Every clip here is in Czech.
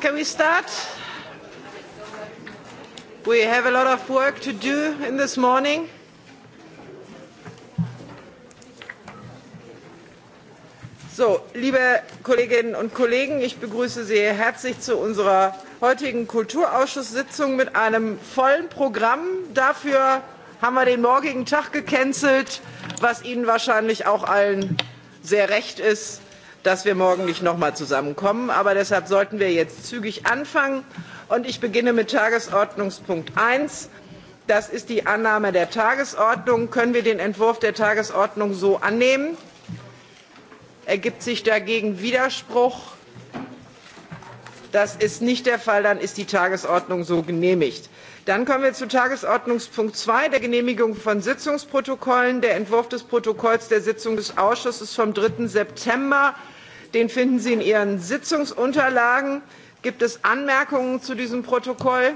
can we start? We have a lot of work to do in this morning. So, liebe Kolleginnen und Kollegen, ich begrüße Sie herzlich zu unserer heutigen Kulturausschusssitzung mit einem vollen Programm. Dafür haben wir den morgigen Tag gecancelt, was Ihnen wahrscheinlich auch allen sehr recht ist dass wir morgen nicht noch mal zusammenkommen. Aber deshalb sollten wir jetzt zügig anfangen. Und ich beginne mit Tagesordnungspunkt 1. Das ist die Annahme der Tagesordnung. Können wir den Entwurf der Tagesordnung so annehmen? Ergibt sich dagegen Widerspruch? Das ist nicht der Fall. Dann ist die Tagesordnung so genehmigt. Dann kommen wir zu Tagesordnungspunkt 2, der Genehmigung von Sitzungsprotokollen. Der Entwurf des Protokolls der Sitzung des Ausschusses vom 3. September Den finden Sie in Ihren Sitzungsunterlagen. Gibt es Anmerkungen zu diesem Protokoll?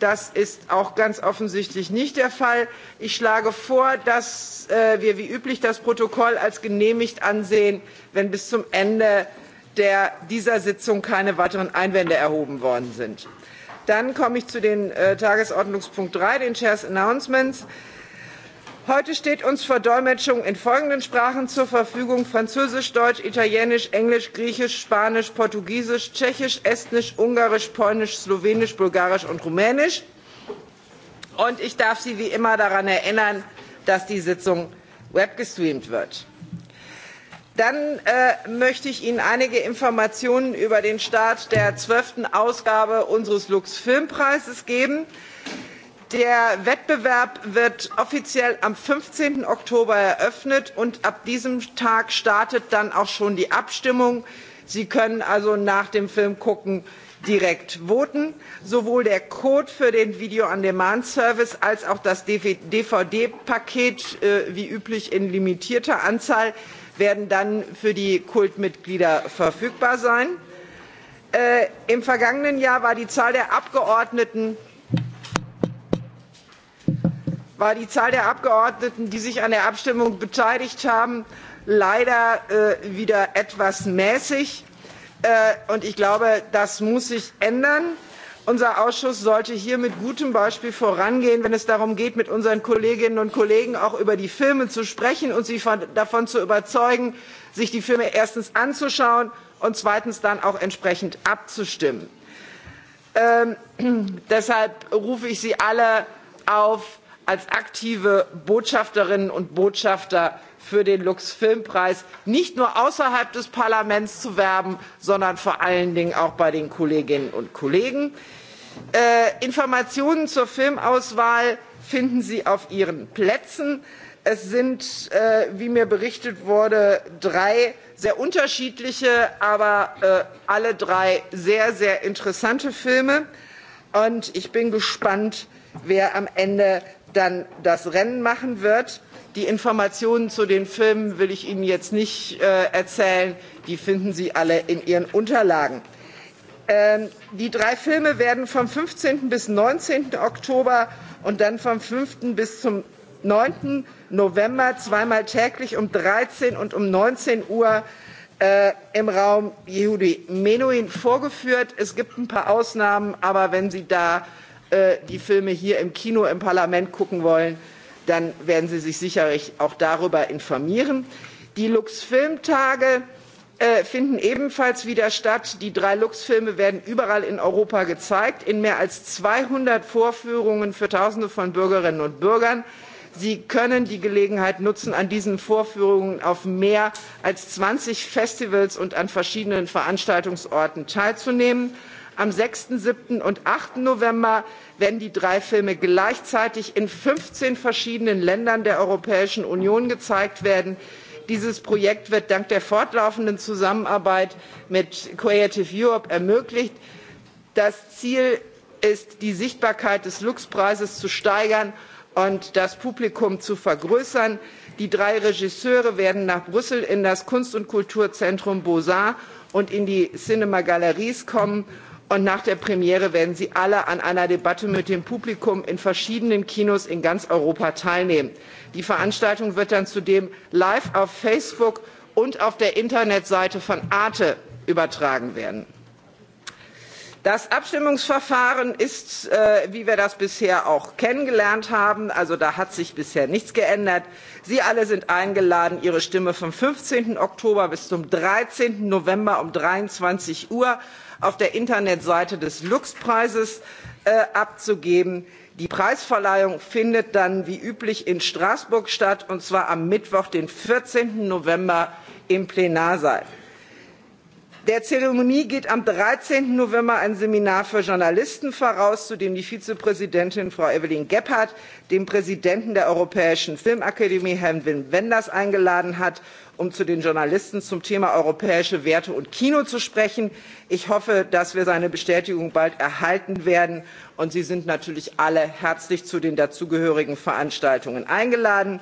Das ist auch ganz offensichtlich nicht der Fall. Ich schlage vor, dass äh, wir wie üblich das Protokoll als genehmigt ansehen, wenn bis zum Ende der, dieser Sitzung keine weiteren Einwände erhoben worden sind. Dann komme ich zu den äh, Tagesordnungspunkt 3, den Chairs Announcements heute steht uns Dolmetschung in folgenden sprachen zur verfügung französisch deutsch italienisch englisch griechisch spanisch portugiesisch tschechisch estnisch ungarisch polnisch slowenisch bulgarisch und rumänisch und ich darf sie wie immer daran erinnern dass die sitzung webgestreamt wird. Dann äh, möchte ich Ihnen einige Informationen über den Start der zwölften Ausgabe unseres Lux Filmpreises geben der wettbewerb wird offiziell am. fünfzehn oktober eröffnet und ab diesem tag startet dann auch schon die abstimmung. sie können also nach dem filmgucken direkt voten. sowohl der code für den video on demand service als auch das dvd paket äh, wie üblich in limitierter anzahl werden dann für die kultmitglieder verfügbar sein. Äh, im vergangenen jahr war die zahl der abgeordneten war die Zahl der Abgeordneten, die sich an der Abstimmung beteiligt haben, leider äh, wieder etwas mäßig. Äh, und ich glaube, das muss sich ändern. Unser Ausschuss sollte hier mit gutem Beispiel vorangehen, wenn es darum geht, mit unseren Kolleginnen und Kollegen auch über die Filme zu sprechen und sie von, davon zu überzeugen, sich die Filme erstens anzuschauen und zweitens dann auch entsprechend abzustimmen. Ähm, deshalb rufe ich Sie alle auf, als aktive botschafterinnen und botschafter für den lux filmpreis nicht nur außerhalb des parlaments zu werben sondern vor allen dingen auch bei den kolleginnen und kollegen. Äh, informationen zur filmauswahl finden sie auf ihren plätzen. es sind äh, wie mir berichtet wurde drei sehr unterschiedliche aber äh, alle drei sehr sehr interessante filme und ich bin gespannt wer am ende dann das rennen machen wird. die informationen zu den filmen will ich ihnen jetzt nicht äh, erzählen die finden sie alle in ihren unterlagen. Ähm, die drei filme werden vom. fünfzehn bis neunzehn oktober und dann vom. fünf bis zum. 9. November zweimal täglich um 13 und um 19 Uhr äh, im Raum Yehudi Menuhin vorgeführt. Es gibt ein paar Ausnahmen, aber wenn Sie da Äh, die Filme hier im Kino, im Parlament gucken wollen, dann werden Sie sich sicherlich auch darüber informieren. Die Lux-Filmtage äh, finden ebenfalls wieder statt. Die drei Lux-Filme werden überall in Europa gezeigt, in mehr als 200 Vorführungen für Tausende von Bürgerinnen und Bürgern. Sie können die Gelegenheit nutzen, an diesen Vorführungen auf mehr als 20 Festivals und an verschiedenen Veranstaltungsorten teilzunehmen am. sechs sieben und. acht november werden die drei filme gleichzeitig in fünfzehn verschiedenen ländern der europäischen union gezeigt werden. dieses projekt wird dank der fortlaufenden zusammenarbeit mit creative europe ermöglicht. das ziel ist die sichtbarkeit des lux preises zu steigern und das publikum zu vergrößern. die drei regisseure werden nach brüssel in das kunst und kulturzentrum beaux arts und in die cinemagaleries kommen und nach der premiere werden sie alle an einer debatte mit dem publikum in verschiedenen kinos in ganz europa teilnehmen. die veranstaltung wird dann zudem live auf facebook und auf der internetseite von arte übertragen werden. das abstimmungsverfahren ist äh, wie wir das bisher auch kennengelernt haben also da hat sich bisher nichts geändert. sie alle sind eingeladen ihre stimme vom. fünfzehn oktober bis zum. dreizehn november um dreiundzwanzig auf der internetseite des lux preises äh, abzugeben. die preisverleihung findet dann wie üblich in straßburg statt und zwar am mittwoch den. vierzehn november im plenarsaal. der zeremonie geht am. dreizehn november ein seminar für journalisten voraus zu dem die vizepräsidentin frau evelyn gebhardt den präsidenten der europäischen filmakademie herrn wim wenders eingeladen hat um zu den journalisten zum thema europäische werte und kino zu sprechen. ich hoffe dass wir seine bestätigung bald erhalten werden und sie sind natürlich alle herzlich zu den dazugehörigen veranstaltungen eingeladen.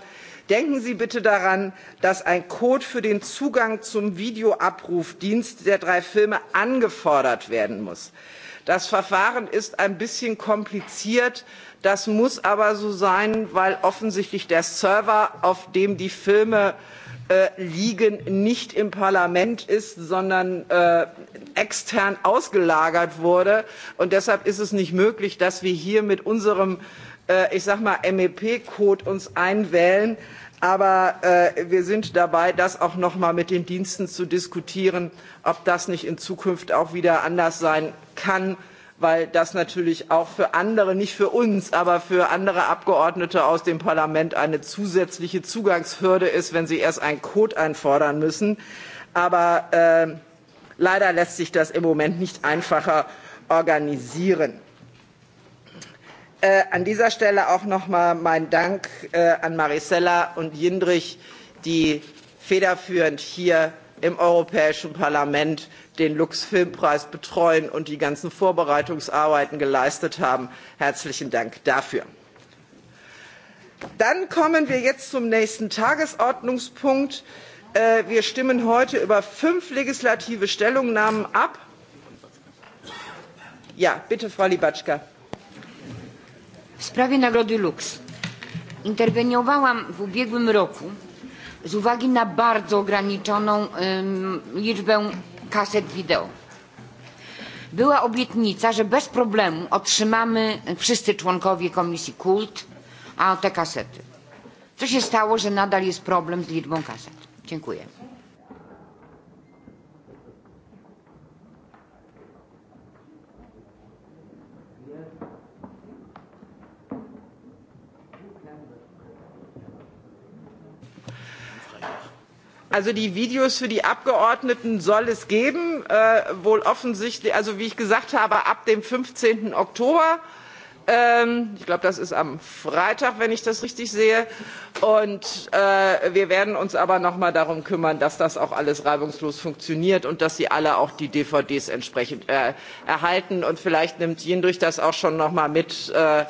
denken sie bitte daran dass ein code für den zugang zum videoabrufdienst der drei filme angefordert werden muss. das verfahren ist ein bisschen kompliziert das muss aber so sein weil offensichtlich der server auf dem die filme Äh, liegen nicht im parlament ist sondern äh, extern ausgelagert wurde und deshalb ist es nicht möglich dass wir uns hier mit unserem äh, ich sag mal mep code einwählen aber wir sind dabei das auch noch mal mit den diensten zu diskutieren ob das nicht in zukunft auch wieder anders sein kann weil das natürlich auch für andere, nicht für uns, aber für andere Abgeordnete aus dem Parlament eine zusätzliche Zugangshürde ist, wenn sie erst einen Code einfordern müssen. Aber äh, leider lässt sich das im Moment nicht einfacher organisieren. Äh, an dieser Stelle auch nochmal mein Dank äh, an Marisella und Jindrich, die federführend hier im Europäischen Parlament den Lux Filmpreis betreuen und die ganzen Vorbereitungsarbeiten geleistet haben. Herzlichen Dank dafür. Dann kommen wir jetzt zum nächsten Tagesordnungspunkt. Äh, wir stimmen heute über fünf legislative Stellungnahmen ab. Ja, bitte, Frau Libaczka. W sprawie Nagrody Lux interweniowałam w ubiegłym roku z uwagi na bardzo ograniczoną liczbę kaset wideo. Była obietnica, że bez problemu otrzymamy wszyscy członkowie Komisji KULT a te kasety. Co się stało, że nadal jest problem z liczbą kaset? Dziękuję. also die videos für die abgeordneten soll es geben äh, wohl offensichtlich also wie ich gesagt habe ab dem. fünfzehn oktober ähm, ich glaube das ist am freitag wenn ich das richtig sehe und äh, wir werden uns aber noch mal darum kümmern dass das auch alles reibungslos funktioniert und dass sie alle auch die dvds entsprechend äh, erhalten und vielleicht nimmt jindrich das auch schon noch mal mit äh,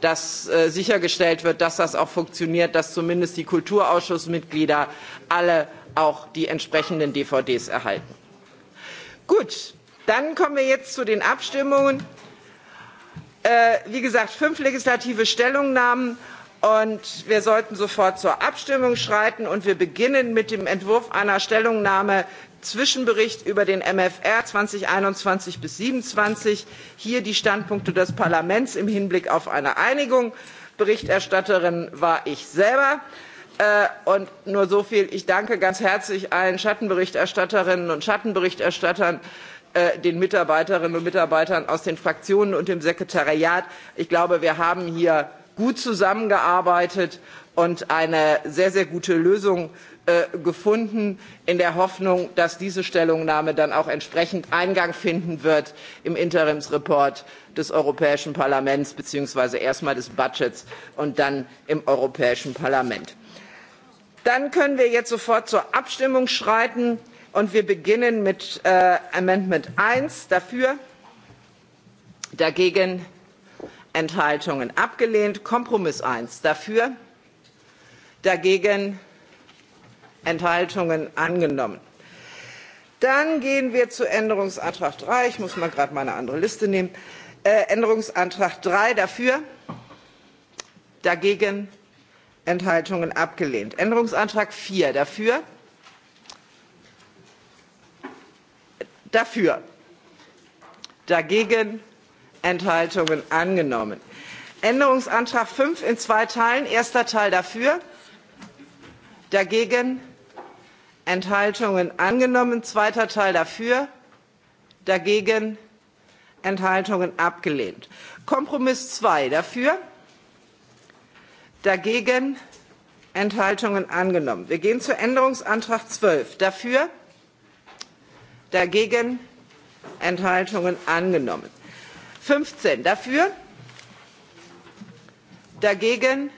dass äh, sichergestellt wird, dass das auch funktioniert, dass zumindest die Kulturausschussmitglieder alle auch die entsprechenden DVDs erhalten. Gut, dann kommen wir jetzt zu den Abstimmungen. Äh, wie gesagt, fünf legislative Stellungnahmen und wir sollten sofort zur Abstimmung schreiten und wir beginnen mit dem Entwurf einer Stellungnahme Zwischenbericht über den MFR zweitausendeinundzwanzig bis 27. Hier die Standpunkte des Parlaments im Hinblick auf eine Einigung. Berichterstatterin war ich selber. Äh, und nur so viel. Ich danke ganz herzlich allen Schattenberichterstatterinnen und Schattenberichterstattern, äh, den Mitarbeiterinnen und Mitarbeitern aus den Fraktionen und dem Sekretariat. Ich glaube, wir haben hier gut zusammengearbeitet und eine sehr, sehr gute Lösung Äh, gefunden in der hoffnung dass diese stellungnahme dann auch entsprechend eingang finden wird im interimsreport des europäischen parlaments beziehungsweise erstmal des budgets und dann im europäischen parlament. dann können wir jetzt sofort zur abstimmung schreiten und wir beginnen mit äh, amendment eins dafür dagegen enthaltungen abgelehnt kompromiss eins dafür dagegen Enthaltungen angenommen. Dann gehen wir zu Änderungsantrag 3. Ich muss mal gerade meine andere Liste nehmen. Äh, Änderungsantrag 3 dafür, dagegen Enthaltungen abgelehnt. Änderungsantrag 4 dafür, dafür, dagegen Enthaltungen angenommen. Änderungsantrag 5 in zwei Teilen. Erster Teil dafür, dagegen Enthaltungen angenommen. Zweiter Teil dafür, dagegen Enthaltungen abgelehnt. Kompromiss zwei dafür, dagegen Enthaltungen angenommen. Wir gehen zu Änderungsantrag zwölf. dafür, dagegen Enthaltungen angenommen. Fünfzehn dafür, dagegen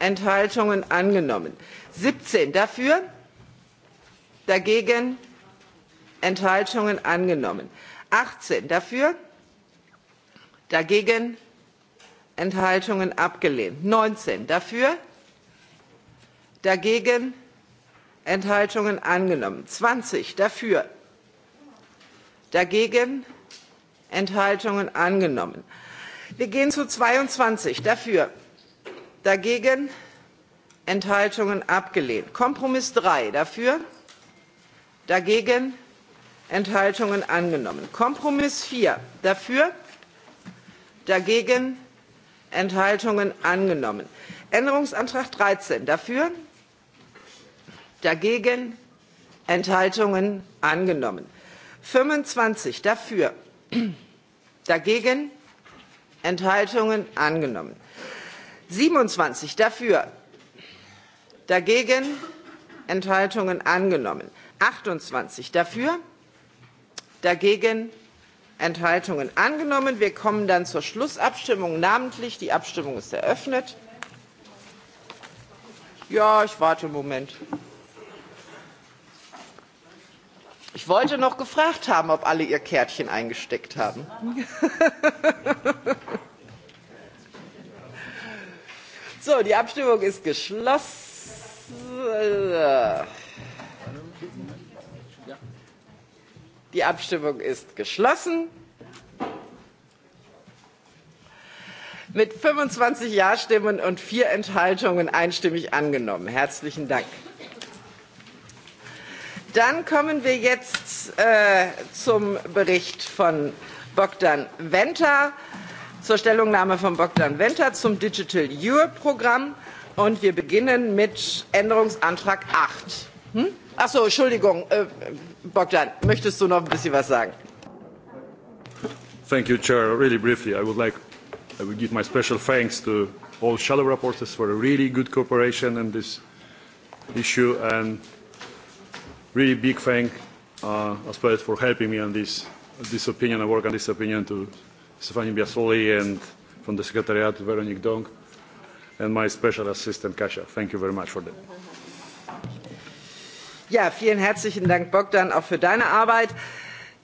Enthaltungen angenommen. Siebzehn dafür, dagegen enthaltungen angenommen achtzehn dafür dagegen enthaltungen abgelehnt neunzehn dafür dagegen enthaltungen angenommen zwanzig dafür dagegen enthaltungen angenommen wir gehen zu zweiundzwanzig dafür dagegen enthaltungen abgelehnt kompromiss drei dafür dagegen enthaltungen angenommen kompromiss vier dafür dagegen enthaltungen angenommen änderungsantrag dreizehn dafür dagegen enthaltungen angenommen fünfundzwanzig dafür dagegen enthaltungen angenommen siebenundzwanzig dafür dagegen enthaltungen angenommen 28 dafür, dagegen Enthaltungen angenommen. Wir kommen dann zur Schlussabstimmung namentlich. Die Abstimmung ist eröffnet. Ja, ich warte einen Moment. Ich wollte noch gefragt haben, ob alle ihr Kärtchen eingesteckt haben. so, die Abstimmung ist geschlossen. Die Abstimmung ist geschlossen. Mit 25 Ja-Stimmen und vier Enthaltungen einstimmig angenommen. Herzlichen Dank. Dann kommen wir jetzt äh, zum Bericht von Bogdan Venta, zur Stellungnahme von Bogdan Venta zum Digital Europe Programm. Und wir beginnen mit Änderungsantrag 8. Hm? Ach so, Entschuldigung, äh, Bogdan, möchtest du noch ein bisschen was sagen? Thank you, Chair. Really briefly, I would like, I would give my special thanks to all shadow rapporteurs for a really good cooperation in this issue and really big thank uh, as well for helping me on this, this opinion, I work on this opinion to Stefani Biasoli and from the Secretariat, to Veronique Dong, and my special assistant, Kasia. Thank you very much for that. Ja, vielen herzlichen Dank, Bogdan, auch für deine Arbeit.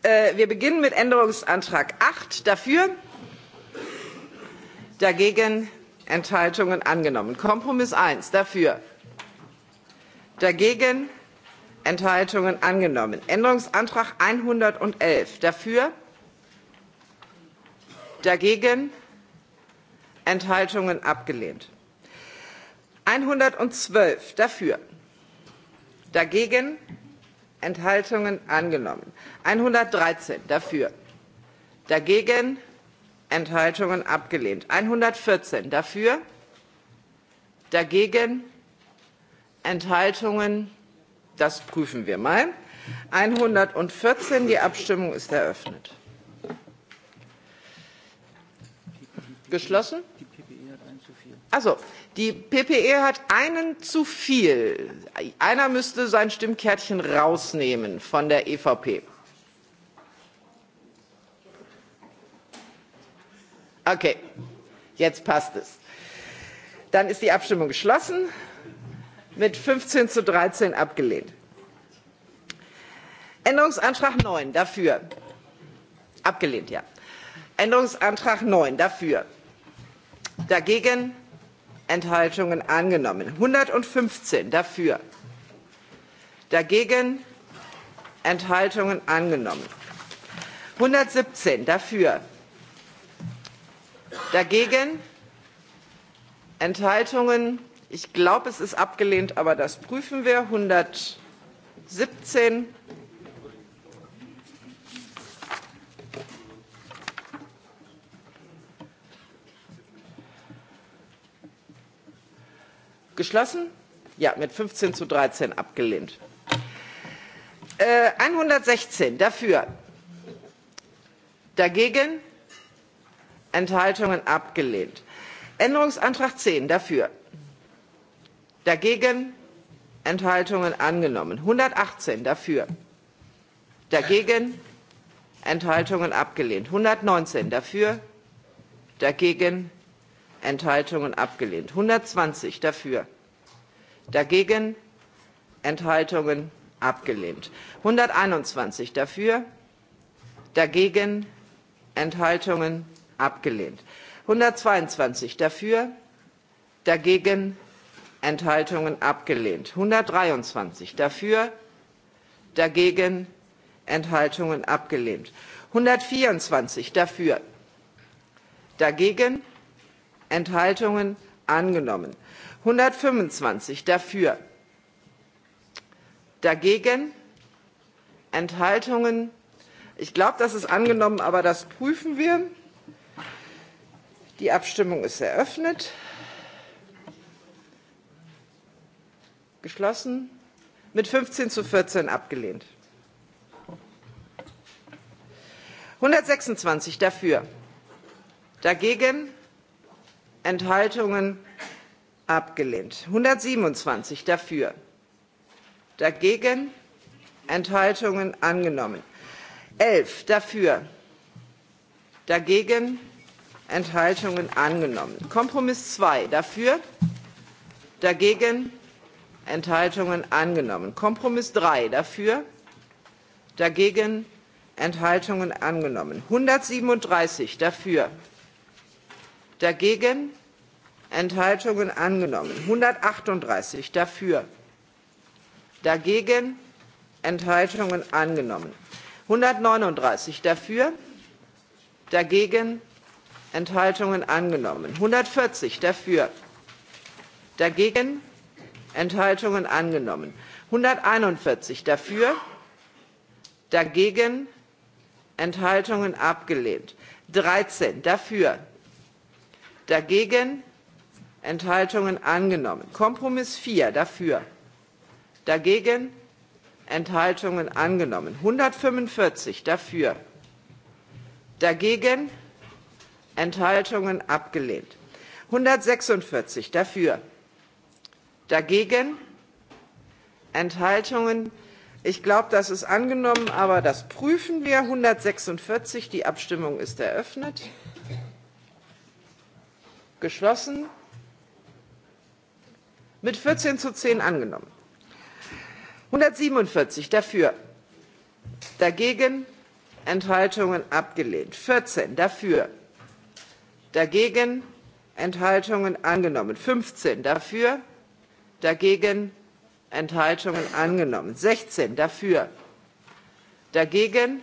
Äh, wir beginnen mit Änderungsantrag 8. Dafür? Dagegen? Enthaltungen angenommen. Kompromiss 1. Dafür? Dagegen? Enthaltungen angenommen. Änderungsantrag 111. Dafür? Dagegen? Enthaltungen abgelehnt. 112. Dafür? dagegen enthaltungen angenommen einhundertdreizehn dafür dagegen enthaltungen abgelehnt einhundertvierzehn dafür dagegen enthaltungen das prüfen wir mal einhundertvierzehn die abstimmung ist eröffnet geschlossen e also die ppe hat einen zu viel einer müsste sein stimmkärtchen rausnehmen von der evp. okay jetzt passt es. dann ist die abstimmung geschlossen mit fünfzehn zu dreizehn abgelehnt. änderungsantrag neun dafür abgelehnt ja änderungsantrag neun dafür dagegen Enthaltungen angenommen. 115 dafür, dagegen Enthaltungen angenommen. 117 dafür, dagegen Enthaltungen. Ich glaube, es ist abgelehnt, aber das prüfen wir. 117 Geschlossen? Ja, mit 15 zu 13 abgelehnt. Äh, 116 dafür. Dagegen? Enthaltungen abgelehnt. Änderungsantrag 10 dafür. Dagegen? Enthaltungen angenommen. 118 dafür. Dagegen? Enthaltungen abgelehnt. 119 dafür. Dagegen? Enthaltungen abgelehnt. 120 dafür, dagegen Enthaltungen abgelehnt. 121 dafür, dagegen Enthaltungen abgelehnt. 122 dafür, dagegen Enthaltungen abgelehnt. 123 dafür, dagegen Enthaltungen abgelehnt. 124 dafür, dagegen Enthaltungen Enthaltungen angenommen. 125 dafür, dagegen Enthaltungen. Ich glaube, das ist angenommen, aber das prüfen wir. Die Abstimmung ist eröffnet. Geschlossen. Mit 15 zu 14 abgelehnt. 126 dafür. Dagegen Enthaltungen abgelehnt. 127 dafür, dagegen Enthaltungen angenommen. 11 dafür, dagegen Enthaltungen angenommen. Kompromiss 2 dafür, dagegen Enthaltungen angenommen. Kompromiss 3 dafür, dagegen Enthaltungen angenommen. 137 dafür, dagegen Enthaltungen angenommen. 138 dafür, dagegen Enthaltungen angenommen. 139 dafür, dagegen Enthaltungen angenommen. 140 dafür, dagegen Enthaltungen angenommen. 141 dafür, dagegen Enthaltungen abgelehnt. 13 dafür, dagegen Enthaltungen angenommen. Kompromiss 4 dafür. Dagegen Enthaltungen angenommen. 145 dafür. Dagegen Enthaltungen abgelehnt. 146 dafür. Dagegen Enthaltungen. Ich glaube, das ist angenommen, aber das prüfen wir. 146, die Abstimmung ist eröffnet. Geschlossen mit 14 zu 10 angenommen. 147 dafür, dagegen, Enthaltungen abgelehnt. 14 dafür, dagegen, Enthaltungen angenommen. 15 dafür, dagegen, Enthaltungen angenommen. 16 dafür, dagegen,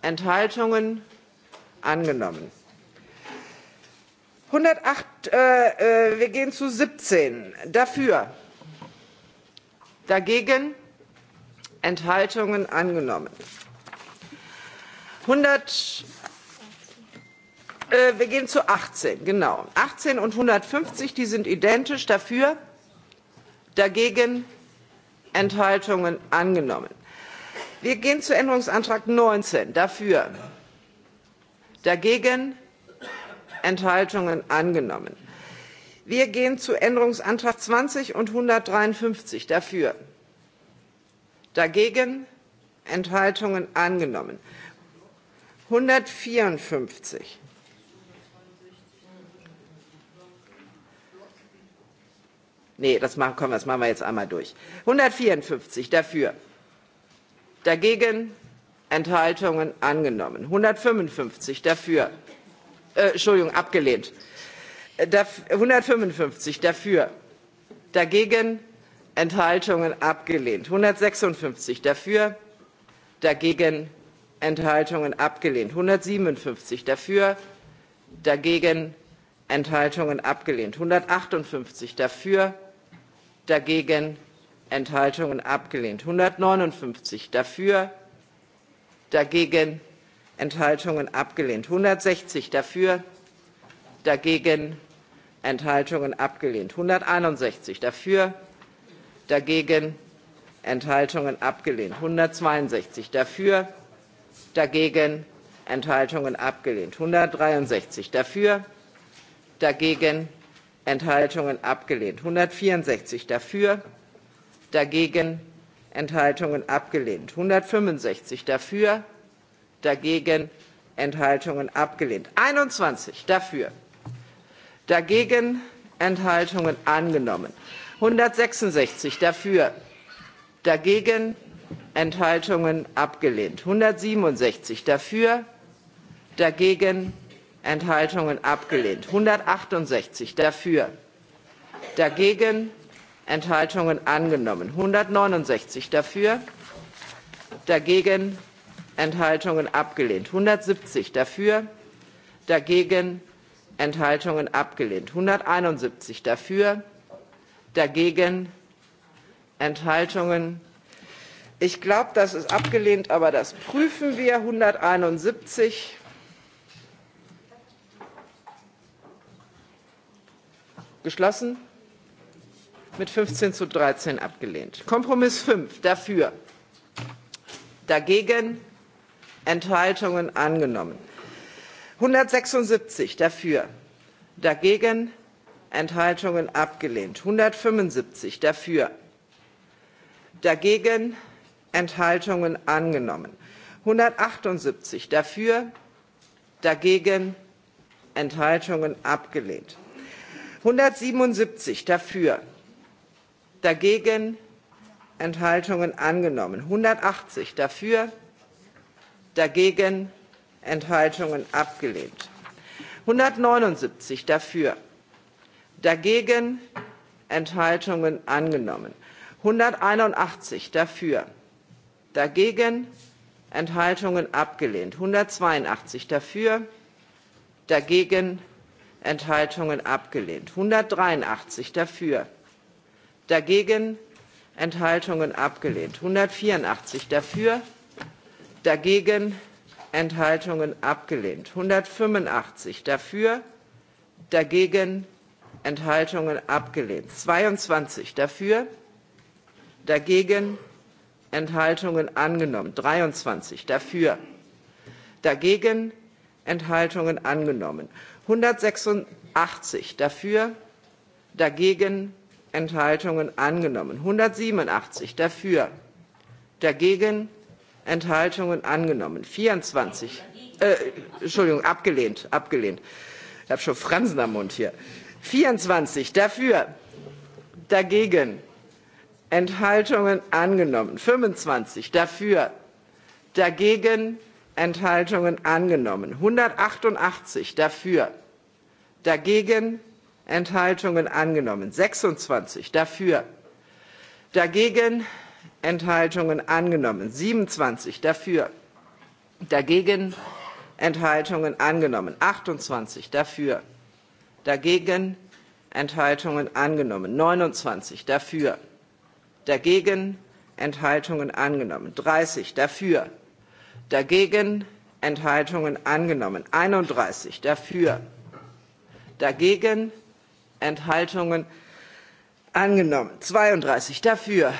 Enthaltungen angenommen. 108. Äh, äh, wir gehen zu siebzehn dafür dagegen enthaltungen angenommen einhundert äh, wir gehen zu achtzehn genau achtzehn und einhundertfünfzig die sind identisch dafür dagegen enthaltungen angenommen. wir gehen zu änderungsantrag neunzehn dafür dagegen enthaltungen angenommen. wir gehen zu änderungsantrag 20 und 153 dafür dagegen enthaltungen angenommen 154. Nee, das machen, komm, das machen wir jetzt einmal durch. 154 dafür, dagegen Enthaltungen angenommen. 155 dafür, Äh, Entschuldigung, abgelehnt. einhundertfünfundfünfzig äh, 155 dafür, dagegen, Enthaltungen abgelehnt. 156 dafür, dagegen, Enthaltungen abgelehnt. 157 dafür, dagegen, Enthaltungen abgelehnt. 158 dafür, dagegen, Enthaltungen abgelehnt. 159 dafür, dagegen, Enthaltungen abgelehnt. 160 dafür, dagegen Enthaltungen abgelehnt. 161 dafür, dagegen Enthaltungen abgelehnt. 162 dafür, dagegen Enthaltungen abgelehnt. 163 dafür, dagegen Enthaltungen abgelehnt. 164 dafür, dagegen Enthaltungen abgelehnt. 165 dafür, dagegen Enthaltungen abgelehnt. 21 dafür, dagegen Enthaltungen angenommen. 166 dafür, dagegen Enthaltungen abgelehnt. 167 dafür, dagegen Enthaltungen abgelehnt. 168 dafür, dagegen Enthaltungen angenommen. 169 dafür, dagegen Enthaltungen abgelehnt. 170 dafür, dagegen Enthaltungen abgelehnt. 171 dafür, dagegen Enthaltungen. Ich glaube, das ist abgelehnt, aber das prüfen wir. 171. Geschlossen. Mit 15 zu 13 abgelehnt. Kompromiss 5 dafür. Dagegen Enthaltungen angenommen. 176 dafür, dagegen Enthaltungen abgelehnt. 175 dafür, dagegen Enthaltungen angenommen. 178 dafür, dagegen Enthaltungen abgelehnt. 177 dafür, dagegen Enthaltungen angenommen. 180 dafür, dagegen Enthaltungen abgelehnt. 179 dafür, dagegen Enthaltungen angenommen. 181 dafür, dagegen Enthaltungen abgelehnt. 182 dafür, dagegen Enthaltungen abgelehnt. 183 dafür, dagegen Enthaltungen abgelehnt. 184 dafür, dagegen Enthaltungen abgelehnt. 185 dafür, dagegen Enthaltungen abgelehnt. 22 dafür, dagegen Enthaltungen angenommen. 23 dafür, dagegen Enthaltungen angenommen. 186 dafür, dagegen Enthaltungen angenommen. 187 dafür, dagegen Enthaltungen angenommen. 24, äh, Entschuldigung, abgelehnt, abgelehnt. Ich habe schon Fransen am Mund hier. 24 dafür, dagegen, Enthaltungen angenommen. 25 dafür, dagegen, Enthaltungen angenommen. 188 dafür, dagegen, Enthaltungen angenommen. 26 dafür, dagegen, Enthaltungen angenommen. 27 dafür, dagegen Enthaltungen angenommen. 28 dafür, dagegen Enthaltungen angenommen. 29 dafür, dagegen Enthaltungen angenommen. 30 dafür, dagegen Enthaltungen angenommen. 31 dafür, dagegen Enthaltungen angenommen. 32 dafür,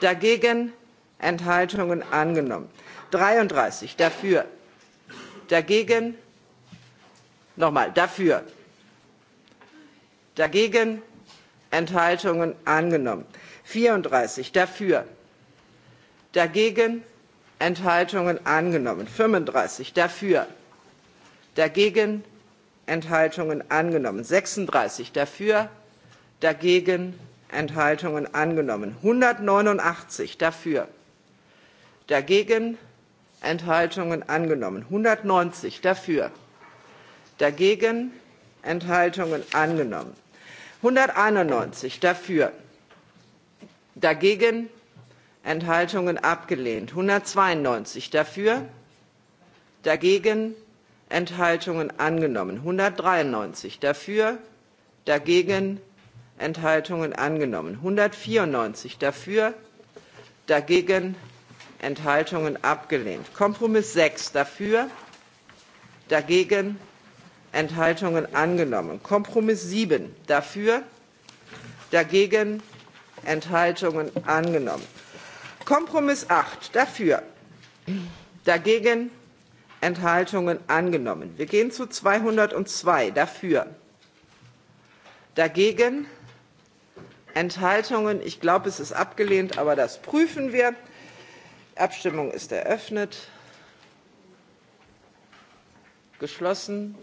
dagegen Enthaltungen angenommen. 33 dafür, dagegen, nochmal, dafür, dagegen, Enthaltungen angenommen. 34 dafür, dagegen, Enthaltungen angenommen. 35 dafür, dagegen, Enthaltungen angenommen. 36 dafür, dagegen, Enthaltungen angenommen. 189 dafür, dagegen Enthaltungen angenommen. 190 dafür, dagegen Enthaltungen angenommen. 191 dafür, dagegen Enthaltungen abgelehnt. 192 dafür, dagegen Enthaltungen angenommen. 193 dafür, dagegen Enthaltungen Enthaltungen angenommen. 194 dafür, dagegen Enthaltungen abgelehnt. Kompromiss 6 dafür, dagegen Enthaltungen angenommen. Kompromiss 7 dafür, dagegen Enthaltungen angenommen. Kompromiss 8 dafür, dagegen Enthaltungen angenommen. Wir gehen zu 202 dafür, dagegen Enthaltungen. Ich glaube, es ist abgelehnt, aber das prüfen wir. Abstimmung ist eröffnet. Geschlossen.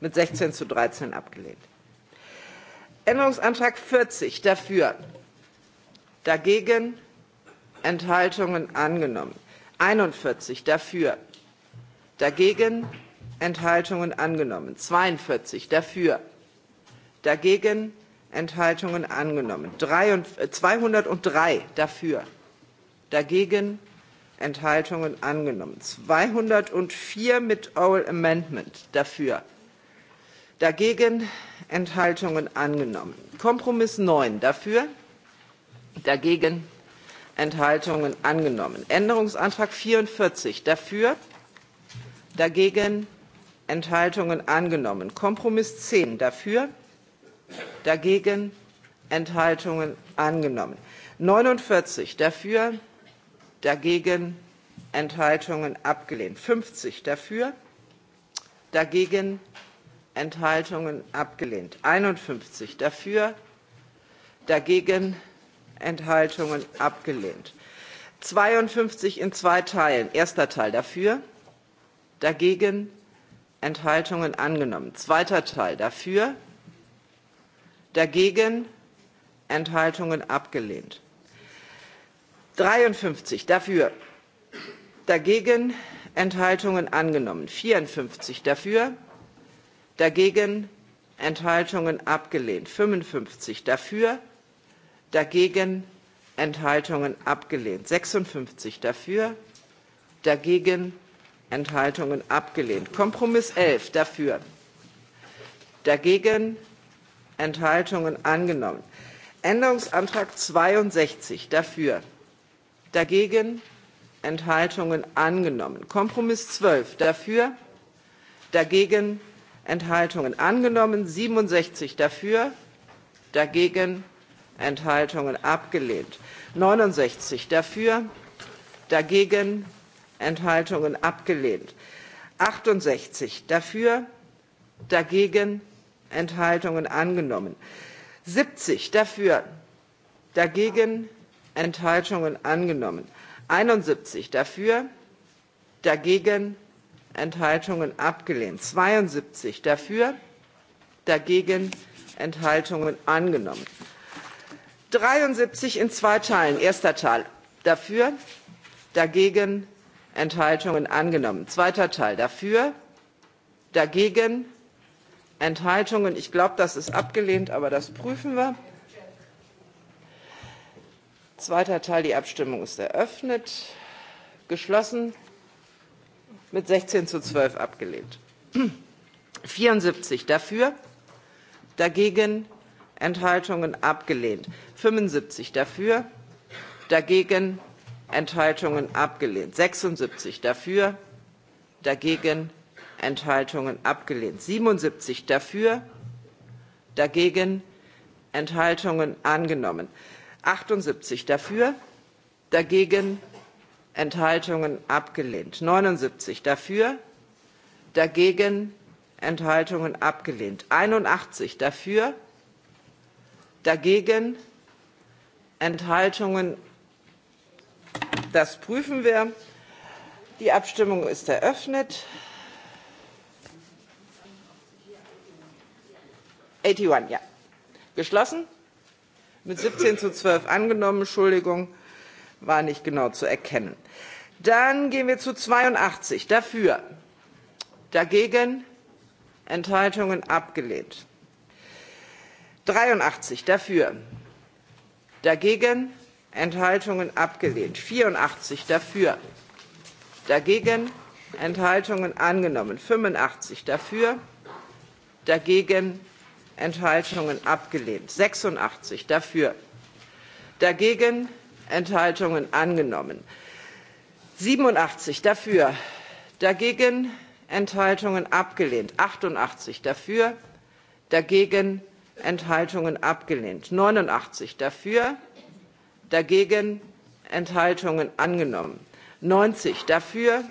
Mit 16 zu 13 abgelehnt. Änderungsantrag 40 dafür. Dagegen Enthaltungen angenommen. 41 dafür. Dagegen Enthaltungen angenommen. 42 dafür. Dagegen Enthaltungen angenommen. 203 äh, dafür, dagegen Enthaltungen angenommen. 204 mit Oral Amendment dafür, dagegen Enthaltungen angenommen. Kompromiss 9 dafür, dagegen Enthaltungen angenommen. Änderungsantrag 44 dafür, dagegen Enthaltungen angenommen. Kompromiss 10 dafür, dagegen Enthaltungen angenommen. 49 dafür, dagegen Enthaltungen abgelehnt. 50 dafür, dagegen Enthaltungen abgelehnt. 51 dafür, dagegen Enthaltungen abgelehnt. 52 in zwei Teilen. Erster Teil dafür, dagegen Enthaltungen angenommen. Zweiter Teil dafür, dagegen Enthaltungen abgelehnt. 53 dafür, dagegen Enthaltungen angenommen. 54 dafür, dagegen Enthaltungen abgelehnt. 55 dafür, dagegen Enthaltungen abgelehnt. 56 dafür, dagegen Enthaltungen abgelehnt. Kompromiss 11 dafür, dagegen Enthaltungen Enthaltungen angenommen. Änderungsantrag 62 dafür, dagegen Enthaltungen angenommen. Kompromiss 12 dafür, dagegen Enthaltungen angenommen. 67 dafür, dagegen Enthaltungen abgelehnt. 69 dafür, dagegen Enthaltungen abgelehnt. 68 dafür, dagegen Enthaltungen Enthaltungen angenommen. 70 dafür, dagegen Enthaltungen angenommen. 71 dafür, dagegen Enthaltungen abgelehnt. 72 dafür, dagegen Enthaltungen angenommen. 73 in zwei Teilen. Erster Teil dafür, dagegen Enthaltungen angenommen. Zweiter Teil dafür, dagegen Enthaltungen. Ich glaube, das ist abgelehnt, aber das prüfen wir. Zweiter Teil, die Abstimmung ist eröffnet. Geschlossen. Mit 16 zu 12 abgelehnt. 74 dafür, dagegen Enthaltungen abgelehnt. 75 dafür, dagegen Enthaltungen abgelehnt. 76 dafür, dagegen Enthaltungen Enthaltungen abgelehnt. 77 dafür, dagegen Enthaltungen angenommen. 78 dafür, dagegen Enthaltungen abgelehnt. 79 dafür, dagegen Enthaltungen abgelehnt. 81 dafür, dagegen Enthaltungen. Das prüfen wir. Die Abstimmung ist eröffnet. 81, ja. Geschlossen? Mit 17 zu 12 angenommen, Entschuldigung, war nicht genau zu erkennen. Dann gehen wir zu 82. Dafür. Dagegen. Enthaltungen abgelehnt. 83. Dafür. Dagegen. Enthaltungen abgelehnt. 84. Dafür. Dagegen. Enthaltungen angenommen. 85. Dafür. Dagegen. Enthaltungen abgelehnt. 86 dafür, dagegen Enthaltungen angenommen. 87 dafür, dagegen Enthaltungen abgelehnt. 88 dafür, dagegen Enthaltungen abgelehnt. 89 dafür, dagegen Enthaltungen angenommen. 90 dafür,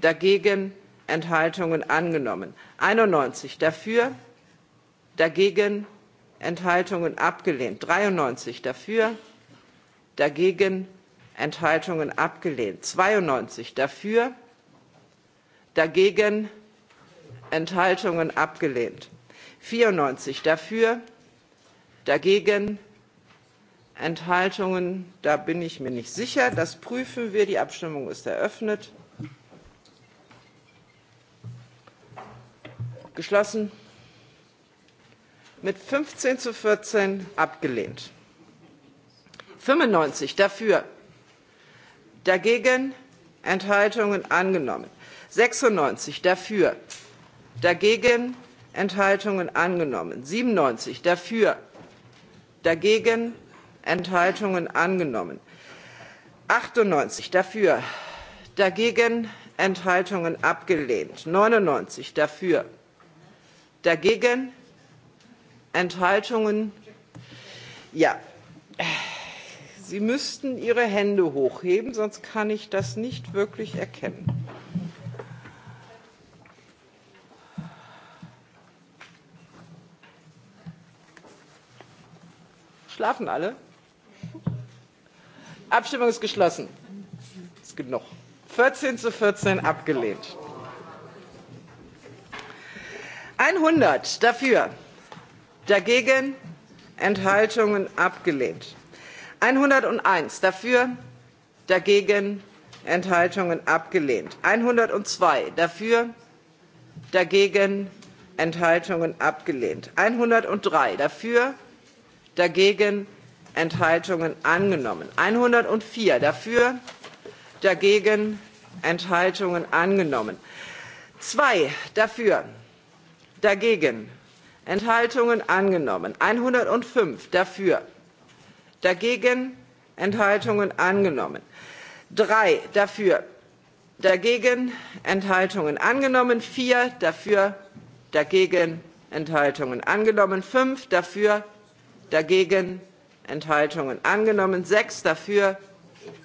dagegen Enthaltungen angenommen. 91 dafür, dagegen Enthaltungen abgelehnt. 93 dafür, dagegen Enthaltungen abgelehnt. 92 dafür, dagegen Enthaltungen abgelehnt. 94 dafür, dagegen Enthaltungen, da bin ich mir nicht sicher. Das prüfen wir. Die Abstimmung ist eröffnet. Geschlossen mit 15 zu 14 abgelehnt. 95 dafür, dagegen Enthaltungen angenommen. 96 dafür, dagegen Enthaltungen angenommen. 97 dafür, dagegen Enthaltungen angenommen. 98 dafür, dagegen Enthaltungen abgelehnt. 99 dafür, dagegen Enthaltungen? Ja. Sie müssten Ihre Hände hochheben, sonst kann ich das nicht wirklich erkennen. Schlafen alle? Abstimmung ist geschlossen. Ist genug. 14 zu 14 abgelehnt. 100 dafür dagegen Enthaltungen abgelehnt. 101 dafür, dagegen Enthaltungen abgelehnt. 102 dafür, dagegen Enthaltungen abgelehnt. 103 dafür, dagegen Enthaltungen angenommen. 104 dafür, dagegen Enthaltungen angenommen. 2 dafür, dagegen Enthaltungen angenommen. 105 dafür, dagegen Enthaltungen angenommen. 3 dafür, dagegen Enthaltungen angenommen. 4 dafür, dagegen Enthaltungen angenommen. 5 dafür, dagegen Enthaltungen angenommen. 6 dafür,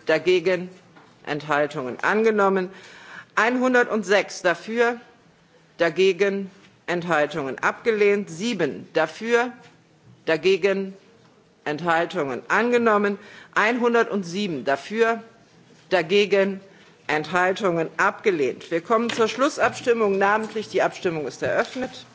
dagegen Enthaltungen angenommen. 106 dafür, dagegen Enthaltungen Enthaltungen abgelehnt. sieben dafür, dagegen Enthaltungen angenommen. 107 dafür, dagegen Enthaltungen abgelehnt. Wir kommen zur Schlussabstimmung namentlich. Die Abstimmung ist eröffnet.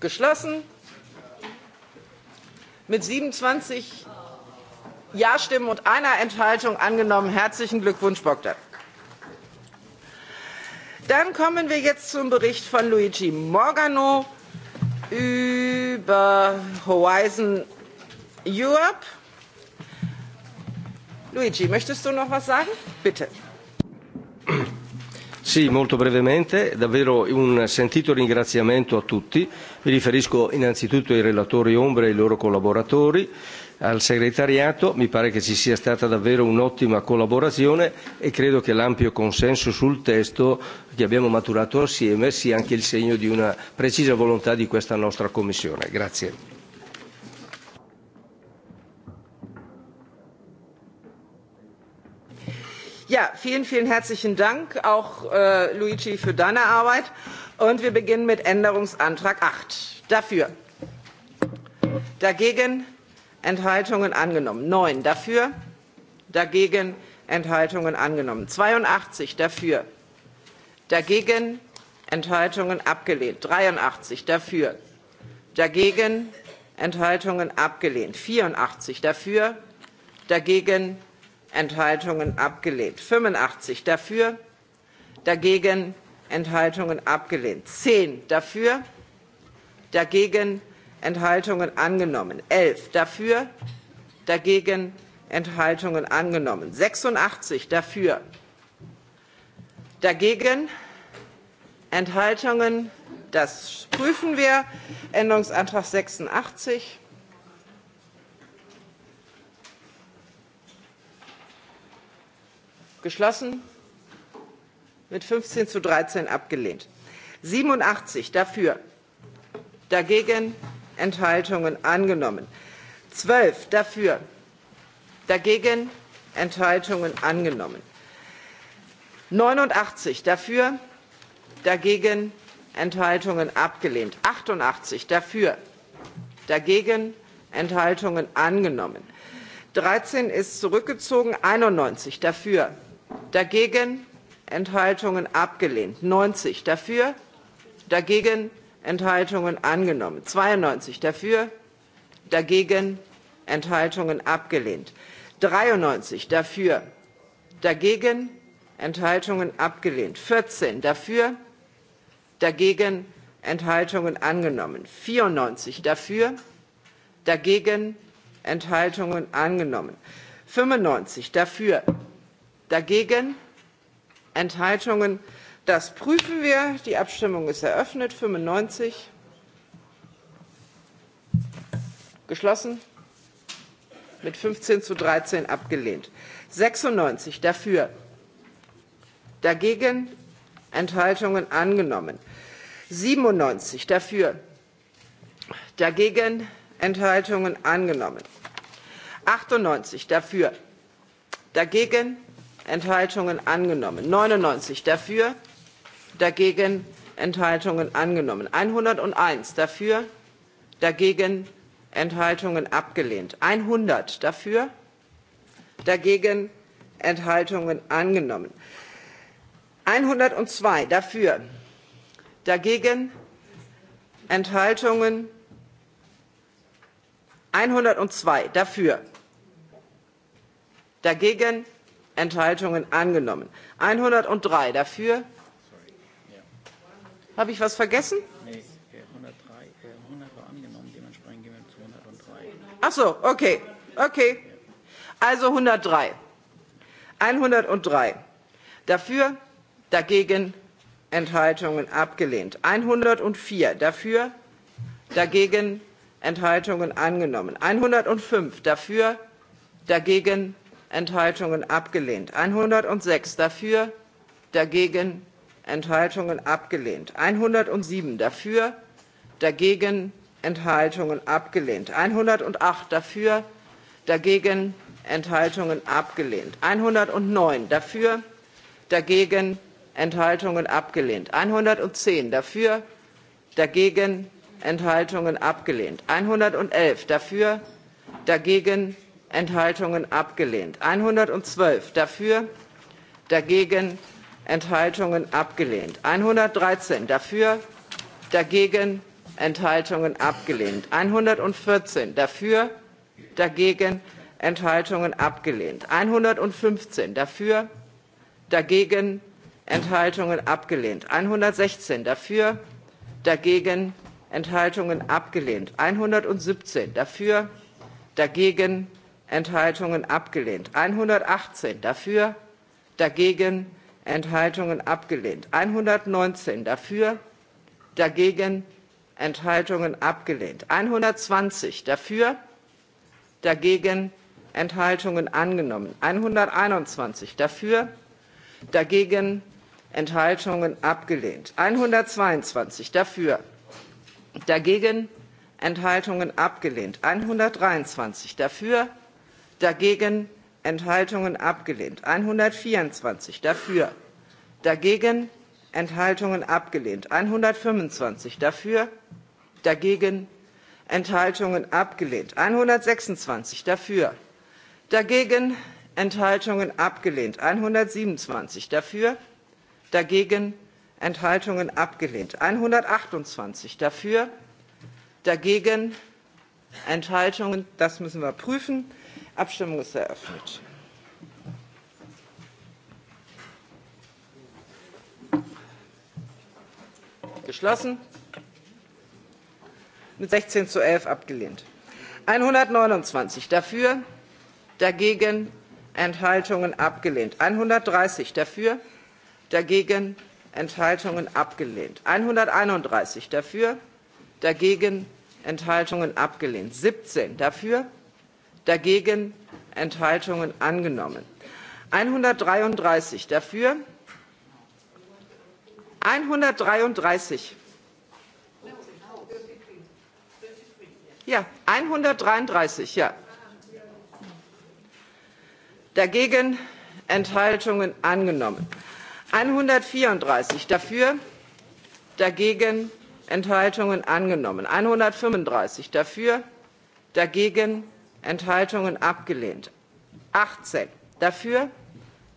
Geschlossen. Mit 27 Ja-Stimmen und einer Enthaltung angenommen. Herzlichen Glückwunsch, Bogdan. Dann kommen wir jetzt zum Bericht von Luigi Morgano über Horizon Europe. Luigi, möchtest du noch was sagen? Bitte. Sì, molto brevemente, davvero un sentito ringraziamento a tutti. Mi riferisco innanzitutto ai relatori Ombra e ai loro collaboratori al segretariato, mi pare che ci sia stata davvero un'ottima collaborazione e credo che l'ampio consenso sul testo che abbiamo maturato assieme sia anche il segno di una precisa volontà di questa nostra Commissione. Grazie. Ja, vielen, vielen herzlichen Dank auch äh, Luigi für deine Arbeit. Und wir beginnen mit Änderungsantrag 8. Dafür. Dagegen Enthaltungen angenommen. Neun dafür, dagegen Enthaltungen angenommen. 82 dafür, dagegen Enthaltungen abgelehnt. 83 dafür, dagegen Enthaltungen abgelehnt. 84 dafür, dagegen Enthaltungen abgelehnt. 85 dafür, dagegen Enthaltungen abgelehnt. 10 dafür, dagegen Enthaltungen angenommen. 11 dafür, dagegen Enthaltungen angenommen. 86 dafür, dagegen Enthaltungen. Das prüfen wir. Änderungsantrag 86. Geschlossen. Mit 15 zu 13 abgelehnt. 87 dafür. Dagegen Enthaltungen angenommen. 12 dafür, dagegen Enthaltungen angenommen. 89 dafür, dagegen Enthaltungen abgelehnt. 88 dafür, dagegen Enthaltungen angenommen. 13 ist zurückgezogen, 91 dafür, dagegen Enthaltungen abgelehnt. 90 dafür, dagegen Enthaltungen angenommen. 92 dafür, dagegen Enthaltungen abgelehnt. 93 dafür, dagegen Enthaltungen abgelehnt. 14 dafür, dagegen Enthaltungen angenommen. 94 dafür, dagegen Enthaltungen angenommen. 95 dafür, dagegen Enthaltungen angenommen Das prüfen wir. Die Abstimmung ist eröffnet. 95. Geschlossen. Mit 15 zu 13 abgelehnt. 96 dafür. Dagegen Enthaltungen angenommen. 97 dafür. Dagegen Enthaltungen angenommen. 98 dafür. Dagegen Enthaltungen angenommen. 99 dafür dagegen Enthaltungen angenommen. 101 dafür, dagegen Enthaltungen abgelehnt. 100 dafür, dagegen Enthaltungen angenommen. 102 dafür, dagegen Enthaltungen 102 dafür, dagegen Enthaltungen angenommen. 103 dafür, Habe ich was vergessen? 103. Äh, Ach so, okay, okay. Also 103. 103. Dafür, dagegen, Enthaltungen abgelehnt. 104. Dafür, dagegen, Enthaltungen angenommen. 105. Dafür, dagegen, Enthaltungen abgelehnt. 106. Dafür, dagegen, Enthaltungen abgelehnt. 107 dafür, dagegen Enthaltungen abgelehnt. 108 dafür, dagegen Enthaltungen abgelehnt. 109 dafür, dagegen Enthaltungen abgelehnt. 110 dafür, dagegen Enthaltungen abgelehnt. 111 dafür, dagegen Enthaltungen abgelehnt. 112 dafür, dagegen Enthaltungen abgelehnt. 113 dafür, dagegen, Enthaltungen abgelehnt. 114 dafür, dagegen, Enthaltungen abgelehnt. 115 dafür, dagegen, Enthaltungen abgelehnt. 116 dafür, dagegen, Enthaltungen abgelehnt. 117 dafür, dagegen, Enthaltungen abgelehnt. 118 dafür, dagegen, Enthaltungen abgelehnt. 119 dafür, dagegen Enthaltungen abgelehnt. 120 dafür, dagegen Enthaltungen angenommen. 121 dafür, dagegen Enthaltungen abgelehnt. 122 dafür, dagegen Enthaltungen abgelehnt. 123 dafür, dagegen Enthaltungen abgelehnt. 124 dafür, dagegen Enthaltungen abgelehnt. 125 dafür, dagegen Enthaltungen abgelehnt. 126 dafür, dagegen Enthaltungen abgelehnt. 127 dafür, dagegen Enthaltungen abgelehnt. 128 dafür, dagegen Enthaltungen, das müssen wir prüfen. Abstimmung ist eröffnet. Geschlossen. Mit 16 zu 11 abgelehnt. 129 dafür, dagegen Enthaltungen abgelehnt. 130 dafür, dagegen Enthaltungen abgelehnt. 131 dafür, dagegen Enthaltungen abgelehnt. 17 dafür, dagegen Enthaltungen angenommen. 133 dafür, 133. Ja, 133, ja. Dagegen Enthaltungen angenommen. 134 dafür, dagegen Enthaltungen angenommen. 135 dafür, dagegen Enthaltungen abgelehnt. 18 dafür,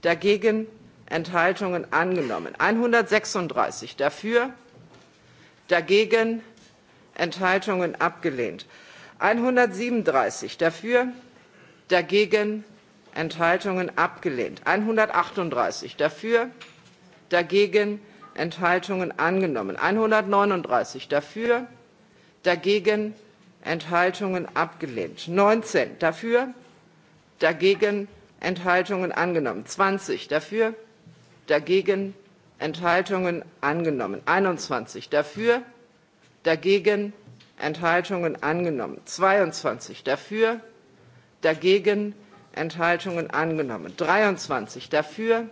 dagegen Enthaltungen angenommen. 136 dafür, dagegen Enthaltungen abgelehnt. 137 dafür, dagegen Enthaltungen abgelehnt. 138 dafür, dagegen Enthaltungen angenommen. 139 dafür, dagegen Enthaltungen abgelehnt. 19 dafür, dagegen Enthaltungen angenommen. 20 dafür, dagegen Enthaltungen angenommen. 21 dafür, dagegen Enthaltungen angenommen. 22 dafür, dagegen Enthaltungen angenommen. 23 dafür,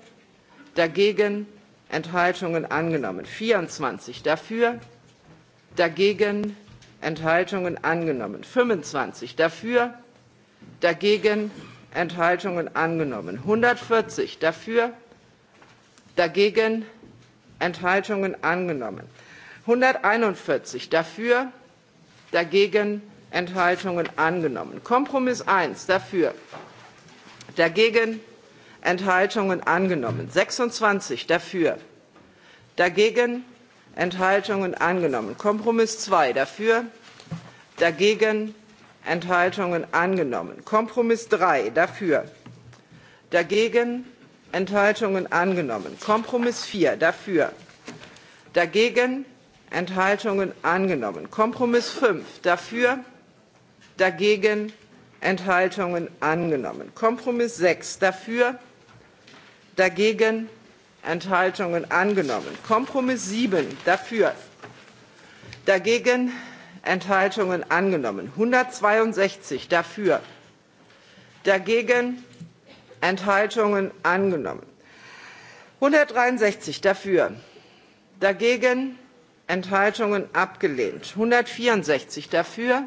dagegen Enthaltungen angenommen. 24 dafür, dagegen Enthaltungen angenommen. 25 dafür, dagegen Enthaltungen angenommen. 140 dafür, dagegen Enthaltungen angenommen. 141 dafür, dagegen Enthaltungen angenommen. Kompromiss 1 dafür, dagegen Enthaltungen angenommen. 26 dafür, dagegen Enthaltungen angenommen. Kompromiss 2 dafür, dagegen Enthaltungen angenommen. Kompromiss 3 dafür, dagegen Enthaltungen angenommen. Kompromiss 4 dafür, dagegen Enthaltungen angenommen. Kompromiss 5 dafür, dagegen Enthaltungen angenommen. Kompromiss 6 dafür, dagegen Enthaltungen angenommen. Kompromiss 7 dafür, dagegen Enthaltungen angenommen. 162 dafür, dagegen Enthaltungen angenommen. 163 dafür, dagegen Enthaltungen abgelehnt. 164 dafür,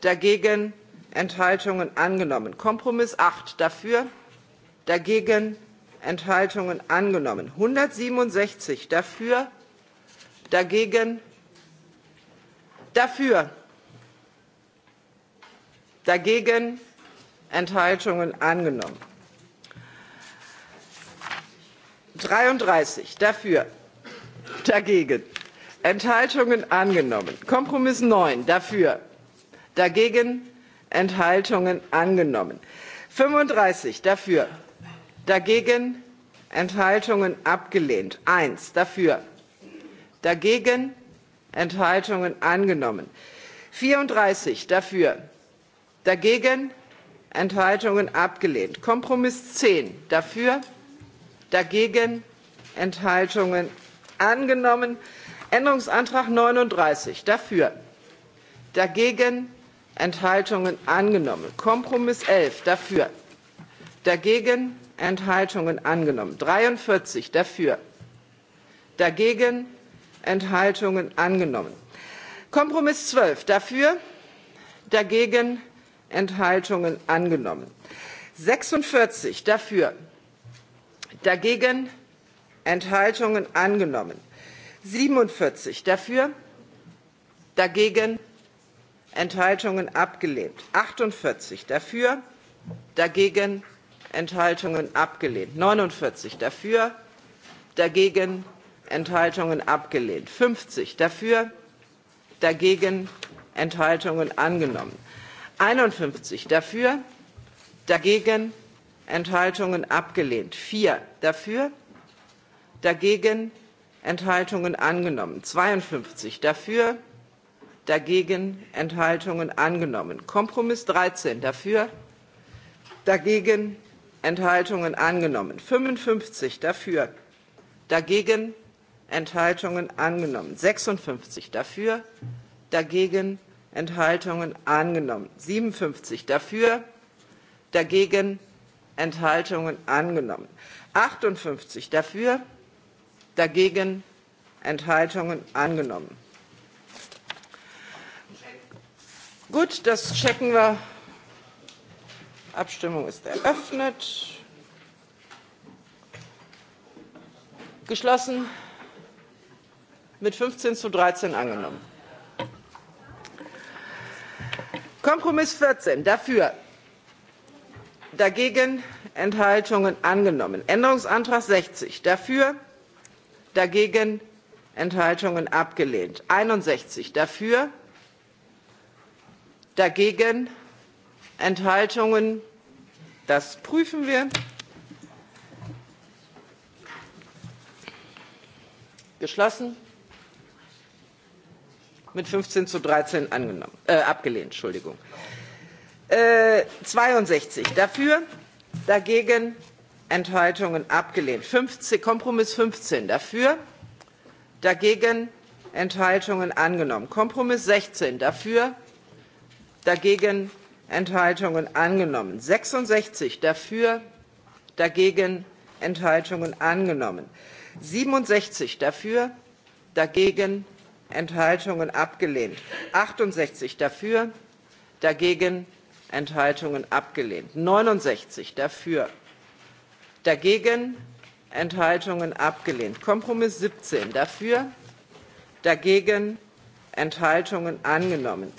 dagegen Enthaltungen angenommen. Kompromiss 8 dafür, dagegen Enthaltungen angenommen. 167 dafür, dagegen, dafür, dagegen, Enthaltungen angenommen. 33 dafür, dagegen, Enthaltungen angenommen. Kompromiss 9 dafür, dagegen, Enthaltungen angenommen. 35 dafür, dagegen enthaltungen abgelehnt eins dafür dagegen enthaltungen angenommen vierunddreißig dafür dagegen enthaltungen abgelehnt kompromiss zehn dafür dagegen enthaltungen angenommen änderungsantrag neununddreißig dafür dagegen enthaltungen angenommen kompromiss elf dafür dagegen Enthaltungen angenommen. 43 dafür, dagegen Enthaltungen angenommen. Kompromiss 12 dafür, dagegen Enthaltungen angenommen. 46 dafür, dagegen Enthaltungen angenommen. 47 dafür, dagegen Enthaltungen abgelehnt. 48 dafür, dagegen Enthaltungen abgelehnt. 49 dafür, dagegen Enthaltungen abgelehnt. 50 dafür, dagegen Enthaltungen angenommen. 51 dafür, dagegen Enthaltungen abgelehnt. 4 dafür, dagegen Enthaltungen angenommen. 52 dafür, dagegen Enthaltungen angenommen. Kompromiss 13 dafür, dagegen Enthaltungen angenommen. 55 dafür, dagegen Enthaltungen angenommen. 56 dafür, dagegen Enthaltungen angenommen. 57 dafür, dagegen Enthaltungen angenommen. 58 dafür, dagegen Enthaltungen angenommen. Gut, das checken wir Abstimmung ist eröffnet. Geschlossen. Mit 15 zu 13 angenommen. Kompromiss 14. Dafür. Dagegen. Enthaltungen angenommen. Änderungsantrag 60. Dafür. Dagegen. Enthaltungen abgelehnt. 61. Dafür. Dagegen. Enthaltungen? Das prüfen wir. Geschlossen. Mit 15 zu 13 angenommen, äh, abgelehnt. Entschuldigung. Äh, 62 dafür, dagegen Enthaltungen abgelehnt. 15, Kompromiss 15 dafür, dagegen Enthaltungen angenommen. Kompromiss 16 dafür, dagegen Enthaltungen angenommen. 66 dafür, dagegen Enthaltungen angenommen. 67 dafür, dagegen Enthaltungen abgelehnt. 68 dafür, dagegen Enthaltungen abgelehnt. 69 dafür, dagegen Enthaltungen abgelehnt. Kompromiss 17 dafür, dagegen Enthaltungen angenommen.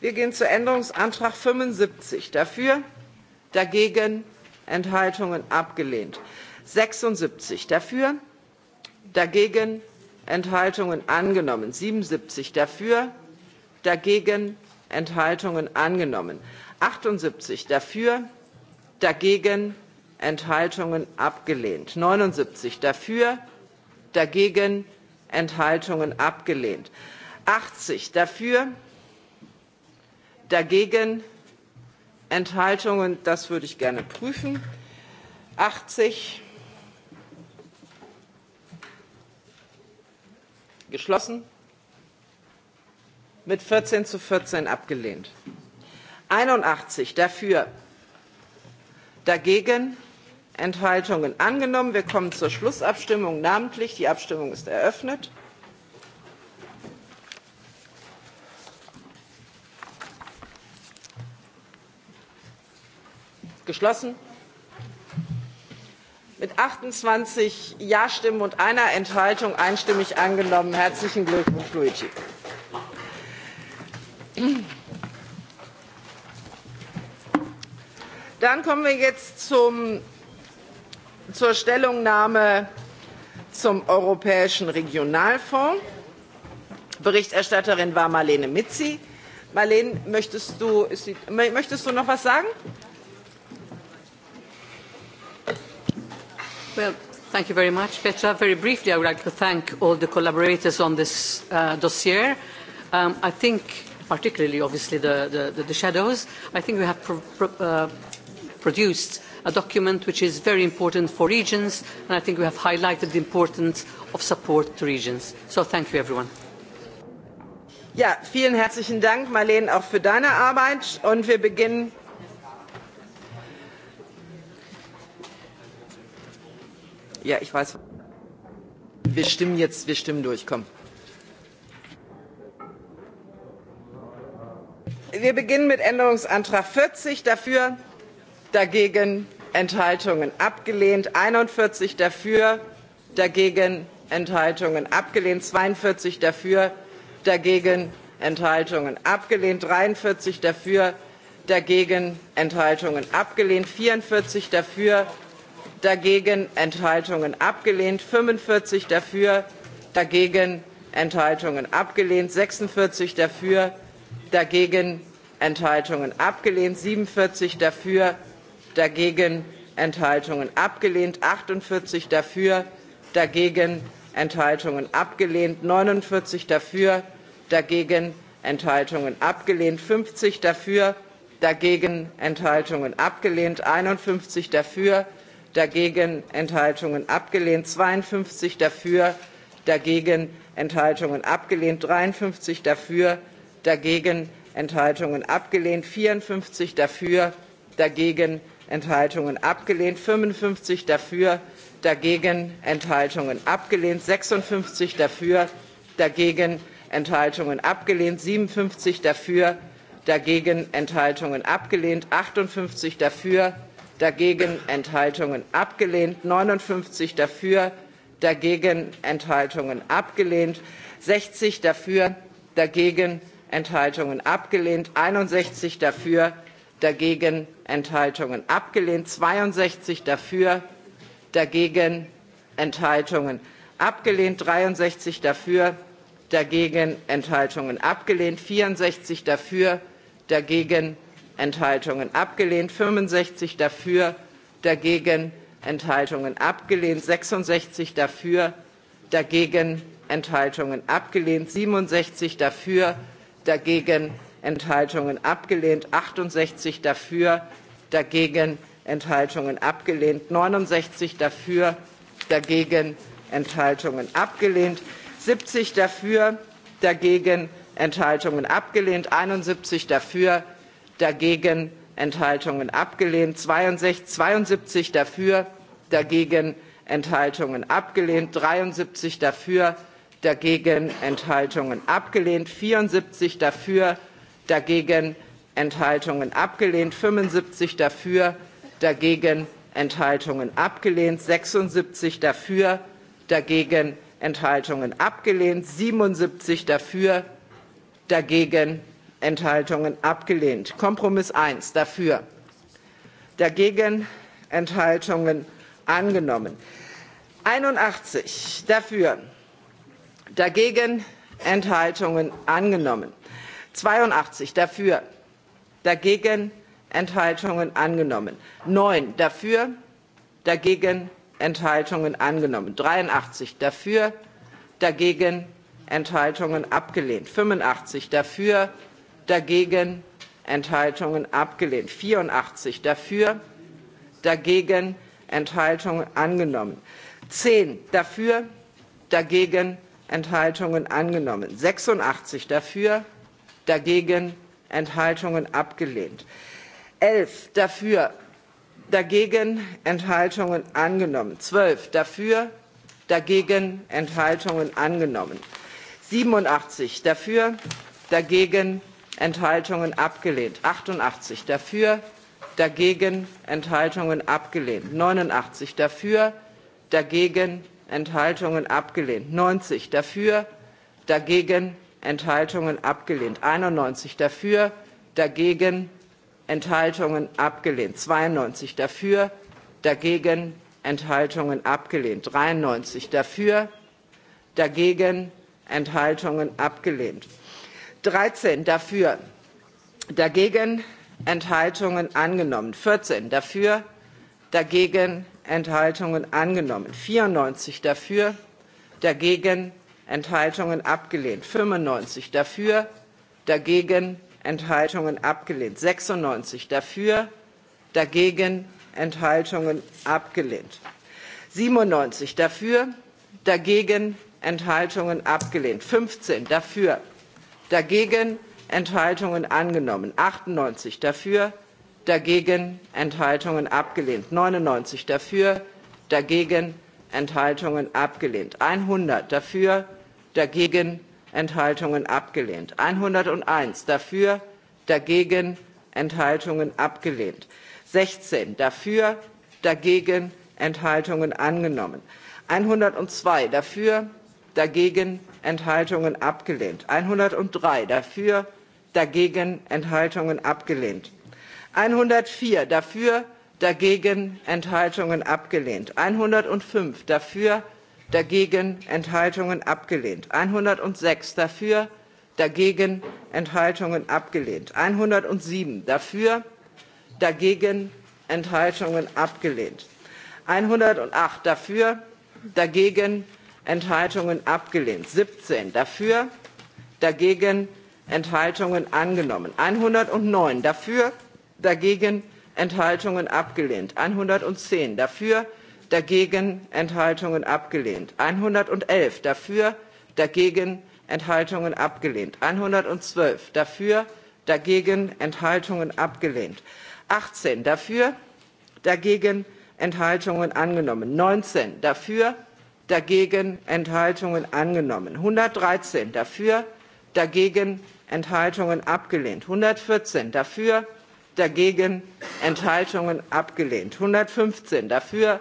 Wir gehen zu Änderungsantrag 75. Dafür, dagegen, Enthaltungen abgelehnt. 76 dafür, dagegen, Enthaltungen angenommen. 77 dafür, dagegen, Enthaltungen angenommen. 78 dafür, dagegen, Enthaltungen abgelehnt. 79 dafür, dagegen, Enthaltungen abgelehnt. 80 dafür, dagegen, dagegen Enthaltungen, das würde ich gerne prüfen. 80 geschlossen, mit 14 zu 14 abgelehnt. 81 dafür, dagegen Enthaltungen angenommen. Wir kommen zur Schlussabstimmung namentlich. Die Abstimmung ist eröffnet. geschlossen. Mit 28 Ja-Stimmen und einer Enthaltung einstimmig angenommen. Herzlichen Glückwunsch, Luigi. Dann kommen wir jetzt zum, zur Stellungnahme zum Europäischen Regionalfonds. Berichterstatterin war Marlene Mitzi. Marlene, möchtest du, ist möchtest du noch was sagen? Well, thank you very much, Petra. Very briefly, I would like to thank all the collaborators on this uh, dossier. Um, I think, particularly, obviously, the, the, the shadows, I think we have pro pro uh, produced a document which is very important for regions, and I think we have highlighted the importance of support to regions. So thank you, everyone. Ja, vielen herzlichen Dank, Marlene, auch für deine Arbeit. Und wir beginnen Ja, ich weiß. Wir stimmen jetzt, wir stimmen durch, komm. Wir beginnen mit Änderungsantrag 40 dafür, dagegen Enthaltungen abgelehnt, 41 dafür, dagegen Enthaltungen abgelehnt, 42 dafür, dagegen Enthaltungen abgelehnt, 43 dafür, dagegen Enthaltungen abgelehnt, 44 dafür, dagegen Enthaltungen abgelehnt, 45 dafür, dagegen Enthaltungen abgelehnt, 46 dafür, dagegen Enthaltungen abgelehnt, 47 dafür, dagegen Enthaltungen abgelehnt, 48 dafür, dagegen Enthaltungen abgelehnt, 49 dafür, dagegen Enthaltungen abgelehnt, 50 dafür, dagegen Enthaltungen abgelehnt, 51 dafür, dagegen Enthaltungen abgelehnt, 52 dafür, dagegen Enthaltungen abgelehnt, 53 dafür, dagegen Enthaltungen abgelehnt, 54 dafür, dagegen Enthaltungen abgelehnt, 55 dafür, dagegen Enthaltungen abgelehnt, 56 dafür, dagegen Enthaltungen abgelehnt, 57 dafür, dagegen Enthaltungen abgelehnt, 58 dafür, dagegen Enthaltungen abgelehnt, 59 dafür, dagegen Enthaltungen abgelehnt, 60 dafür, dagegen Enthaltungen abgelehnt, 61 dafür, dagegen Enthaltungen abgelehnt, 62 dafür, dagegen Enthaltungen abgelehnt, 63 dafür, dagegen Enthaltungen abgelehnt, 64 dafür, dagegen Enthaltungen abgelehnt, 65 dafür, dagegen Enthaltungen abgelehnt, 66 dafür, dagegen Enthaltungen abgelehnt, 67 dafür, dagegen Enthaltungen abgelehnt, 68 dafür, dagegen Enthaltungen abgelehnt, 69 dafür, dagegen Enthaltungen abgelehnt, 70 dafür, dagegen Enthaltungen abgelehnt, 71 dafür, dagegen Enthaltungen abgelehnt, 62, 72 dafür, dagegen Enthaltungen abgelehnt, 73 dafür, dagegen Enthaltungen abgelehnt, 74 dafür, dagegen Enthaltungen abgelehnt, 75 dafür, dagegen Enthaltungen abgelehnt, 76 dafür, dagegen Enthaltungen abgelehnt, 77 dafür, dagegen Enthaltungen abgelehnt. Kompromiss 1 dafür. Dagegen Enthaltungen angenommen. 81 dafür. Dagegen Enthaltungen angenommen. 82 dafür. Dagegen Enthaltungen angenommen. 9 dafür. Dagegen Enthaltungen angenommen. 83 dafür. Dagegen Enthaltungen abgelehnt. 85 dafür dagegen Enthaltungen abgelehnt. 84 dafür, dagegen Enthaltungen angenommen. 10 dafür, dagegen Enthaltungen angenommen. 86 dafür, dagegen Enthaltungen abgelehnt. 11 dafür, dagegen Enthaltungen angenommen. 12 dafür, dagegen Enthaltungen angenommen. 87 dafür, dagegen Enthaltungen abgelehnt. 88 dafür, dagegen Enthaltungen abgelehnt. 89 dafür, dagegen Enthaltungen abgelehnt. 90 dafür, dagegen Enthaltungen abgelehnt. 91 dafür, dagegen Enthaltungen abgelehnt. 92 dafür, dagegen Enthaltungen abgelehnt. 93 dafür, dagegen Enthaltungen abgelehnt dreizehn dafür dagegen enthaltungen angenommen vierzehn dafür dagegen enthaltungen angenommen vierundneunzig dafür dagegen enthaltungen abgelehnt fünfundneunzig dafür dagegen enthaltungen abgelehnt sechsundneunzig dafür dagegen enthaltungen abgelehnt siebenundneunzig dafür dagegen enthaltungen abgelehnt fünfzehn dafür dagegen enthaltungen angenommen achtundneunzig dafür dagegen enthaltungen abgelehnt neunundneunzig dafür dagegen enthaltungen abgelehnt einhundert dafür dagegen enthaltungen abgelehnt einhunderteins dafür dagegen enthaltungen abgelehnt sechzehn dafür dagegen enthaltungen angenommen einhundertzwei dafür dagegen Enthaltungen abgelehnt. 103 dafür, dagegen Enthaltungen abgelehnt. 104 dafür, dagegen Enthaltungen abgelehnt. 105 dafür, dagegen Enthaltungen abgelehnt. 106 dafür, dagegen Enthaltungen abgelehnt. 107 dafür, dagegen Enthaltungen abgelehnt. 108 dafür, dagegen Enthaltungen abgelehnt. 17 dafür, dagegen Enthaltungen angenommen. 109 dafür, dagegen Enthaltungen abgelehnt. 110 dafür, dagegen Enthaltungen abgelehnt. 111 dafür, dagegen Enthaltungen abgelehnt. 112 dafür, dagegen Enthaltungen abgelehnt. 18 dafür, dagegen Enthaltungen angenommen. 19 dafür, dagegen Enthaltungen angenommen. 113 dafür, dagegen Enthaltungen abgelehnt. 114 dafür, dagegen Enthaltungen abgelehnt. 115 dafür,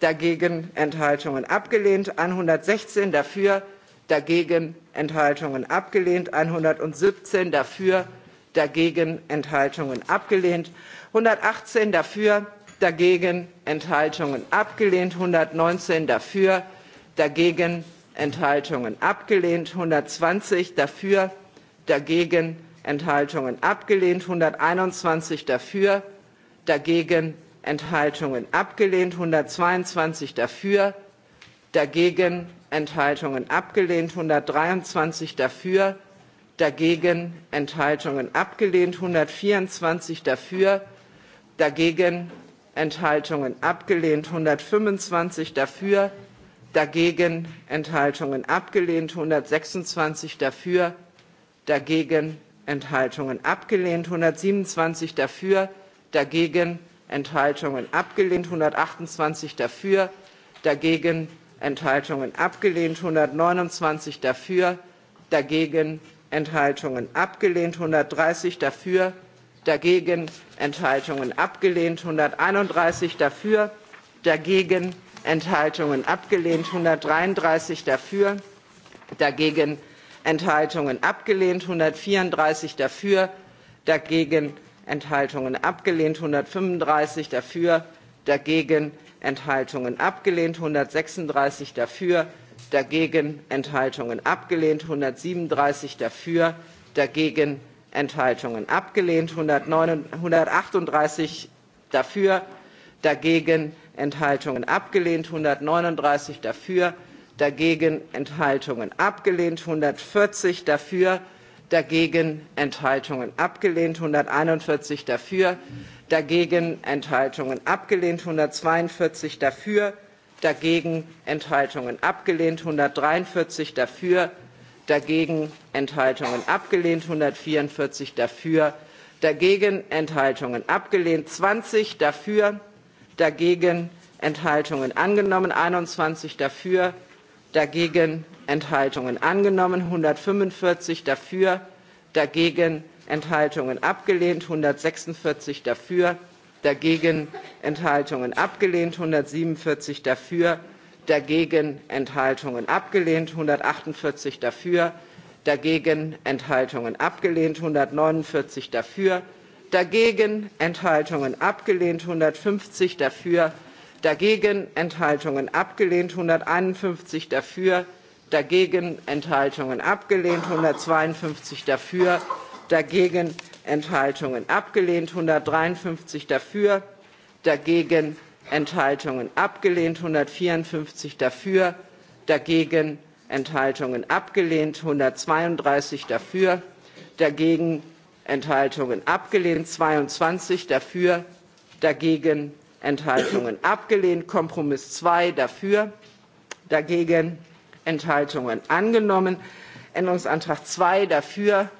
dagegen Enthaltungen abgelehnt. 116 dafür, dagegen Enthaltungen abgelehnt. 117 dafür, dagegen Enthaltungen abgelehnt. 118 dafür, dagegen Enthaltungen abgelehnt. 119 dafür, dagegen Enthaltungen abgelehnt, 120 dafür, dagegen Enthaltungen abgelehnt, 121 dafür, dagegen Enthaltungen abgelehnt, 122 dafür, dagegen Enthaltungen abgelehnt, 123 dafür, dagegen Enthaltungen abgelehnt, 124 dafür, dagegen Enthaltungen abgelehnt, 125 dafür, dagegen Enthaltungen abgelehnt, 126 dafür, dagegen Enthaltungen abgelehnt, 127 dafür, dagegen Enthaltungen abgelehnt, 128 dafür, dagegen Enthaltungen abgelehnt, 129 dafür, dagegen Enthaltungen abgelehnt, 130 dafür, dagegen Enthaltungen abgelehnt, 131 dafür, dagegen enthaltungen abgelehnt; einhundertdreiunddreißig dafür dagegen enthaltungen abgelehnt; einhundertvierunddreißig dafür dagegen enthaltungen abgelehnt; einhundertfünfunddreißig dafür dagegen enthaltungen abgelehnt; einhundertsechsunddreißig dafür dagegen enthaltungen abgelehnt; einhundertsiebenunddreißig dafür dagegen enthaltungen abgelehnt; einhundertachtunddreißig dafür dagegen Enthaltungen abgelehnt, 139 dafür, dagegen Enthaltungen abgelehnt, 140 dafür, dagegen Enthaltungen abgelehnt, 141 dafür, dagegen Enthaltungen abgelehnt, 142 dafür, dagegen Enthaltungen abgelehnt, 143 dafür, dagegen Enthaltungen abgelehnt, 144 dafür, dagegen Enthaltungen abgelehnt, 20 dafür, dagegen Enthaltungen angenommen, 21 dafür, dagegen Enthaltungen angenommen, 145 dafür, dagegen Enthaltungen abgelehnt, 146 dafür, dagegen Enthaltungen abgelehnt, 147 dafür, dagegen Enthaltungen abgelehnt, 148 dafür, dagegen Enthaltungen abgelehnt, 149 dafür, dagegen Enthaltungen abgelehnt 150 dafür, dagegen Enthaltungen abgelehnt 151 dafür, dagegen Enthaltungen abgelehnt 152 dafür, dagegen Enthaltungen abgelehnt 153 dafür, dagegen Enthaltungen abgelehnt 154 dafür, dagegen Enthaltungen abgelehnt 132 dafür, dagegen Enthaltungen abgelehnt, 22 dafür, dagegen Enthaltungen abgelehnt, Kompromiss 2 dafür, dagegen Enthaltungen angenommen, Änderungsantrag 2 dafür,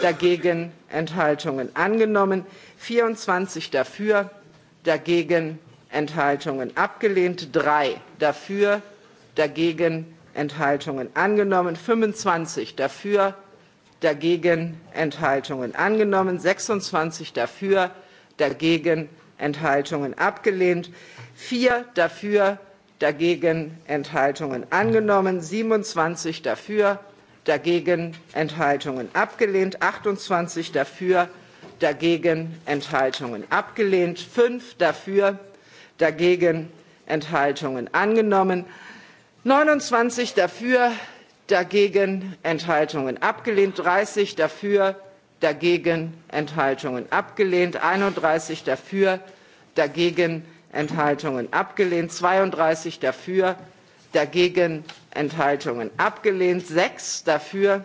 dagegen Enthaltungen angenommen, 24 dafür, dagegen Enthaltungen abgelehnt, 3 dafür, dagegen Enthaltungen angenommen, 25 dafür, dagegen Enthaltungen angenommen, 26 dafür, dagegen Enthaltungen abgelehnt, 4 dafür, dagegen Enthaltungen angenommen, 27 dafür, dagegen Enthaltungen abgelehnt, 28 dafür, dagegen Enthaltungen abgelehnt, 5 dafür, dagegen Enthaltungen angenommen, 29 dafür, dagegen Enthaltungen abgelehnt, dreißig dafür, dagegen Enthaltungen abgelehnt, einunddreißig dafür, dagegen Enthaltungen abgelehnt, zweiunddreißig dafür, dagegen Enthaltungen abgelehnt, sechs dafür,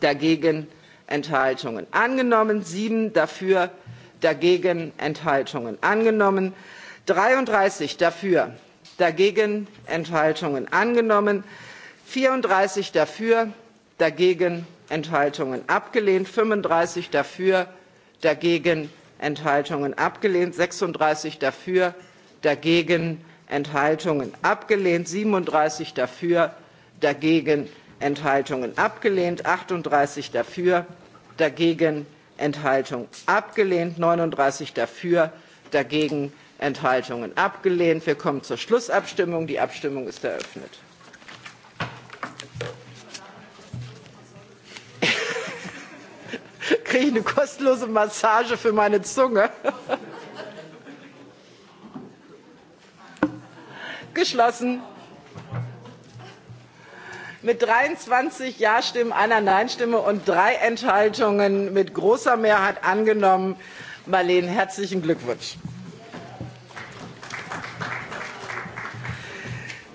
dagegen Enthaltungen angenommen, sieben dafür, dagegen Enthaltungen angenommen, dreiunddreißig dafür, dagegen Enthaltungen angenommen, vierunddreißig dafür dagegen enthaltungen abgelehnt fünfunddreißig dafür dagegen enthaltungen abgelehnt sechsunddreißig dafür dagegen enthaltungen abgelehnt siebenunddreißig dafür dagegen enthaltungen abgelehnt achtunddreißig dafür dagegen enthaltungen abgelehnt neununddreißig dafür dagegen enthaltungen abgelehnt. wir kommen zur schlussabstimmung. die abstimmung ist eröffnet. kriege ich eine kostenlose Massage für meine Zunge. Geschlossen. Mit 23 Ja-Stimmen, einer Nein-Stimme und drei Enthaltungen mit großer Mehrheit angenommen. Marlene, herzlichen Glückwunsch.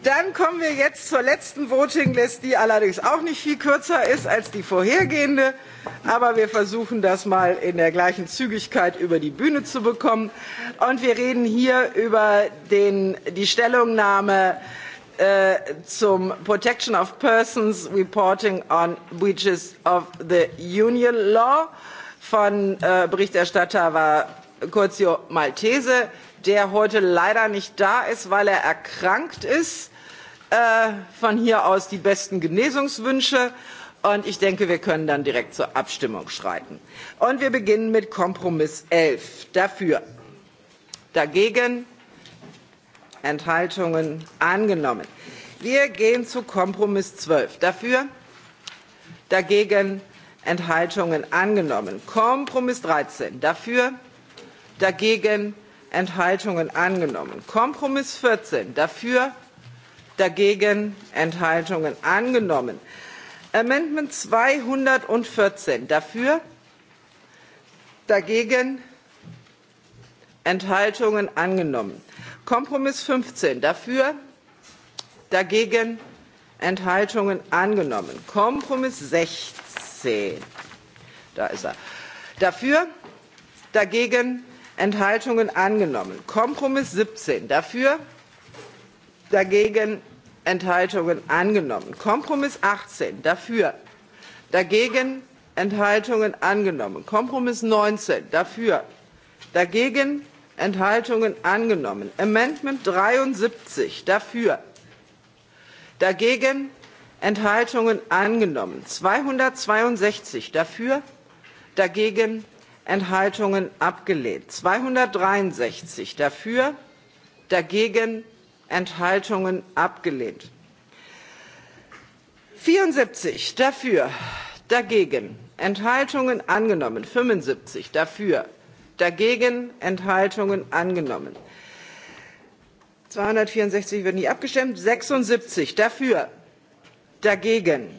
Dann kommen wir jetzt zur letzten Voting List, die allerdings auch nicht viel kürzer ist als die vorhergehende. Aber wir versuchen das mal in der gleichen Zügigkeit über die Bühne zu bekommen. Und wir reden hier über den, die Stellungnahme äh, zum Protection of Persons Reporting on Breaches of the Union Law von äh, Berichterstatter war Curzio Maltese der heute leider nicht da ist, weil er erkrankt ist. Äh, von hier aus die besten Genesungswünsche. Und ich denke, wir können dann direkt zur Abstimmung schreiten. Und wir beginnen mit Kompromiss 11. Dafür. Dagegen. Enthaltungen angenommen. Wir gehen zu Kompromiss 12. Dafür. Dagegen. Enthaltungen angenommen. Kompromiss 13. Dafür. Dagegen. Enthaltungen angenommen. Kompromiss 14. Dafür dagegen Enthaltungen angenommen. änderungsantrag zweihundertvierzehn dafür, dagegen Enthaltungen angenommen. Kompromiss fünfzehn dafür, dagegen Enthaltungen angenommen. Kompromiss sechzehn er. dafür, dagegen Enthaltungen angenommen. Kompromiss siebzehn dafür, dagegen Enthaltungen angenommen. Kompromiss 18 dafür, dagegen Enthaltungen angenommen. Kompromiss 19 dafür, dagegen Enthaltungen angenommen. Amendment 73 dafür, dagegen Enthaltungen angenommen. 262 dafür, dagegen Enthaltungen abgelehnt. 263 dafür, dagegen Enthaltungen abgelehnt. 74 dafür, dagegen, Enthaltungen angenommen. 75 dafür, dagegen, Enthaltungen angenommen. 264 wird nicht abgestimmt. 76 dafür, dagegen,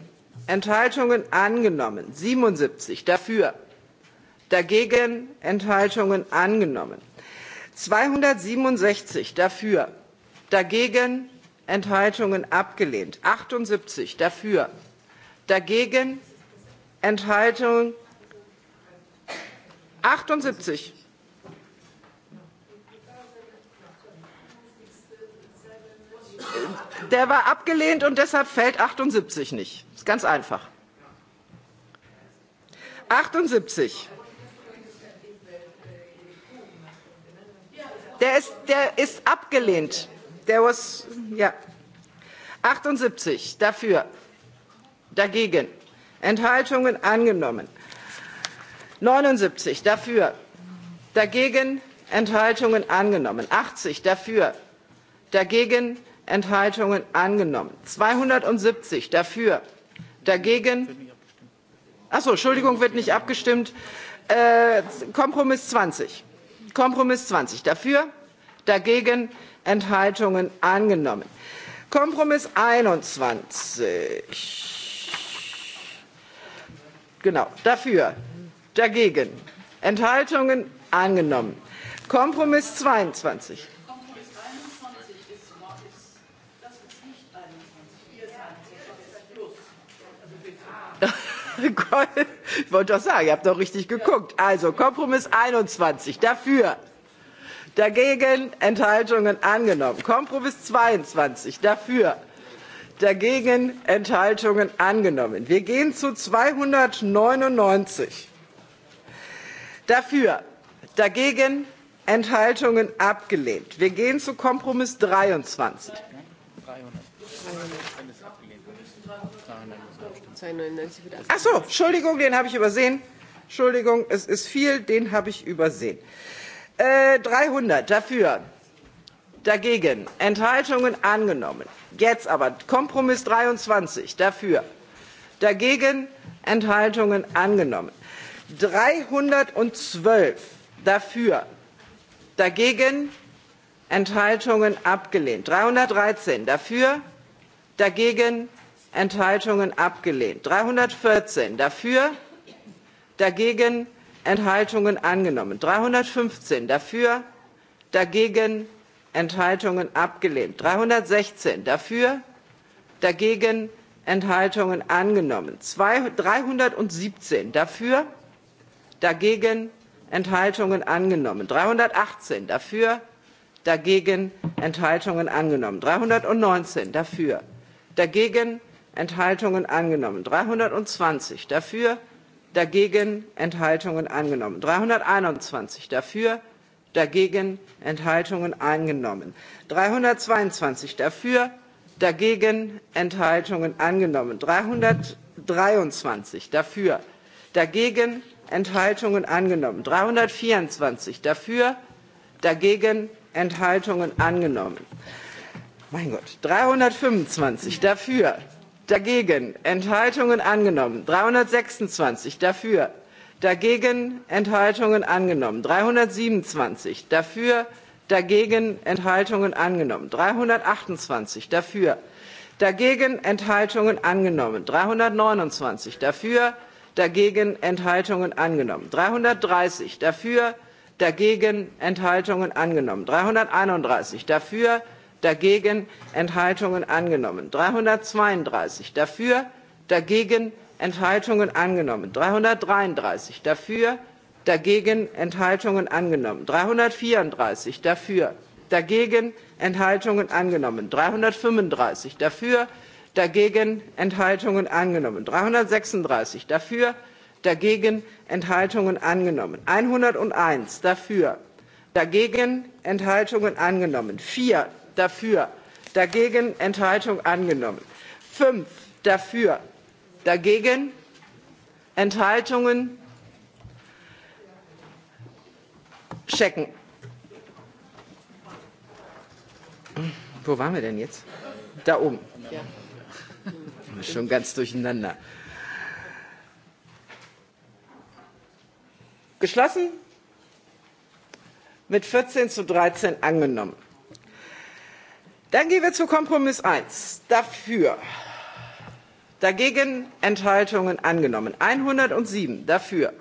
Enthaltungen angenommen. 77 dafür, dagegen, Enthaltungen angenommen. 267 dafür, dagegen Enthaltungen abgelehnt. 78 dafür, dagegen Enthaltungen 78. Der war abgelehnt und deshalb fällt 78 nicht. Ist ganz einfach. 78. Der ist, der ist abgelehnt there was, yeah. 78 dafür, dagegen, Enthaltungen angenommen. 79 dafür, dagegen, Enthaltungen angenommen. 80 dafür, dagegen, Enthaltungen angenommen. 270 dafür, dagegen. Achso, Entschuldigung, wird nicht abgestimmt. Äh, Kompromiss 20. Kompromiss 20 dafür, dagegen Enthaltungen angenommen. Kompromiss 21. Genau, dafür, dagegen, Enthaltungen angenommen. Kompromiss 22. ich wollte doch sagen, ihr habt doch richtig geguckt. Also, Kompromiss 21, dafür, dagegen Enthaltungen angenommen. Kompromiss 22 dafür, dagegen Enthaltungen angenommen. Wir gehen zu 299 dafür, dagegen Enthaltungen abgelehnt. Wir gehen zu Kompromiss 23. Ach so, Entschuldigung, den habe ich übersehen. Entschuldigung, es ist viel, den habe ich übersehen. Äh, dreihundert dafür dagegen enthaltungen angenommen jetzt aber kompromiss dreiundzwanzig dafür dagegen enthaltungen angenommen dreihundertzwölf dafür dagegen enthaltungen abgelehnt dreihundertdreizehn dafür dagegen enthaltungen abgelehnt dreihundertvierzehn dafür dagegen Enthaltungen angenommen. 315 dafür, dagegen Enthaltungen abgelehnt. 316 dafür, dagegen Enthaltungen angenommen. 317 dafür, dagegen Enthaltungen angenommen. 318 dafür, dagegen Enthaltungen angenommen. 319 dafür, dagegen Enthaltungen angenommen. 320 dafür, dagegen Enthaltungen angenommen. 321 dafür, dagegen Enthaltungen angenommen. 322 dafür, dagegen Enthaltungen angenommen. 323 dafür, dagegen Enthaltungen angenommen. 324 dafür, dagegen Enthaltungen angenommen. Mein Gott, 325 dafür, dagegen enthaltungen angenommen dreihundertsechsundzwanzig dafür dagegen enthaltungen angenommen dreihundertsiebenundzwanzig dafür dagegen enthaltungen angenommen dreihundertachtundzwanzig dafür dagegen enthaltungen angenommen dreihundertneunundzwanzig dafür dagegen enthaltungen angenommen dreihundertdreißig dafür dagegen enthaltungen angenommen dreihunderteinunddreißig dafür dagegen Enthaltungen angenommen. 332 dafür, dagegen Enthaltungen angenommen. 333 dafür, dagegen Enthaltungen angenommen. 334 dafür, dagegen Enthaltungen angenommen. 335 dafür, dagegen Enthaltungen angenommen. 336 dafür, dagegen Enthaltungen angenommen. 101 dafür, dagegen Enthaltungen angenommen. 4 dafür dagegen enthaltung angenommen fünf dafür dagegen enthaltungen checken wo waren wir denn jetzt da oben ja. schon ganz durcheinander geschlossen mit 14 zu 13 angenommen Dann gehen wir zu Kompromiss 1. Dafür. Dagegen Enthaltungen angenommen. 107 dafür.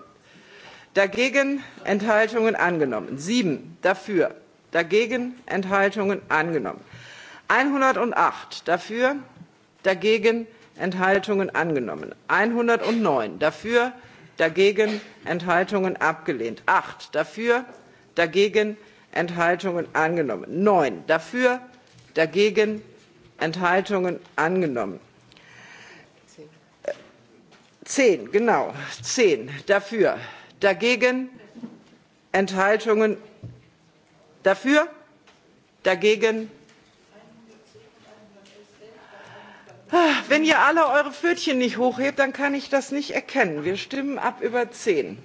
Dagegen Enthaltungen angenommen. 7 dafür. Dagegen Enthaltungen angenommen. 108 dafür. Dagegen Enthaltungen angenommen. 109 dafür. Dagegen Enthaltungen abgelehnt. 8 dafür. Dagegen Enthaltungen angenommen. 9 dafür dagegen Enthaltungen angenommen. 10, genau, 10 dafür, dagegen Enthaltungen dafür, dagegen ah, Wenn ihr alle eure Pfötchen nicht hochhebt, dann kann ich das nicht erkennen. Wir stimmen ab über zehn.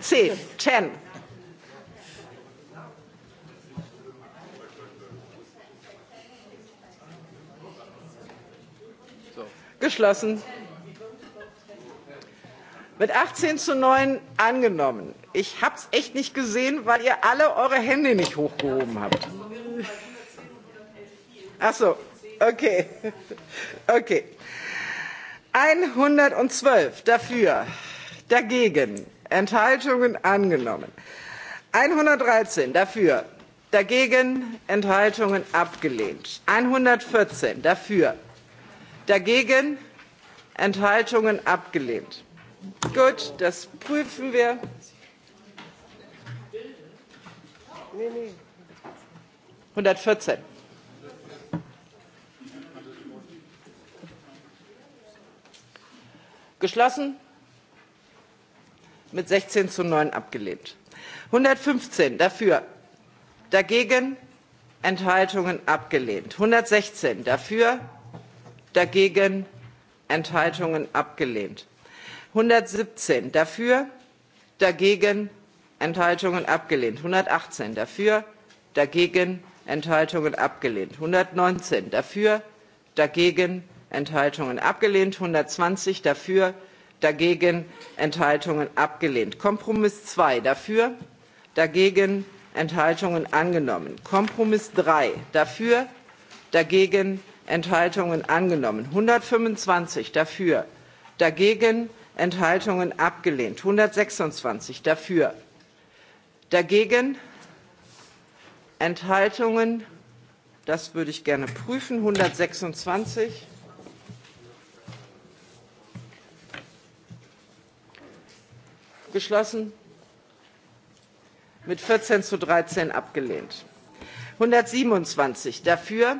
Sí, Chen. Geschlossen. Mit 18 zu 9 angenommen. Ich habe es echt nicht gesehen, weil ihr alle eure Hände nicht hochgehoben habt. Ach so, okay. Okay. 112 dafür, dagegen Enthaltungen angenommen. 113 dafür, dagegen Enthaltungen abgelehnt. 114 dafür, dagegen Enthaltungen abgelehnt. Gut, das prüfen wir. Nee, nee. 114. Geschlossen mit 16 zu 9 abgelehnt. 115 dafür, dagegen, Enthaltungen abgelehnt. 116 dafür, dagegen, Enthaltungen abgelehnt. 117 dafür, dagegen, Enthaltungen abgelehnt. 118 dafür, dagegen, Enthaltungen abgelehnt. 119 dafür, dagegen, Enthaltungen abgelehnt. 120 dafür, dagegen Enthaltungen abgelehnt. Kompromiss 2 dafür, dagegen Enthaltungen angenommen. Kompromiss 3 dafür, dagegen Enthaltungen angenommen. 125 dafür, dagegen Enthaltungen abgelehnt. 126 dafür, dagegen Enthaltungen, das würde ich gerne prüfen, 126 geschlossen. Mit 14 zu 13 abgelehnt. 127 dafür,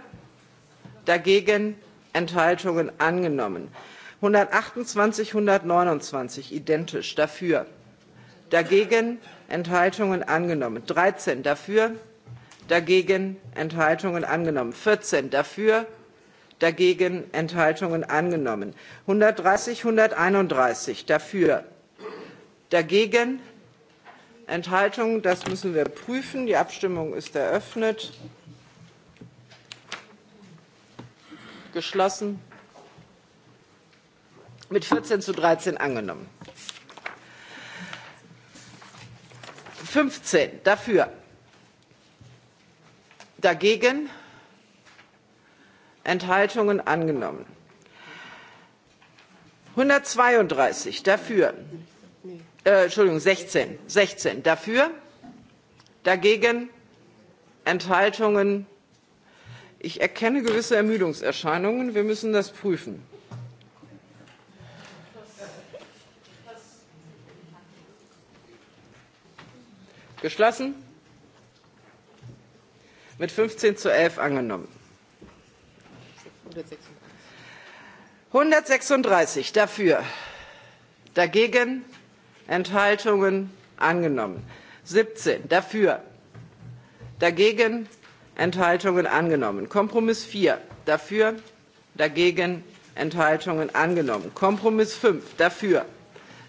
dagegen Enthaltungen angenommen. 128, 129 identisch dafür, dagegen Enthaltungen angenommen. 13 dafür, dagegen Enthaltungen angenommen. 14 dafür, dagegen Enthaltungen angenommen. 130, 131 dafür, dagegen enthaltungen das müssen wir prüfen die abstimmung ist eröffnet geschlossen mit 14 zu 13 angenommen 15 dafür dagegen enthaltungen angenommen 132 dafür äh, Entschuldigung, 16, 16 dafür, dagegen Enthaltungen. Ich erkenne gewisse Ermüdungserscheinungen. Wir müssen das prüfen. Geschlossen. Mit 15 zu 11 angenommen. 136 dafür. Dagegen Enthaltungen angenommen. 17 dafür, dagegen Enthaltungen angenommen. Kompromiss 4 dafür, dagegen Enthaltungen angenommen. Kompromiss 5 dafür,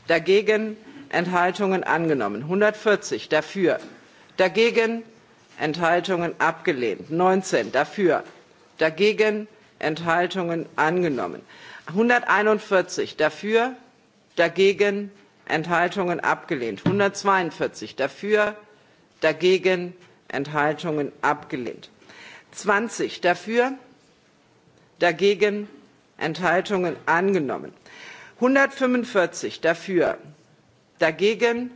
dagegen Enthaltungen angenommen. 140 dafür, dagegen Enthaltungen abgelehnt. 19 dafür, dagegen Enthaltungen angenommen. 141 dafür, dagegen Enthaltungen abgelehnt. 142 dafür, dagegen Enthaltungen abgelehnt. 20 dafür, dagegen Enthaltungen angenommen. 145 dafür, dagegen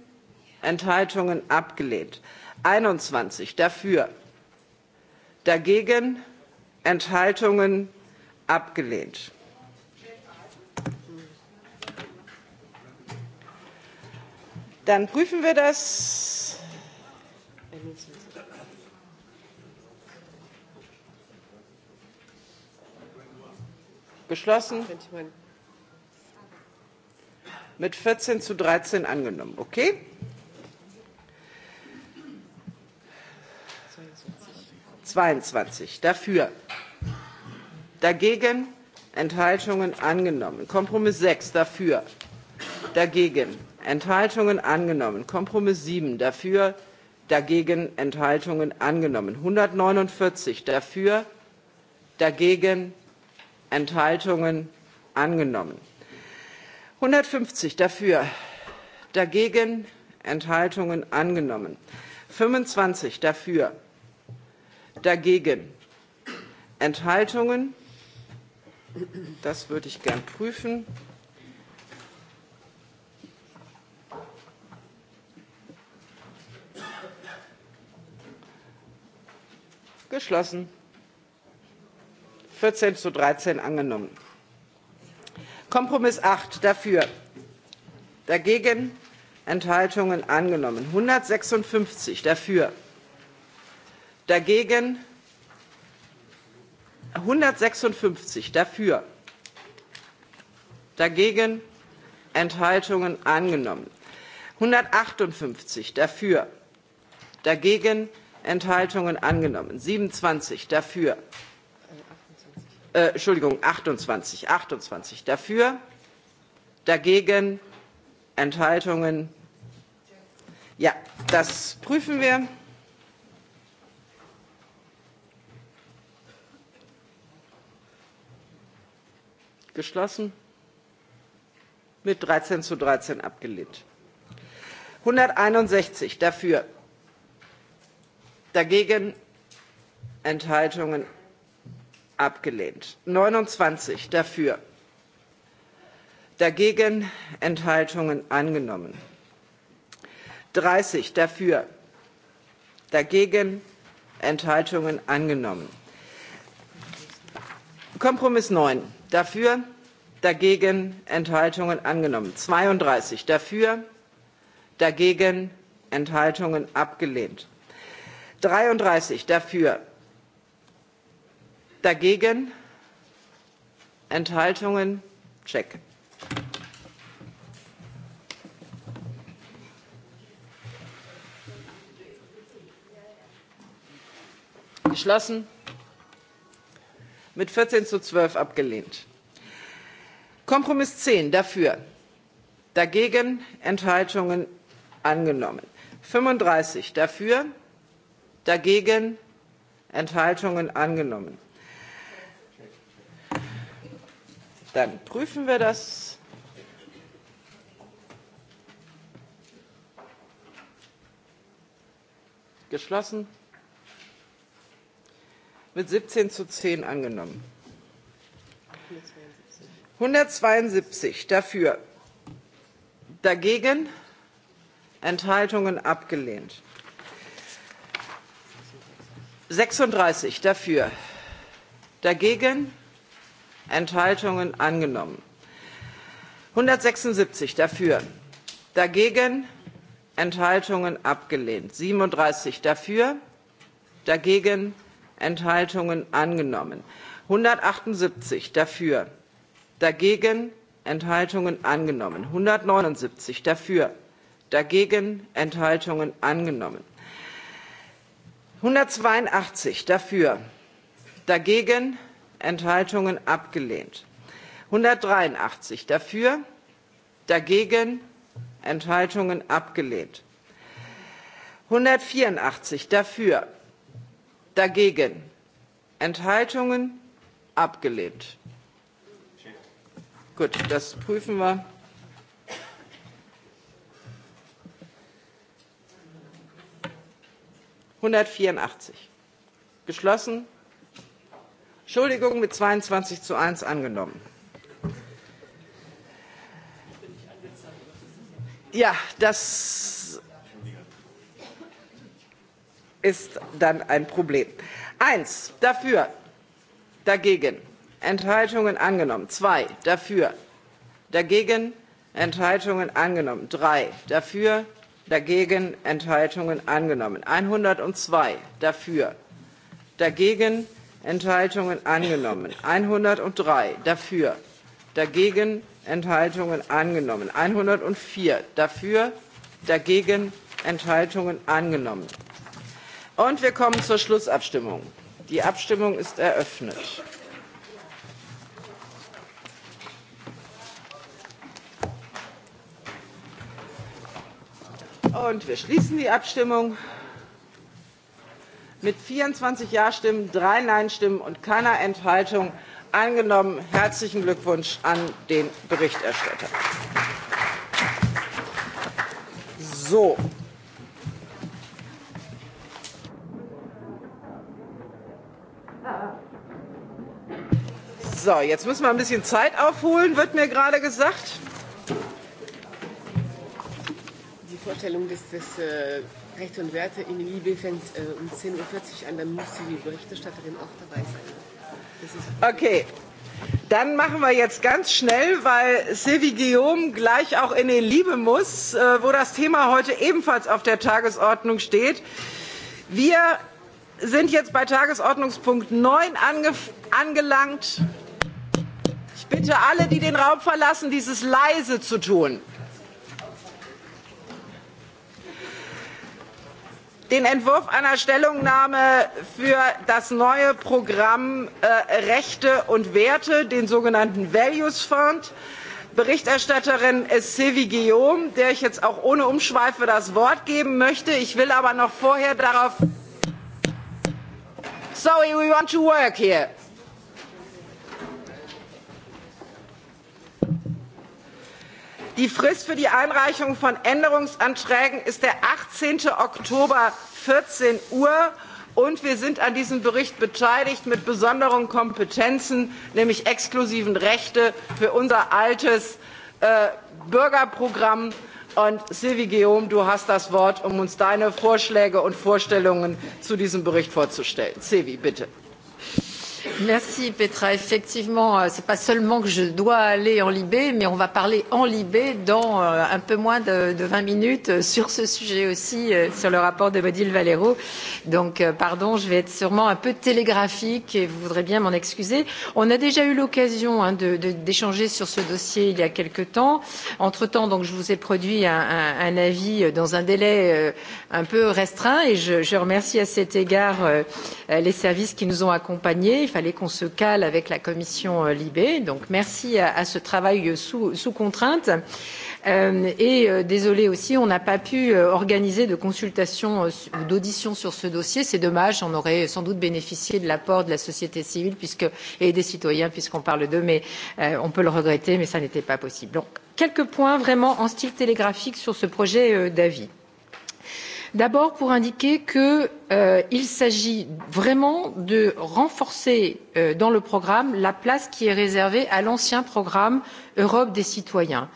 Enthaltungen abgelehnt. 21 dafür, dagegen Enthaltungen abgelehnt Dann prüfen wir das. Beschlossen. Mit 14 zu 13 angenommen. Okay. zweiundzwanzig dafür dagegen enthaltungen angenommen kompromiss sechs dafür dagegen Enthaltungen angenommen. Kompromiss 7 dafür, dagegen Enthaltungen angenommen. 149 dafür, dagegen Enthaltungen angenommen. 150 dafür, dagegen Enthaltungen angenommen. 25 dafür, dagegen Enthaltungen. Das würde ich gern prüfen. Geschlossen. 14 zu 13 angenommen. Kompromiss 8 dafür. Dagegen Enthaltungen angenommen. 156 dafür. Dagegen 156 dafür. Dagegen Enthaltungen angenommen. 158 dafür. Dagegen Enthaltungen angenommen. 27 dafür. Äh, Entschuldigung, 28. 28 dafür. Dagegen Enthaltungen. Ja, das prüfen wir. Geschlossen. Mit 13 zu 13 abgelehnt. 161 dafür dagegen enthaltungen abgelehnt 29 dafür dagegen enthaltungen angenommen 30 dafür dagegen enthaltungen angenommen kompromiss 9 dafür dagegen enthaltungen angenommen 32 dafür dagegen enthaltungen abgelehnt dreiunddreißig dafür dagegen enthaltungen check. geschlossen mit vierzehn zu zwölf abgelehnt. kompromiss zehn dafür dagegen enthaltungen angenommen fünfunddreißig dafür dagegen Enthaltungen angenommen. Dann prüfen wir das. Geschlossen. Mit 17 zu 10 angenommen. 172 dafür. Dagegen Enthaltungen abgelehnt sechsunddreißig dafür dagegen enthaltungen angenommen einhundertsechsundsiebzig dafür dagegen enthaltungen abgelehnt siebenunddreißig dafür dagegen enthaltungen angenommen einhundertachtundsiebzig dafür dagegen enthaltungen angenommen einhundertneunundsiebzig dafür dagegen enthaltungen angenommen einhundertzweiundachtzig dafür dagegen enthaltungen abgelehnt; einhundertdreiundachtzig dafür dagegen enthaltungen abgelehnt; einhundertvierundachtzig dafür dagegen enthaltungen abgelehnt. gut das prüfen wir. einhundertvierundachtzig geschlossen entschuldigung mit zweiundzwanzig zu eins angenommen. ja das ist dann ein problem. eins dafür dagegen enthaltungen angenommen zwei dafür dagegen enthaltungen angenommen drei dafür dagegen Enthaltungen angenommen. 102 dafür, dagegen Enthaltungen angenommen. 103 dafür, dagegen Enthaltungen angenommen. 104 dafür, dagegen Enthaltungen angenommen. Und wir kommen zur Schlussabstimmung. Die Abstimmung ist eröffnet. Und wir schließen die Abstimmung mit 24 Ja-Stimmen, drei Nein-Stimmen und keiner Enthaltung angenommen. Herzlichen Glückwunsch an den Berichterstatter. So. So, jetzt müssen wir ein bisschen Zeit aufholen, wird mir gerade gesagt. Vorstellung, dass das äh, Recht und Werte in Liebe fängt äh, um 10.40 Uhr an, dann muss die Berichterstatterin auch dabei sein. Okay. Dann machen wir jetzt ganz schnell, weil Sylvie Guillaume gleich auch in den Liebe muss, äh, wo das Thema heute ebenfalls auf der Tagesordnung steht. Wir sind jetzt bei Tagesordnungspunkt 9 ange angelangt. Ich bitte alle, die den Raum verlassen, dieses leise zu tun. den entwurf einer stellungnahme für das neue programm äh, rechte und werte den sogenannten values fund. berichterstatterin ist sylvie guillaume der ich jetzt auch ohne umschweife das wort geben möchte. ich will aber noch vorher darauf sorry we want to work here. die frist für die einreichung von änderungsanträgen ist der. achtzehn oktober vierzehn uhr und wir sind an diesem bericht beteiligt mit besonderen kompetenzen nämlich exklusiven rechten für unser altes äh, bürgerprogramm. Und Sylvie Guillaume, du hast das Wort, um uns deine Vorschläge und Vorstellungen zu diesem Bericht vorzustellen. Sylvie, bitte. Merci Petra. Effectivement, euh, ce n'est pas seulement que je dois aller en Libé, mais on va parler en Libé dans euh, un peu moins de, de 20 minutes euh, sur ce sujet aussi, sur le rapport de Bodil Valero. Donc, pardon, je vais être sûrement un peu télégraphique et vous voudrez bien m'en excuser. On a déjà eu l'occasion hein, d'échanger sur ce dossier il y a quelques temps. Entre-temps, donc, je vous ai produit un, un, un avis dans un délai un peu restreint et je, je remercie à cet égard les services qui nous ont accompagnés fallait qu'on se cale avec la commission euh, Libé. Donc merci à, à ce travail euh, sous, sous contrainte. Euh, et euh, désolé aussi, on n'a pas pu euh, organiser de consultation ou euh, d'audition sur ce dossier. C'est dommage, on aurait sans doute bénéficié de l'apport de la société civile puisque, et des citoyens puisqu'on parle d'eux, mais euh, on peut le regretter, mais ça n'était pas possible. Donc quelques points vraiment en style télégraphique sur ce projet euh, d'avis. D'abord pour indiquer qu'il euh, s'agit vraiment de renforcer euh, dans le programme la place qui est réservée à l'ancien programme Europe des citoyens.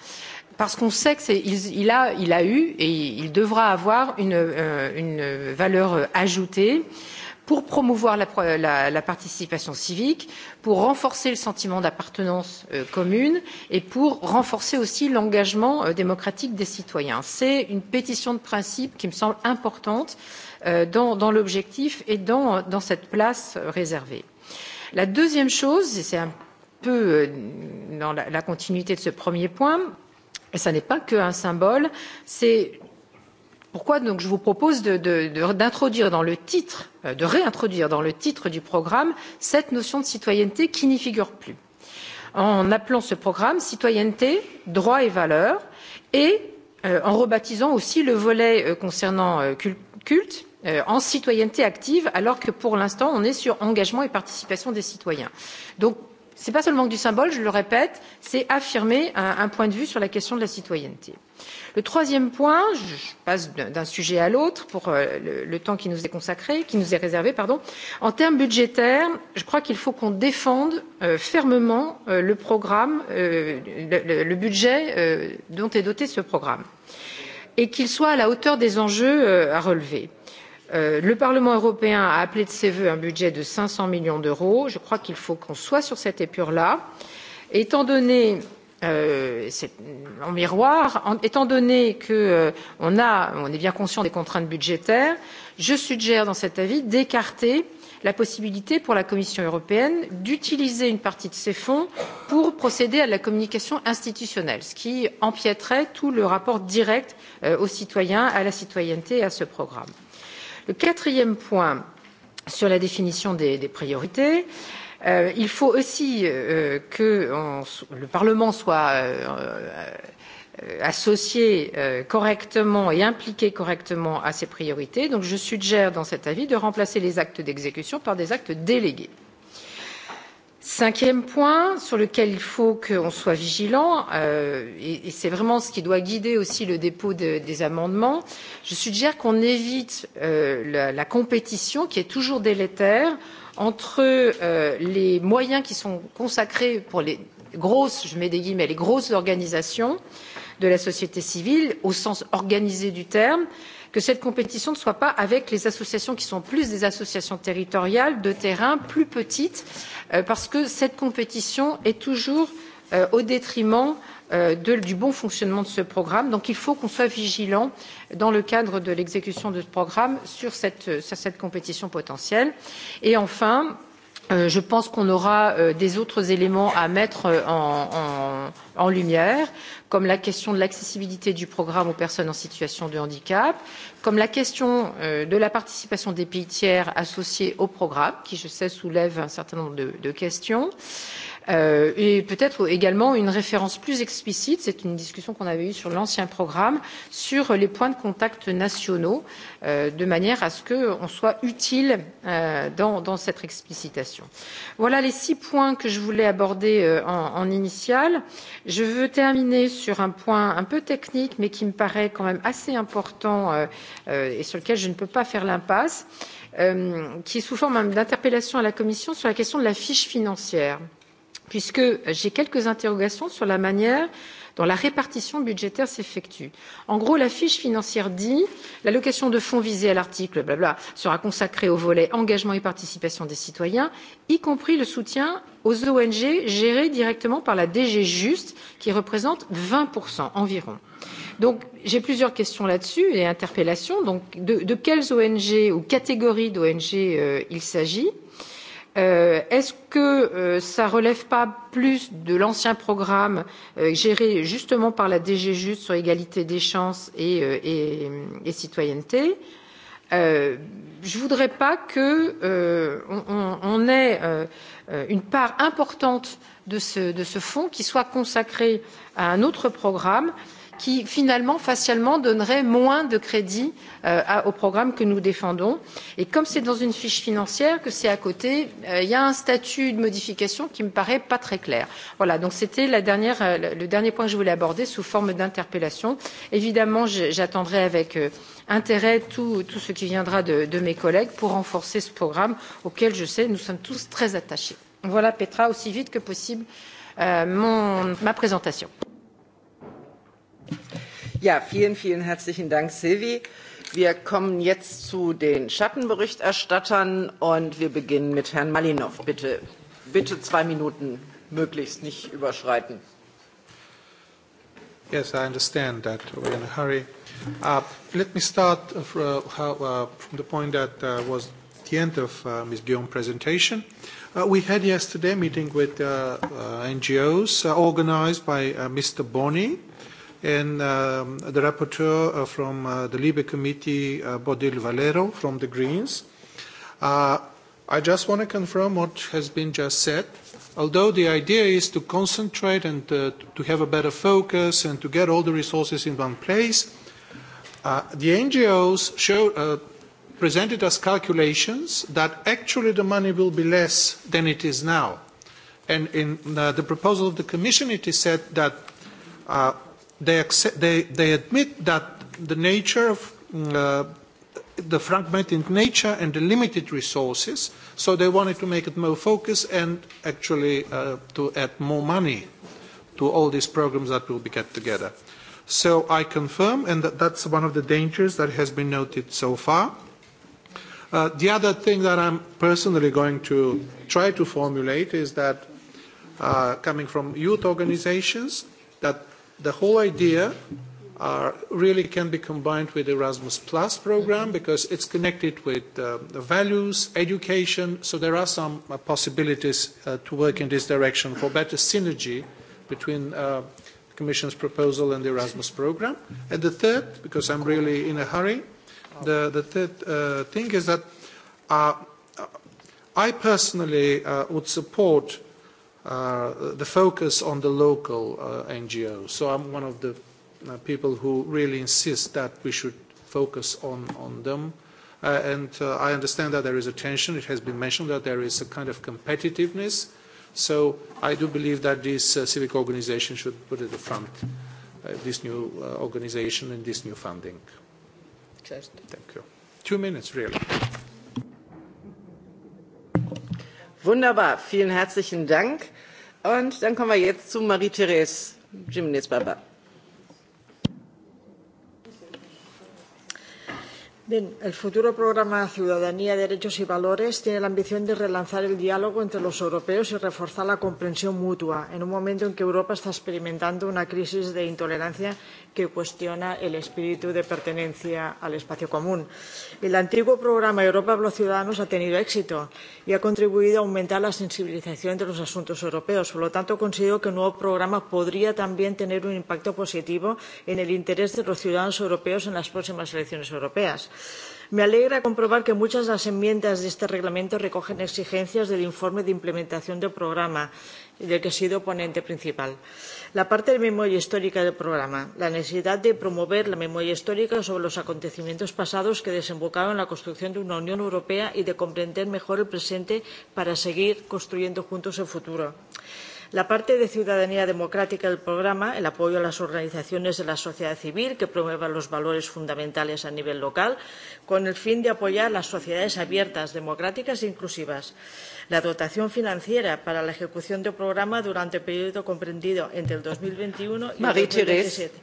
Parce qu'on sait qu'il a, il a eu et il devra avoir une, euh, une valeur ajoutée. Euh, pour promouvoir la, la, la participation civique, pour renforcer le sentiment d'appartenance euh, commune et pour renforcer aussi l'engagement euh, démocratique des citoyens. C'est une pétition de principe qui me semble importante euh, dans, dans l'objectif et dans, dans cette place euh, réservée. La deuxième chose, et c'est un peu euh, dans la, la continuité de ce premier point, et ça n'est pas qu'un symbole, c'est pourquoi donc je vous propose d'introduire dans le titre euh, de réintroduire dans le titre du programme cette notion de citoyenneté qui n'y figure plus en appelant ce programme citoyenneté droits et valeurs et euh, en rebaptisant aussi le volet euh, concernant euh, culte euh, en citoyenneté active alors que pour l'instant on est sur engagement et participation des citoyens. donc ce n'est pas seulement du symbole je le répète c'est affirmer un, un point de vue sur la question de la citoyenneté. Le troisième point, je passe d'un sujet à l'autre pour euh, le, temps qui nous est consacré, qui nous est réservé, pardon. En termes budgétaires, je crois qu'il faut qu'on défende euh, fermement euh, le programme, le, budget dont est doté ce programme et qu'il soit à la hauteur des enjeux à relever. le Parlement européen a appelé de ses vœux un budget de 500 millions d'euros. Je crois qu'il faut qu'on soit sur cette épure-là. Étant donné euh, euh, en miroir, en, étant donné que euh, on, on est bien conscient des contraintes budgétaires, je suggère dans cet avis d'écarter la possibilité pour la Commission européenne d'utiliser une partie de ces fonds pour procéder à la communication institutionnelle, ce qui empiéterait tout le rapport direct euh, aux citoyens, à la citoyenneté et à ce programme. Le quatrième point sur la définition des, des priorités. Euh, Euh, il faut aussi euh, que on, le Parlement soit euh, euh, associé euh, correctement et impliqué correctement à ces priorités. Donc je suggère dans cet avis de remplacer les actes d'exécution par des actes délégués. Cinquième point sur lequel il faut qu'on soit vigilant, euh, et, et c'est vraiment ce qui doit guider aussi le dépôt de, des amendements, je suggère qu'on évite euh, la, la compétition qui est toujours délétère entre euh, les moyens qui sont consacrés pour les grosses je mets des guillemets les grosses organisations de la société civile au sens organisé du terme que cette compétition ne soit pas avec les associations qui sont plus des associations territoriales de terrain plus petites euh, parce que cette compétition est toujours euh, au détriment euh, Euh, de, du bon fonctionnement de ce programme. Donc il faut qu'on soit vigilant dans le cadre de l'exécution de ce programme sur cette, euh, sur cette compétition potentielle. Et enfin, euh, je pense qu'on aura euh, des autres éléments à mettre euh, en, en, en lumière, comme la question de l'accessibilité du programme aux personnes en situation de handicap, comme la question euh, de la participation des pays tiers associés au programme, qui, je sais, soulève un certain nombre de, de questions. Euh, euh, et peut-être également une référence plus explicite, c'est une discussion qu'on avait eue sur l'ancien programme, sur les points de contact nationaux, euh, de manière à ce qu'on soit utile euh, dans, dans cette explicitation. Voilà les six points que je voulais aborder euh, en, en initial. Je veux terminer sur un point un peu technique, mais qui me paraît quand même assez important euh, euh, et sur lequel je ne peux pas faire l'impasse, euh, qui est sous forme d'interpellation à la Commission sur la question de la fiche financière. Euh, puisque j'ai quelques interrogations sur la manière dont la répartition budgétaire s'effectue. En gros, la fiche financière dit l'allocation de fonds visée à l'article blabla sera consacrée au volet engagement et participation des citoyens, y compris le soutien aux ONG gérées directement par la DG Juste, qui représente 20% environ. Donc j'ai plusieurs questions là-dessus et interpellations. Donc de, de quelles ONG ou catégories d'ONG euh, il s'agit Euh, est-ce que euh, ne relève pas plus de l'ancien programme euh, géré justement par la DG Juste sur égalité des chances et, euh, et, et citoyenneté euh, Je voudrais pas que euh, on ait euh, euh, une part importante de ce, de ce fonds qui soit consacrée à un autre programme euh, qui finalement facialement donnerait moins de crédit euh, au programme que nous défendons. Et comme c'est dans une fiche financière que c'est à côté, euh, il y a un statut de modification qui me paraît pas très clair. Voilà, donc c'était la dernière, euh, le dernier point que je voulais aborder sous forme d'interpellation. Évidemment, j'attendrai avec euh, intérêt tout, tout ce qui viendra de, de mes collègues pour renforcer ce programme auquel je sais nous sommes tous très attachés. Voilà, Petra, aussi vite que possible, euh, mon, ma présentation. Ja, vielen, vielen herzlichen Dank, Silvi. Wir kommen jetzt zu den Schattenberichterstattern und wir beginnen mit Herrn Malinov. Bitte, bitte zwei Minuten möglichst nicht überschreiten. Yes, I understand that we're in a hurry. Uh, let me start uh, from, uh, how, uh, from the point that uh, was the end of uh, Ms. Guillaume's presentation. Uh, we had yesterday a meeting with uh, uh, NGOs uh, organized by uh, Mr. Bonney. Uh, and um, the rapporteur uh, from uh, the Libe Committee, uh, Bodil Valero from the Greens. Uh, I just want to confirm what has been just said. Although the idea is to concentrate and uh, to have a better focus and to get all the resources in one place, uh, the NGOs show, uh, presented us calculations that actually the money will be less than it is now. And in uh, the proposal of the Commission, it is said that uh, they, accept, they, they admit that the nature of mm, uh, the fragmented nature and the limited resources, so they wanted to make it more focused and actually uh, to add more money to all these programs that will be kept together. So I confirm, and that, that's one of the dangers that has been noted so far. Uh, the other thing that I'm personally going to try to formulate is that, uh, coming from youth organizations, that the whole idea are, really can be combined with Erasmus Plus program because it's connected with uh, the values, education. So there are some uh, possibilities uh, to work in this direction for better synergy between uh, the Commission's proposal and the Erasmus program. And the third, because I'm really in a hurry, the, the third uh, thing is that uh, I personally uh, would support Uh, the focus on the local uh, NGOs. So I'm one of the uh, people who really insist that we should focus on, on them. Uh, and uh, I understand that there is a tension. It has been mentioned that there is a kind of competitiveness. So I do believe that this uh, civic organization should put at the front uh, this new uh, organization and this new funding. Just. Thank you. Two minutes, really. Wunderbar, vielen herzlichen Dank. Und dann kommen wir jetzt zu Marie-Therese Jiménez-Barba. Bien, el futuro programa Ciudadanía, Derechos y Valores tiene la ambición de relanzar el diálogo entre los europeos y reforzar la comprensión mutua en un momento en que Europa está experimentando una crisis de intolerancia que cuestiona el espíritu de pertenencia al espacio común. El antiguo programa Europa para los Ciudadanos ha tenido éxito y ha contribuido a aumentar la sensibilización de los asuntos europeos. Por lo tanto, considero que el nuevo programa podría también tener un impacto positivo en el interés de los ciudadanos europeos en las próximas elecciones europeas Me alegra comprobar que muchas de las enmiendas de este reglamento recogen exigencias del informe de implementación del programa, del que he sido ponente principal. La parte de memoria histórica del programa, la necesidad de promover la memoria histórica sobre los acontecimientos pasados que desembocaron en la construcción de una Unión Europea y de comprender mejor el presente para seguir construyendo juntos el futuro. La parte de ciudadanía democrática del programa, el apoyo a las organizaciones de la sociedad civil que promuevan los valores fundamentales a nivel local, con el fin de apoyar las sociedades abiertas, democráticas e inclusivas. La dotación financiera para la ejecución del programa durante el periodo comprendido entre el 2021 y el 2017.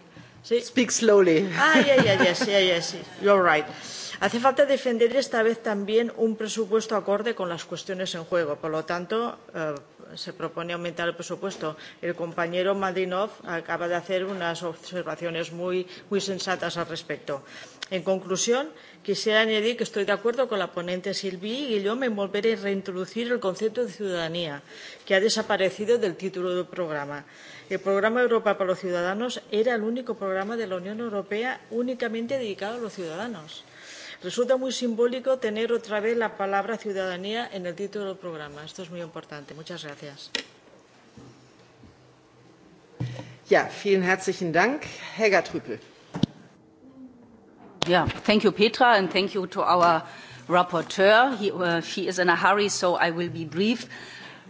Sí. Speak slowly. Ah, yeah, yeah, sí, yeah, sí. You're right. Hace falta defender esta vez también un presupuesto acorde con las cuestiones en juego. Por lo tanto, eh, se propone aumentar el presupuesto. El compañero Madrinov acaba de hacer unas observaciones muy, muy sensatas al respecto. En conclusión, quisiera añadir que estoy de acuerdo con la ponente Silvi Guillaume en volver a reintroducir el concepto de ciudadanía, que ha desaparecido del título del programa. El programa Europa para los Ciudadanos era el único programa de la Unión Europea únicamente dedicado a los ciudadanos Resulta muy simbólico tener otra vez la palabra ciudadanía en el título del programa. Esto es muy importante. Muchas gracias. Ja, vielen herzlichen Dank. Helga Trüppel. Yeah, thank you, Petra, and thank you to our rapporteur. He, uh, she is in a hurry, so I will be brief.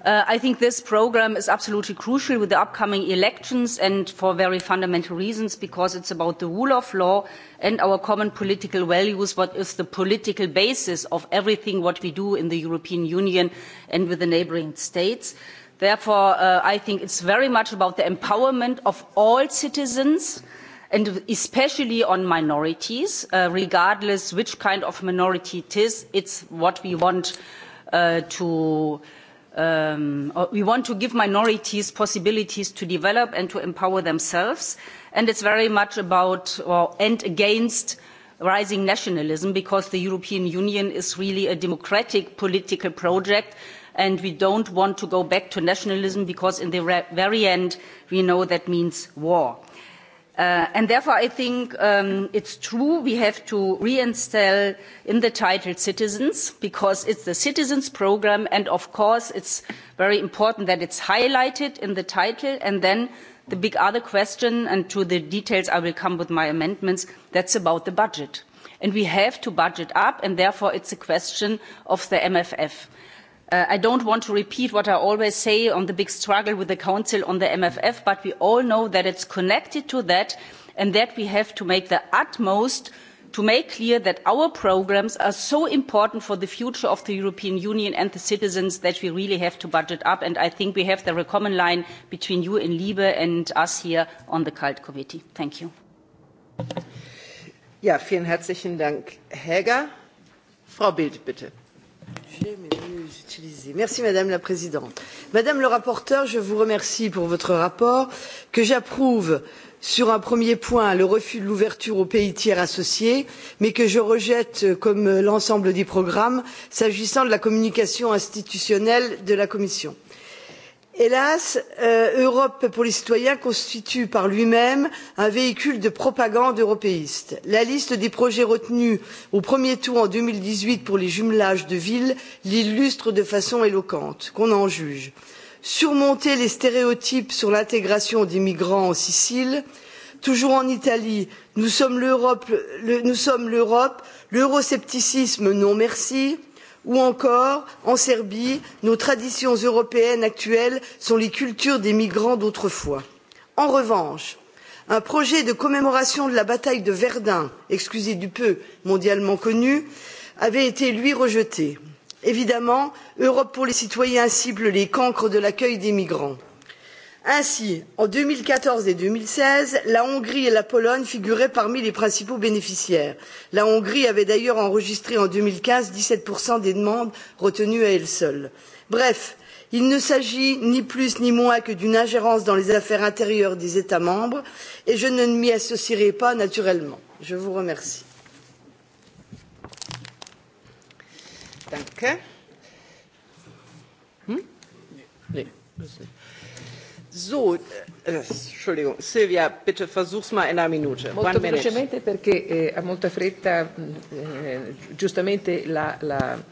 Uh, I think this programme is absolutely crucial with the upcoming elections and for very fundamental reasons because it's about the rule of law and our common political values, what is the political basis of everything what we do in the European Union and with the neighbouring states. Therefore, uh, I think it's very much about the empowerment of all citizens and especially on minorities, uh, regardless which kind of minority it is, it's what we want uh, to Um, we want to give minorities possibilities to develop and to empower themselves and it's very much about well, and against rising nationalism because the european union is really a democratic political project and we don't want to go back to nationalism because in the very end we know that means war. Uh, and therefore, I think um, it's true we have to reinstall in the title citizens because it's the citizens program. And of course, it's very important that it's highlighted in the title. And then the big other question, and to the details I will come with my amendments, that's about the budget. And we have to budget up, and therefore it's a question of the MFF Uh, I don't want to repeat what I always say on the big struggle with the Council on the MFF, but we all know that it's connected to that and that we have to make the utmost to make clear that our programmes are so important for the future of the European Union and the citizens that we really have to budget up. And I think we have the common line between you in libe and us here on the CULT Committee. Thank you. Ja, vielen herzlichen Dank, Helga. Frau Bild, bitte utiliser. Merci Madame la Présidente. Madame le rapporteur, je vous remercie pour votre rapport que j'approuve sur un premier point le refus de l'ouverture aux pays tiers associés mais que je rejette euh, comme l'ensemble des programmes s'agissant de la communication institutionnelle de la commission hélas euh, europe pour les citoyens constitue par lui même un véhicule de propagande européiste. la liste des projets retenus au premier tour en deux mille dix huit pour les jumelages de villes l'illustre de façon éloquente qu'on en juge surmonter les stéréotypes sur l'intégration des migrants en sicile toujours en italie nous sommes l'europe l'euroscepticisme non merci; ou encore en serbie nos traditions européennes actuelles sont les cultures des migrants d'autrefois. en revanche un projet de commémoration de la bataille de verdun excusez du peu mondialement connu avait été lui rejeté. évidemment europe pour les citoyens cible les cancres de l'accueil des migrants ainsi en deux mille quatorze et deux mille seize la hongrie et la pologne figuraient parmi les principaux bénéficiaires. la hongrie avait d'ailleurs enregistré en deux mille quinze dix sept des demandes retenues à elle seule. bref il ne s'agit ni plus ni moins que d'une ingérence dans les affaires intérieures des états membres et je ne m'y associerai pas naturellement. je vous remercie. Danke. Hm? Nee. Nee. So, äh, äh, Entschuldigung, Silvia, bitte versuch's mal in einer Minute. Molto One velocemente minute. perché eh, ha molta fretta, mm, eh, giustamente la, la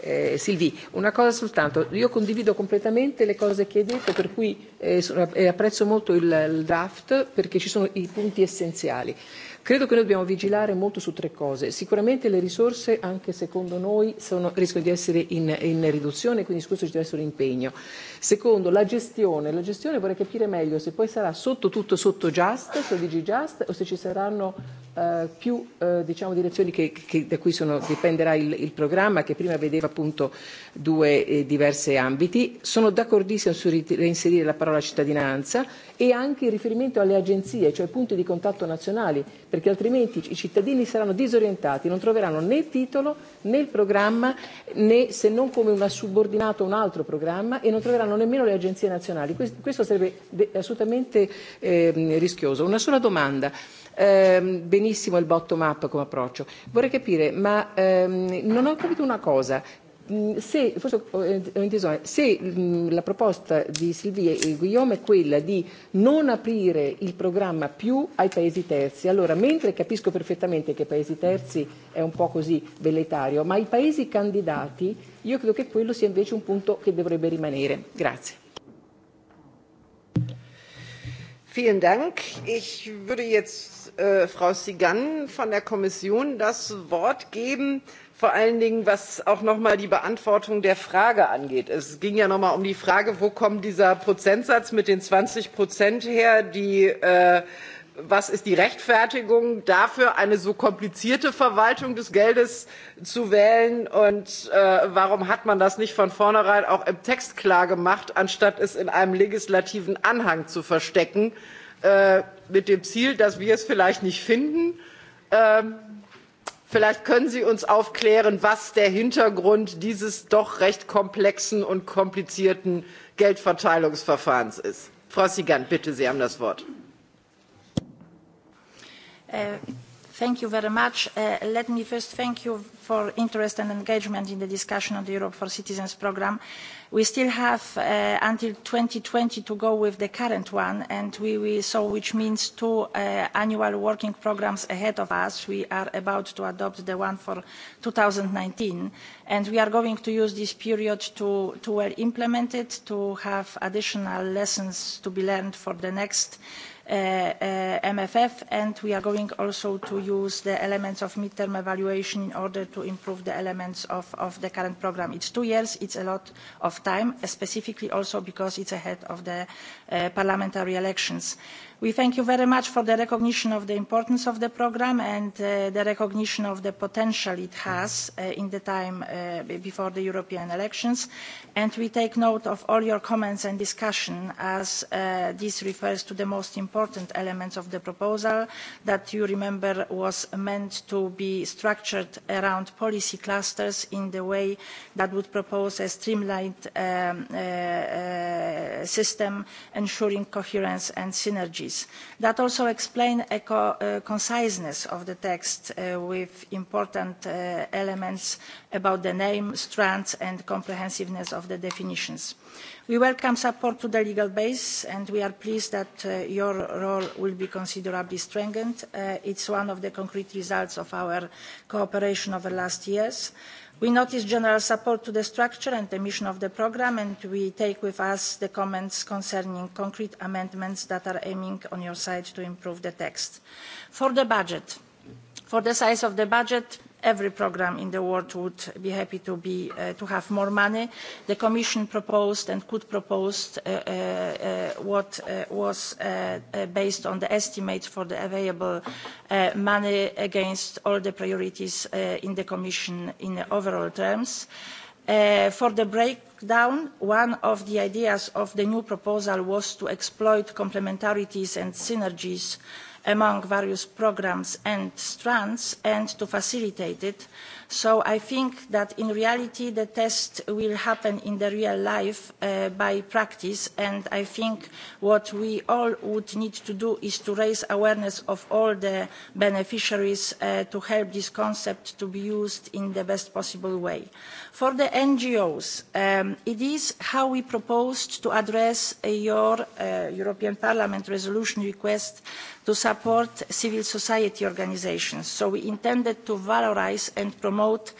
eh, Silvi. Una cosa soltanto, io condivido completamente le cose che hai detto, per cui eh, eh apprezzo molto il, il draft perché ci sono i punti essenziali Credo che noi dobbiamo vigilare molto su tre cose. Sicuramente le risorse, anche secondo noi, sono, rischiano di essere in, in riduzione, quindi su questo ci deve essere un impegno. Secondo, la gestione. La gestione vorrei capire meglio se poi sarà sotto tutto sotto Just, su DG Just, o se ci saranno eh, più eh, diciamo, direzioni che, che, da cui sono, dipenderà il, il programma, che prima vedeva appunto due eh, diversi ambiti. Sono d'accordissimo su reinserire la parola cittadinanza e anche il riferimento alle agenzie, cioè punti di contatto nazionali perché altrimenti i cittadini saranno disorientati, non troveranno né il titolo né il programma né se non come una subordinato un altro programma e non troveranno nemmeno le agenzie nazionali. Questo sarebbe assolutamente eh, rischioso. Una sola domanda. Eh, benissimo il bottom up come approccio. Vorrei capire, ma ehm, non ho capito una cosa. Mm, se, forse eh, ho inteso, eh, se mm, la proposta di Silvia e Guillaume è quella di non aprire il programma più ai paesi terzi, allora mentre capisco perfettamente che paesi terzi è un po' così velletario, ma i paesi candidati io credo che quello sia invece un punto che dovrebbe rimanere. Grazie. Vielen Dank. Ich würde jetzt äh, Frau Sigan von der Kommission das Wort geben vor allen dingen was auch noch mal die beantwortung der frage angeht es ging ja noch mal um die frage wo kommt dieser prozentsatz mit den zwanzig her die äh, was ist die rechtfertigung dafür eine so komplizierte verwaltung des geldes zu wählen und äh, warum hat man das nicht von vornherein auch im text klar gemacht anstatt es in einem legislativen anhang zu verstecken äh, mit dem ziel dass wir es vielleicht nicht finden? Ähm, vielleicht können sie uns aufklären was der hintergrund dieses doch recht komplexen und komplizierten geldverteilungsverfahrens ist. frau sigan bitte sie haben das wort. Uh, thank you very much. Uh, let me first thank you for interest and engagement in the discussion on the Europe for Citizens programme. We still have uh, until 2020 to go with the current one, and we, we so which means two uh, annual working programs ahead of us. We are about to adopt the one for 2019, and we are going to use this period to, to well implement it, to have additional lessons to be learned for the next Uh, uh, MFF, and we are going also to use the elements of midterm evaluation in order to improve the elements of, of the current program. It's two years, it's a lot of time, specifically also because it's ahead of the Uh, parliamentary elections. We thank you very much for the recognition of the importance of the programme and uh, the recognition of the potential it has uh, in the time before the European elections. And we take note of all your comments and discussion as this refers to the most important elements of the proposal that you remember was meant to be structured around policy clusters in the way that would propose a streamlined um, system ensuring coherence and synergies. That also explains the uh, conciseness of the text uh, with important uh, elements about the name, strands and comprehensiveness of the definitions. We welcome support to the legal base and we are pleased that your role will be considerably strengthened. It is one of the concrete results of our cooperation over the last years. We notice general support to the structure and the mission of the programme, and we take with us the comments concerning concrete amendments that are aiming on your side to improve the text. For the budget, for the size of the budget, every programme in the world would be happy to, be, uh, to have more money. The Commission proposed and could propose uh, uh, uh, what uh, was uh, based on the estimate for the available money against all the priorities in the Commission in the overall terms. for the breakdown, one of the ideas of the new proposal was to exploit complementarities and synergies uh, among various programmes and strands and to facilitate it. So I think that in reality the test will happen in real life uh, by practice and I think what we all would need to do is to raise awareness of all the beneficiaries uh, to help this concept to be used in the best possible way. For the NGOs, um, it is how we proposed to address your uh, European Parliament resolution request to support civil society organisations. So we intended to valorise and promote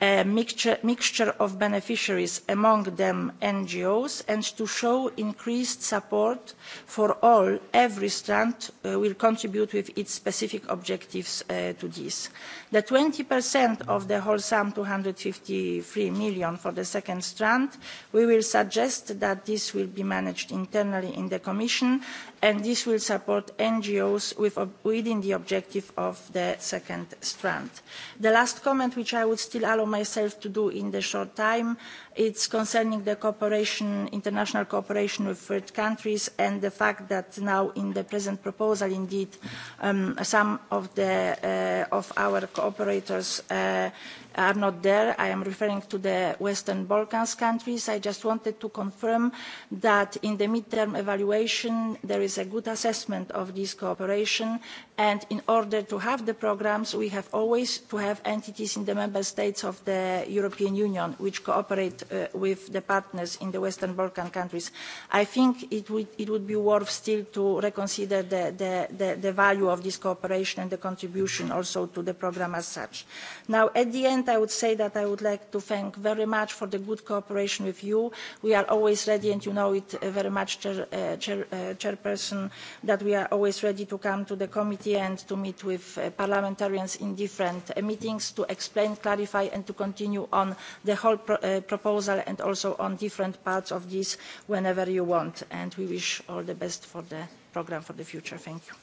a mixture, mixture of beneficiaries, among them NGOs, and to show increased support for all. Every strand uh, will contribute with its specific objectives uh, to this. The 20% of the whole sum, 253 million for the second strand, we will suggest that this will be managed internally in the Commission, and this will support NGOs within the objective of the second strand. The last comment, which I would still allow myself to do in the short time, It's concerning the cooperation, international cooperation with third countries and the fact that now in the present proposal, indeed, um, some of, the, uh, of our cooperators uh, are not there. I am referring to the Western Balkans countries. I just wanted to confirm that in the midterm evaluation, there is a good assessment of this cooperation. And in order to have the programmes, we have always to have entities in the member states of the European Union which cooperate Uh, with the partners in the Western Balkan countries. I think it would, it would be worth still to reconsider the, the, the, the value of this cooperation and the contribution also to the programme as such. Now, at the end, I would say that I would like to thank very much for the good cooperation with you. We are always ready, and you know it uh, very much, chair, uh, chair, uh, Chairperson, that we are always ready to come to the committee and to meet with uh, parliamentarians in different uh, meetings to explain, clarify, and to continue on the whole pro proposal proposal and also on different parts of this whenever you want. And we wish all the best for the programme for the future. Thank you.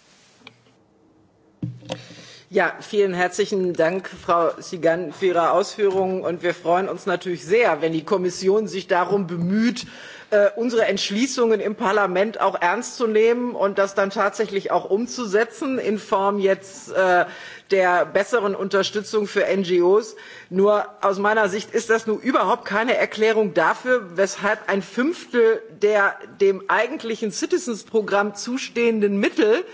Ja, vielen herzlichen Dank, Frau Sigan, für Ihre Ausführungen. Und wir freuen uns natürlich sehr, wenn die Kommission sich darum bemüht, äh, unsere Entschließungen im Parlament auch ernst zu nehmen und das dann tatsächlich auch umzusetzen in Form jetzt äh, der besseren Unterstützung für NGOs. Nur aus meiner Sicht ist das nun überhaupt keine Erklärung dafür, weshalb ein Fünftel der dem eigentlichen Citizens-Programm zustehenden Mittel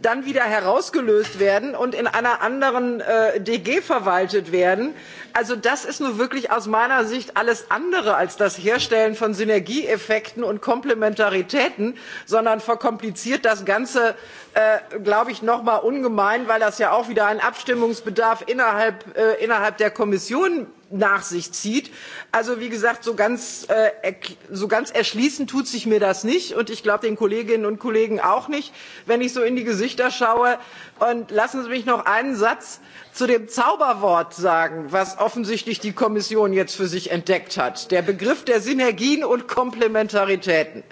dann wieder herausgelöst werden und in einer anderen äh, DG verwaltet werden. Also das ist nun wirklich aus meiner Sicht alles andere als das Herstellen von Synergieeffekten und Komplementaritäten, sondern verkompliziert das Ganze Äh, glaube ich, noch mal ungemein, weil das ja auch wieder einen Abstimmungsbedarf innerhalb, äh, innerhalb der Kommission nach sich zieht. Also wie gesagt, so ganz, äh, so ganz erschließen tut sich mir das nicht und ich glaube den Kolleginnen und Kollegen auch nicht, wenn ich so in die Gesichter schaue. Und lassen Sie mich noch einen Satz zu dem Zauberwort sagen, was offensichtlich die Kommission jetzt für sich entdeckt hat. Der Begriff der Synergien und Komplementaritäten.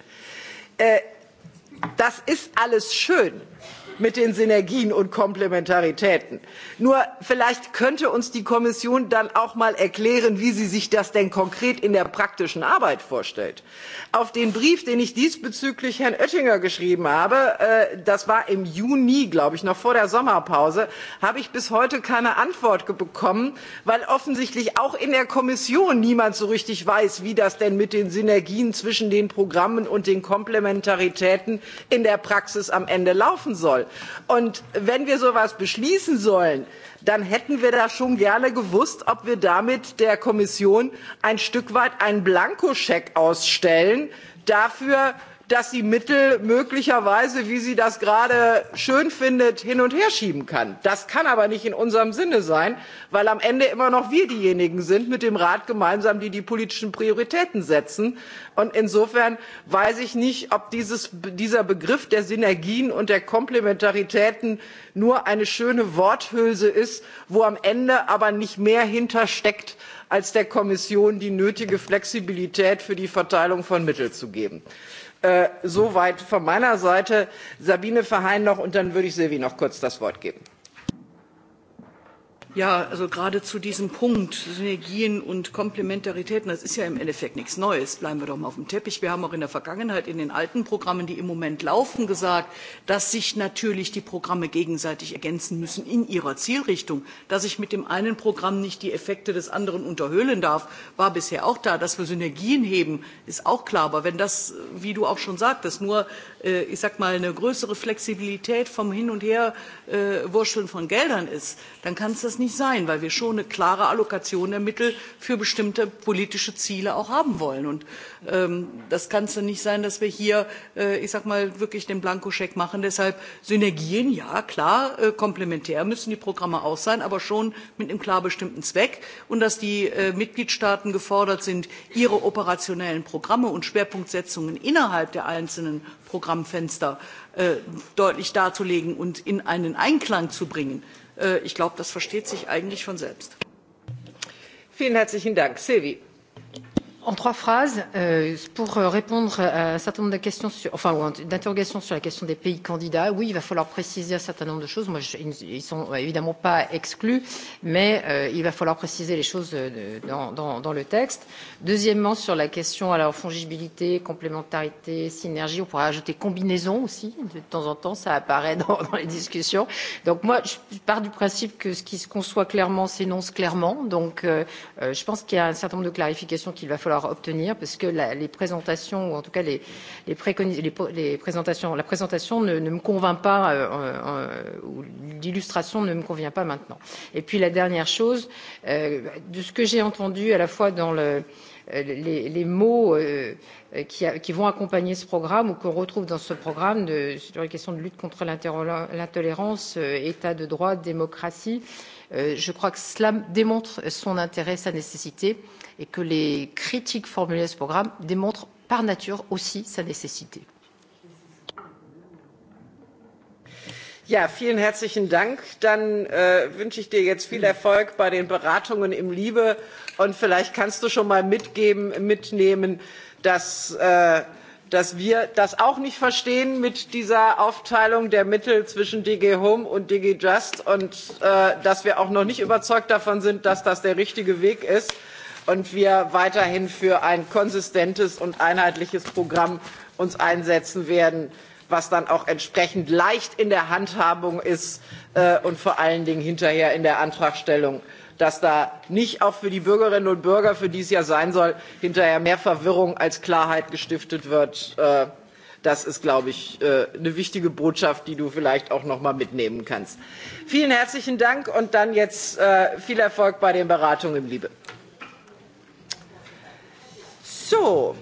Äh, das ist alles schön mit den Synergien und Komplementaritäten. Nur vielleicht könnte uns die Kommission dann auch mal erklären, wie sie sich das denn konkret in der praktischen Arbeit vorstellt. Auf den Brief, den ich diesbezüglich Herrn Oettinger geschrieben habe, äh, das war im Juni, glaube ich, noch vor der Sommerpause, habe ich bis heute keine Antwort bekommen, weil offensichtlich auch in der Kommission niemand so richtig weiß, wie das denn mit den Synergien zwischen den Programmen und den Komplementaritäten in der Praxis am Ende laufen soll Und wenn wir so etwas beschließen sollen, dann hätten wir da schon gerne gewusst, ob wir damit der Kommission ein Stück weit einen Blankoscheck ausstellen dafür, dass sie Mittel möglicherweise, wie sie das gerade schön findet, hin und her schieben kann. Das kann aber nicht in unserem Sinne sein, weil am Ende immer noch wir diejenigen sind mit dem Rat gemeinsam, die die politischen Prioritäten setzen. Und insofern weiß ich nicht, ob dieses, dieser Begriff der Synergien und der Komplementaritäten nur eine schöne Worthülse ist, wo am Ende aber nicht mehr hintersteckt, als der Kommission die nötige Flexibilität für die Verteilung von Mitteln zu geben. Äh, soweit von meiner seite sabine verheyen noch und dann würde ich silvi noch kurz das wort geben. Ja, also gerade zu diesem Punkt Synergien und Komplementaritäten, das ist ja im Endeffekt nichts Neues. Bleiben wir doch mal auf dem Teppich. Wir haben auch in der Vergangenheit in den alten Programmen, die im Moment laufen, gesagt, dass sich natürlich die Programme gegenseitig ergänzen müssen in ihrer Zielrichtung. Dass ich mit dem einen Programm nicht die Effekte des anderen unterhöhlen darf, war bisher auch da. Dass wir Synergien heben, ist auch klar. Aber wenn das, wie du auch schon sagtest, nur, äh, ich sag mal, eine größere Flexibilität vom Hin und Her äh, Wurscheln von Geldern ist, dann kann es das nicht nicht sein weil wir schon eine klare allokation der mittel für bestimmte politische ziele auch haben wollen. Und ähm, das kann es nicht sein, dass wir hier, äh, ich sag mal, wirklich den Blankoscheck machen. Deshalb Synergien, ja, klar, äh, komplementär müssen die Programme auch sein, aber schon mit einem klar bestimmten Zweck. Und dass die äh, Mitgliedstaaten gefordert sind, ihre operationellen Programme und Schwerpunktsetzungen innerhalb der einzelnen Programmfenster äh, deutlich darzulegen und in einen Einklang zu bringen Äh, ich glaube das versteht sich eigentlich von selbst. vielen herzlichen dank silvi. En trois phrases, euh, pour répondre à un certain nombre de questions, sur, enfin d'interrogations sur la question des pays candidats, oui, il va falloir préciser un certain nombre de choses. Moi, je, ils sont évidemment pas exclus, mais euh, il va falloir préciser les choses euh, de, dans, dans, dans le texte. Deuxièmement, sur la question à la fongibilité, complémentarité, synergie, on pourrait ajouter combinaison aussi. De temps en temps, ça apparaît dans, dans les discussions. Donc moi, je pars du principe que ce qui se conçoit clairement s'énonce clairement. Donc euh, euh, je pense qu'il y a un certain nombre de clarifications qu'il va falloir falloir obtenir parce que la, les présentations, ou en tout cas les, les, préconis, les, les présentations, la présentation ne, ne me convainc pas, euh, euh, ou l'illustration ne me convient pas maintenant. Et puis la dernière chose, euh, de ce que j'ai entendu à la fois dans le, euh, les, les mots euh, qui, qui vont accompagner ce programme ou qu'on retrouve dans ce programme de, sur les questions de lutte contre l'intolérance, euh, état de droit, démocratie. Euh, Euh, je crois que cela démontre son intérêt, sa nécessité, et que les critiques formulées à ce programme démontrent par nature aussi sa nécessité. Ja, vielen herzlichen Dank. Dann äh, wünsche ich dir jetzt viel Erfolg bei den Beratungen im Liebe und vielleicht kannst du schon mal mitgeben, mitnehmen, dass äh, dass wir das auch nicht verstehen mit dieser Aufteilung der Mittel zwischen DG Home und DG Just und äh, dass wir auch noch nicht überzeugt davon sind, dass das der richtige Weg ist und wir uns weiterhin für ein konsistentes und einheitliches Programm einsetzen werden, was dann auch entsprechend leicht in der Handhabung ist äh, und vor allen Dingen hinterher in der Antragstellung dass da nicht auch für die Bürgerinnen und Bürger, für die es ja sein soll, hinterher mehr Verwirrung als Klarheit gestiftet wird. Äh, das ist, glaube ich, äh, eine wichtige Botschaft, die du vielleicht auch noch mal mitnehmen kannst. Vielen herzlichen Dank und dann jetzt äh, viel Erfolg bei den Beratungen im Liebe. So.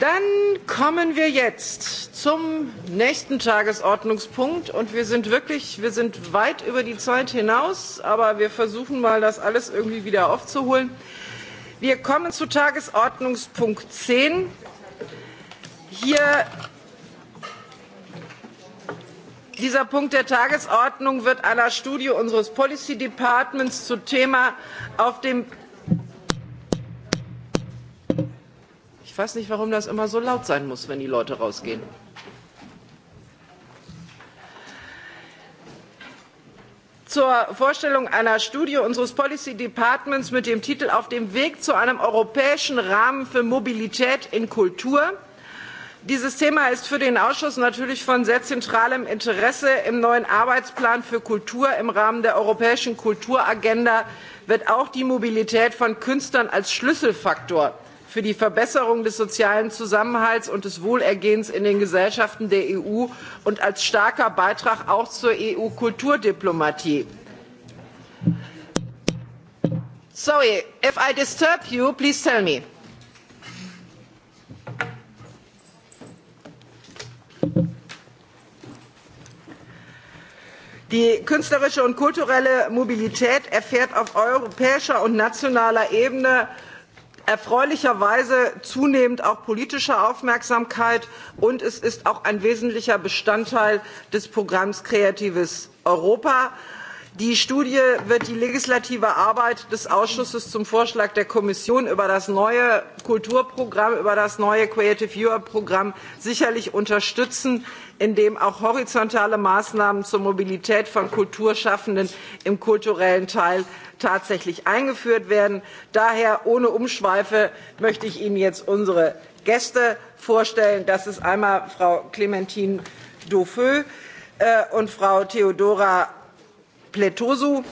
Dann kommen wir jetzt zum nächsten Tagesordnungspunkt und wir sind wirklich, wir sind weit über die Zeit hinaus, aber wir versuchen mal, das alles irgendwie wieder aufzuholen. Wir kommen zu Tagesordnungspunkt 10. Hier dieser punkt der tagesordnung wird einer studie unseres policy departments zum thema auf dem weiß nicht, warum das immer so laut sein muss, wenn die Leute rausgehen. zur Vorstellung einer Studie unseres Policy Departments mit dem Titel Auf dem Weg zu einem europäischen Rahmen für Mobilität in Kultur. Dieses Thema ist für den Ausschuss natürlich von sehr zentralem Interesse. Im neuen Arbeitsplan für Kultur im Rahmen der europäischen Kulturagenda wird auch die Mobilität von Künstlern als Schlüsselfaktor für die Verbesserung des sozialen Zusammenhalts und des Wohlergehens in den Gesellschaften der EU und als starker Beitrag auch zur EU-Kulturdiplomatie. Sorry, if I disturb you, please tell me. Die künstlerische und kulturelle Mobilität erfährt auf europäischer und nationaler Ebene erfreulicherweise zunehmend auch politische Aufmerksamkeit und es ist auch ein wesentlicher Bestandteil des Programms Kreatives Europa die studie wird die legislative arbeit des ausschusses zum vorschlag der kommission über das neue kulturprogramm über das neue creative europe programm sicherlich unterstützen indem auch horizontale maßnahmen zur mobilität von kulturschaffenden im kulturellen teil tatsächlich eingeführt werden. daher ohne umschweife möchte ich ihnen jetzt unsere gäste vorstellen das ist einmal frau clementine daufeu äh, und frau theodora Pletosu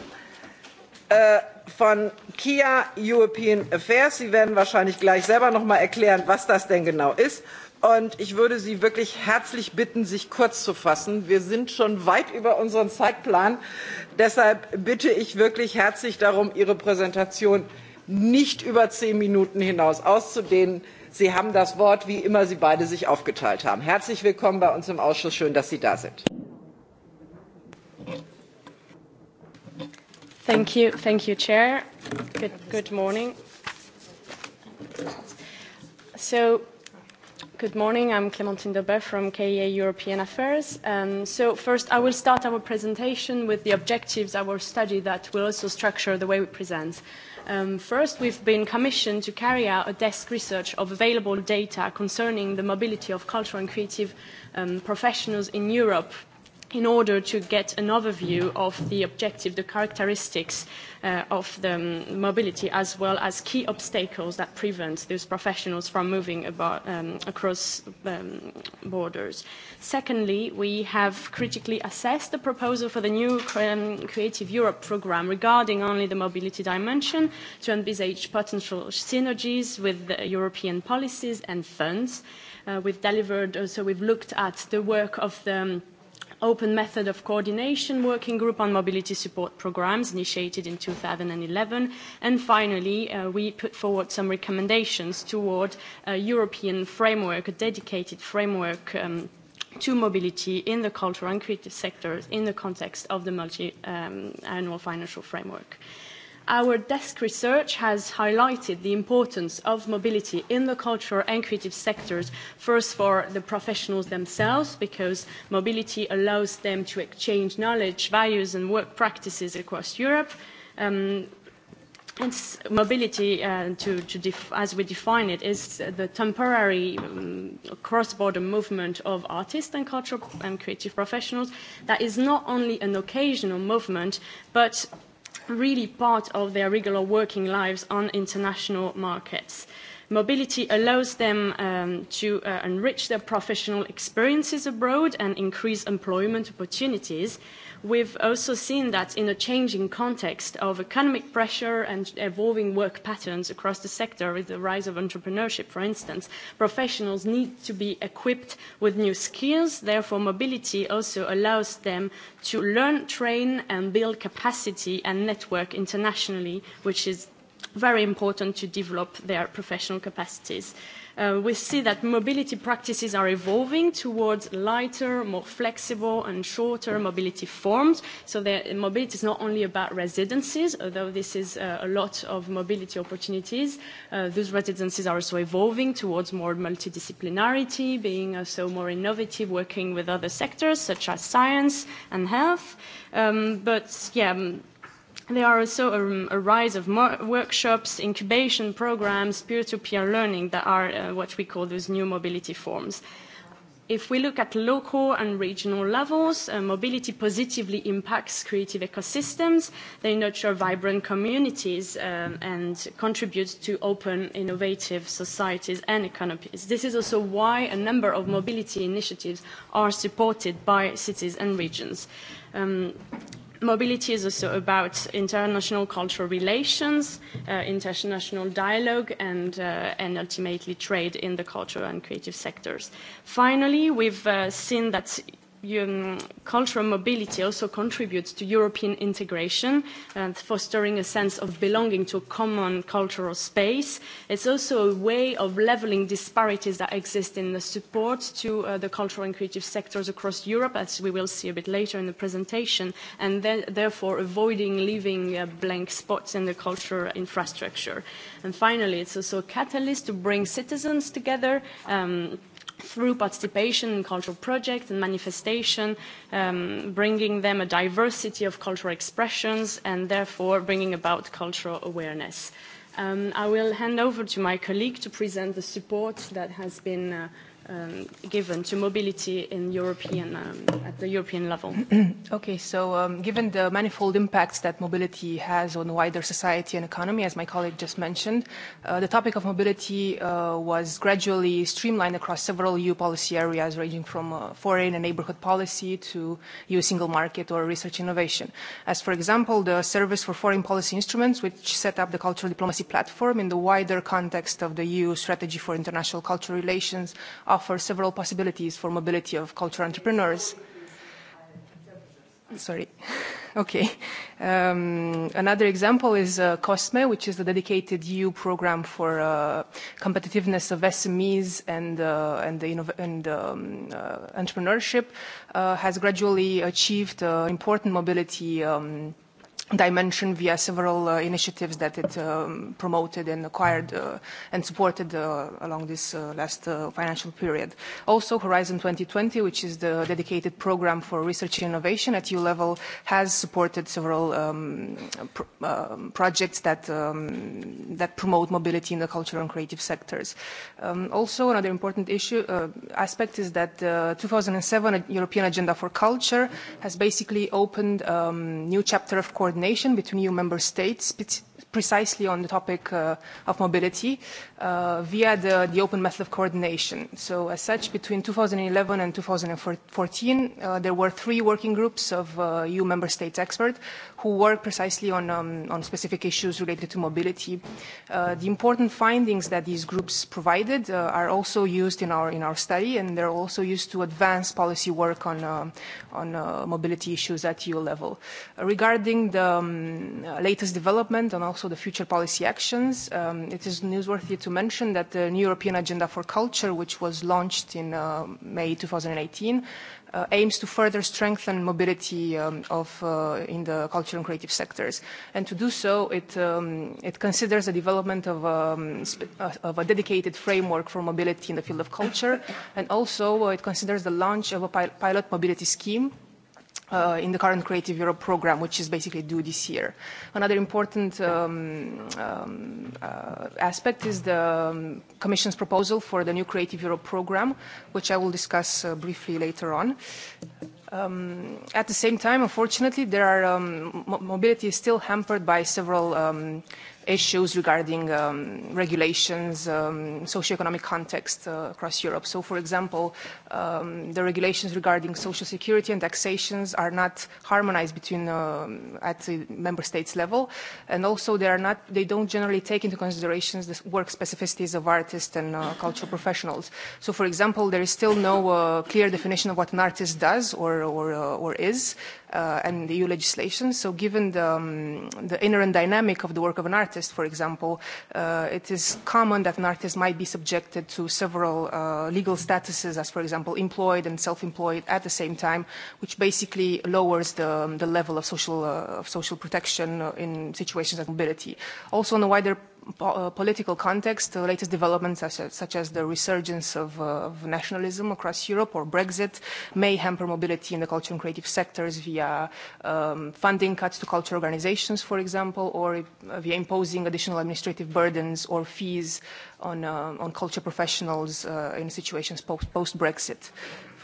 äh, von Kia European Affairs. Sie werden wahrscheinlich gleich selber noch mal erklären, was das denn genau ist. Und ich würde Sie wirklich herzlich bitten, sich kurz zu fassen. Wir sind schon weit über unseren Zeitplan. Deshalb bitte ich wirklich herzlich darum, Ihre Präsentation nicht über zehn Minuten hinaus auszudehnen. Sie haben das Wort, wie immer Sie beide sich aufgeteilt haben. Herzlich willkommen bei uns im Ausschuss. Schön, dass Sie da sind. Thank you, thank you, Chair. Good, good morning. So, good morning. I'm Clémentine Dobert from KEA European Affairs. Um, so, first, I will start our presentation with the objectives of our study that will also structure the way we present. Um, first, we've been commissioned to carry out a desk research of available data concerning the mobility of cultural and creative um, professionals in Europe in order to get an overview of the objective, the characteristics uh, of the um, mobility, as well as key obstacles that prevent those professionals from moving about, um, across um, borders. Secondly, we have critically assessed the proposal for the new um, Creative Europe programme regarding only the mobility dimension to envisage potential synergies with the European policies and funds. Uh, we've delivered, so we've looked at the work of the um, open method of coordination working group on mobility support programs initiated in 2011. And finally, uh, we put forward some recommendations toward a European framework, a dedicated framework um, to mobility in the cultural and creative sectors in the context of the multi-annual um, financial framework. Our desk research has highlighted the importance of mobility in the cultural and creative sectors, first for the professionals themselves, because mobility allows them to exchange knowledge, values and work practices across Europe. Um, and mobility, uh, to, to as we define it, is the temporary um, cross-border movement of artists and cultural and creative professionals that is not only an occasional movement, but really part of their regular working lives on international markets. Mobility allows them um, to uh, enrich their professional experiences abroad and increase employment opportunities We've also seen that in a changing context of economic pressure and evolving work patterns across the sector with the rise of entrepreneurship, for instance, professionals need to be equipped with new skills. Therefore, mobility also allows them to learn, train and build capacity and network internationally, which is very important to develop their professional capacities. Uh, Uh, we see that mobility practices are evolving towards lighter, more flexible and shorter mobility forms. So that mobility is not only about residences, although this is uh, a lot of mobility opportunities. Uh, those residences are also evolving towards more multidisciplinarity, being also more innovative, working with other sectors such as science and health. Um, but yeah, um, There are also a, um, a rise of workshops, incubation programs, peer-to-peer -peer learning that are uh, what we call those new mobility forms. If we look at local and regional levels, uh, mobility positively impacts creative ecosystems. They nurture vibrant communities um, and contribute to open, innovative societies and economies. This is also why a number of mobility initiatives are supported by cities and regions. Um, Mobility is also about international cultural relations, uh, international dialogue, and, uh, and ultimately trade in the cultural and creative sectors. Finally, we've uh, seen that Um, cultural mobility also contributes to European integration and fostering a sense of belonging to a common cultural space. It's also a way of leveling disparities that exist in the support to uh, the cultural and creative sectors across Europe, as we will see a bit later in the presentation, and therefore avoiding leaving uh, blank spots in the cultural infrastructure. And finally, it's also a catalyst to bring citizens together. Um, through participation in cultural projects and manifestation, um, bringing them a diversity of cultural expressions and therefore bringing about cultural awareness. Um, I will hand over to my colleague to present the support that has been uh, um, given to mobility in European, um, at the European level? okay, so um, given the manifold impacts that mobility has on wider society and economy, as my colleague just mentioned, uh, the topic of mobility uh, was gradually streamlined across several EU policy areas, ranging from uh, foreign and neighborhood policy to EU single market or research innovation. As, for example, the Service for Foreign Policy Instruments, which set up the cultural diplomacy platform in the wider context of the EU strategy for international cultural relations, offer several possibilities for mobility of cultural entrepreneurs. Sorry. okay. Um, another example is uh, COSME, which is the dedicated EU program for uh, competitiveness of SMEs and, uh, and, the innov- and um, uh, entrepreneurship, uh, has gradually achieved uh, important mobility um, dimension via several uh, initiatives that it um, promoted and acquired uh, and supported uh, along this uh, last uh, financial period. Also, Horizon 2020, which is the dedicated program for research and innovation at EU level, has supported several um, pr um, projects that, um, that promote mobility in the cultural and creative sectors. Um, also, another important issue uh, aspect is that the uh, 2007 European Agenda for Culture has basically opened a um, new chapter of coordination coordination between EU member states, precisely on the topic uh, of mobility uh, via the, the open method of coordination. So as such, between 2011 and 2014, uh, there were three working groups of uh, EU member states experts who worked precisely on, um, on specific issues related to mobility. Uh, the important findings that these groups provided uh, are also used in our, in our study, and they're also used to advance policy work on, uh, on uh, mobility issues at EU level. Uh, regarding the um, latest development and also also the future policy actions. Um, it is newsworthy to mention that the new European Agenda for Culture, which was launched in uh, May 2018, Uh, aims to further strengthen mobility um, of, uh, in the culture and creative sectors. And to do so, it, um, it considers the development of, um, uh, of, a dedicated framework for mobility in the field of culture, and also uh, it considers the launch of a pil pilot mobility scheme Uh, in the current Creative Europe program, which is basically due this year. Another important um, um, uh, aspect is the um, Commission's proposal for the new Creative Europe program, which I will discuss uh, briefly later on. Um, at the same time, unfortunately, there are, um, mobility is still hampered by several um, issues regarding um, regulations, um, socioeconomic context uh, across Europe. So, for example, um, the regulations regarding social security and taxations are not harmonized between um, at the member states level, and also they are not they don't generally take into consideration the work specificities of artists and uh, cultural professionals. So, for example, there is still no uh, clear definition of what an artist does or or, uh, or is, uh, and the EU legislation. So, given the, um, the inherent dynamic of the work of an artist artist, for example, uh, it is common that an artist might be subjected to several uh, legal statuses, as for example, employed and self-employed at the same time, which basically lowers the, the level of social, uh, of social protection in situations of mobility. Also, on a wider po eh, political context, the latest developments such as, such as the resurgence of, uh, of nationalism across Europe or Brexit may hamper mobility in the culture and creative sectors via um, funding cuts to culture organizations, for example, or eh, via imposing additional administrative burdens or fees on, uh, on culture professionals uh, in situations post-Brexit. Post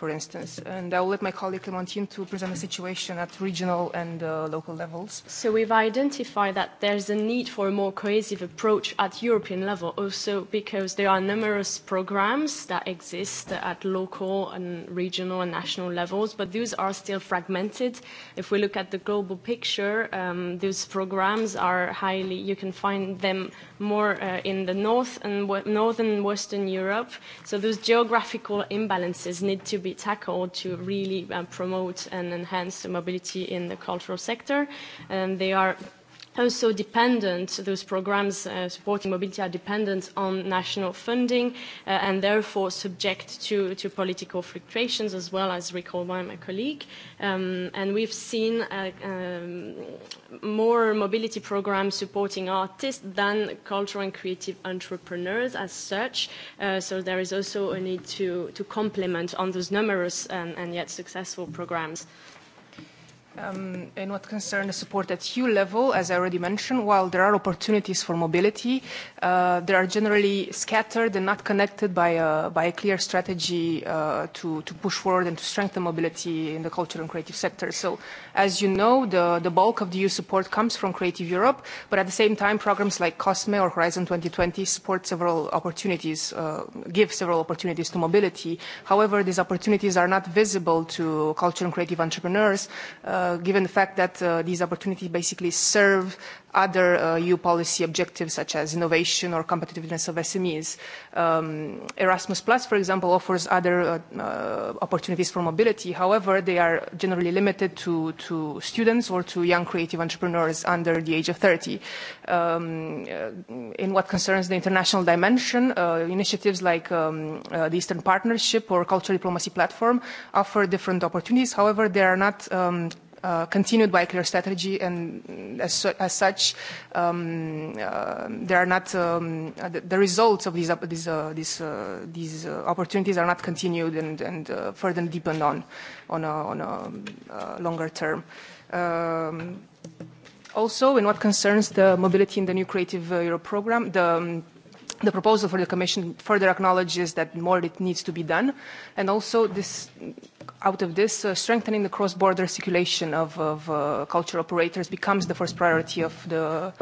for instance. And I'll let my colleague Clementine to present the situation at regional and uh, local levels. So we've identified that there's a need for a more cohesive approach at European level also because there are numerous programs that exist at local and regional and national levels, but those are still fragmented. If we look at the global picture, um, those programs are highly, you can find them more uh, in the north and northern western Europe. So those geographical imbalances need to be tackle tackled to really um, promote and enhance the mobility in the cultural sector. And um, they are also dependent, those programs uh, supporting mobility are dependent on national funding uh, and therefore subject to, to political fluctuations as well as recalled by my colleague. Um, and we've seen uh, um, more mobility programs supporting artists than cultural and creative entrepreneurs as such. Uh, so there is also a need to, to complement on those numerous and, um, and yet successful programs. Um, in what concerns the support at EU level, as I already mentioned, while there are opportunities for mobility, uh, they are generally scattered and not connected by a, by a clear strategy uh, to, to push forward and to strengthen mobility in the culture and creative sector. So, as you know, the, the bulk of the EU support comes from Creative Europe, but at the same time, programs like COSME or Horizon 2020 support several opportunities, uh, give several opportunities to mobility. However, these opportunities are not visible to culture and creative entrepreneurs. Uh, Uh, given the fact that uh, these opportunities basically serve other uh, EU policy objectives such as innovation or competitiveness of SMEs. Um, Erasmus Plus, for example, offers other uh, uh, opportunities for mobility. However, they are generally limited to, to students or to young creative entrepreneurs under the age of 30. Um, uh, in what concerns the international dimension, uh, initiatives like um, the Eastern Partnership or Cultural Diplomacy Platform offer different opportunities. However, they are not um, Uh, continued by clear strategy and as, as such um, uh, there are not um, the, the results of these uh, these uh, these, uh, these uh, opportunities are not continued and, and uh, further deepened on on a, on a um, uh, longer term um, also in what concerns the mobility in the new creative uh, europe program the um, The proposal for the Commission further acknowledges that more needs to be done, and also this out of this, uh, strengthening the cross-border circulation of, of uh, cultural operators becomes the first priority of the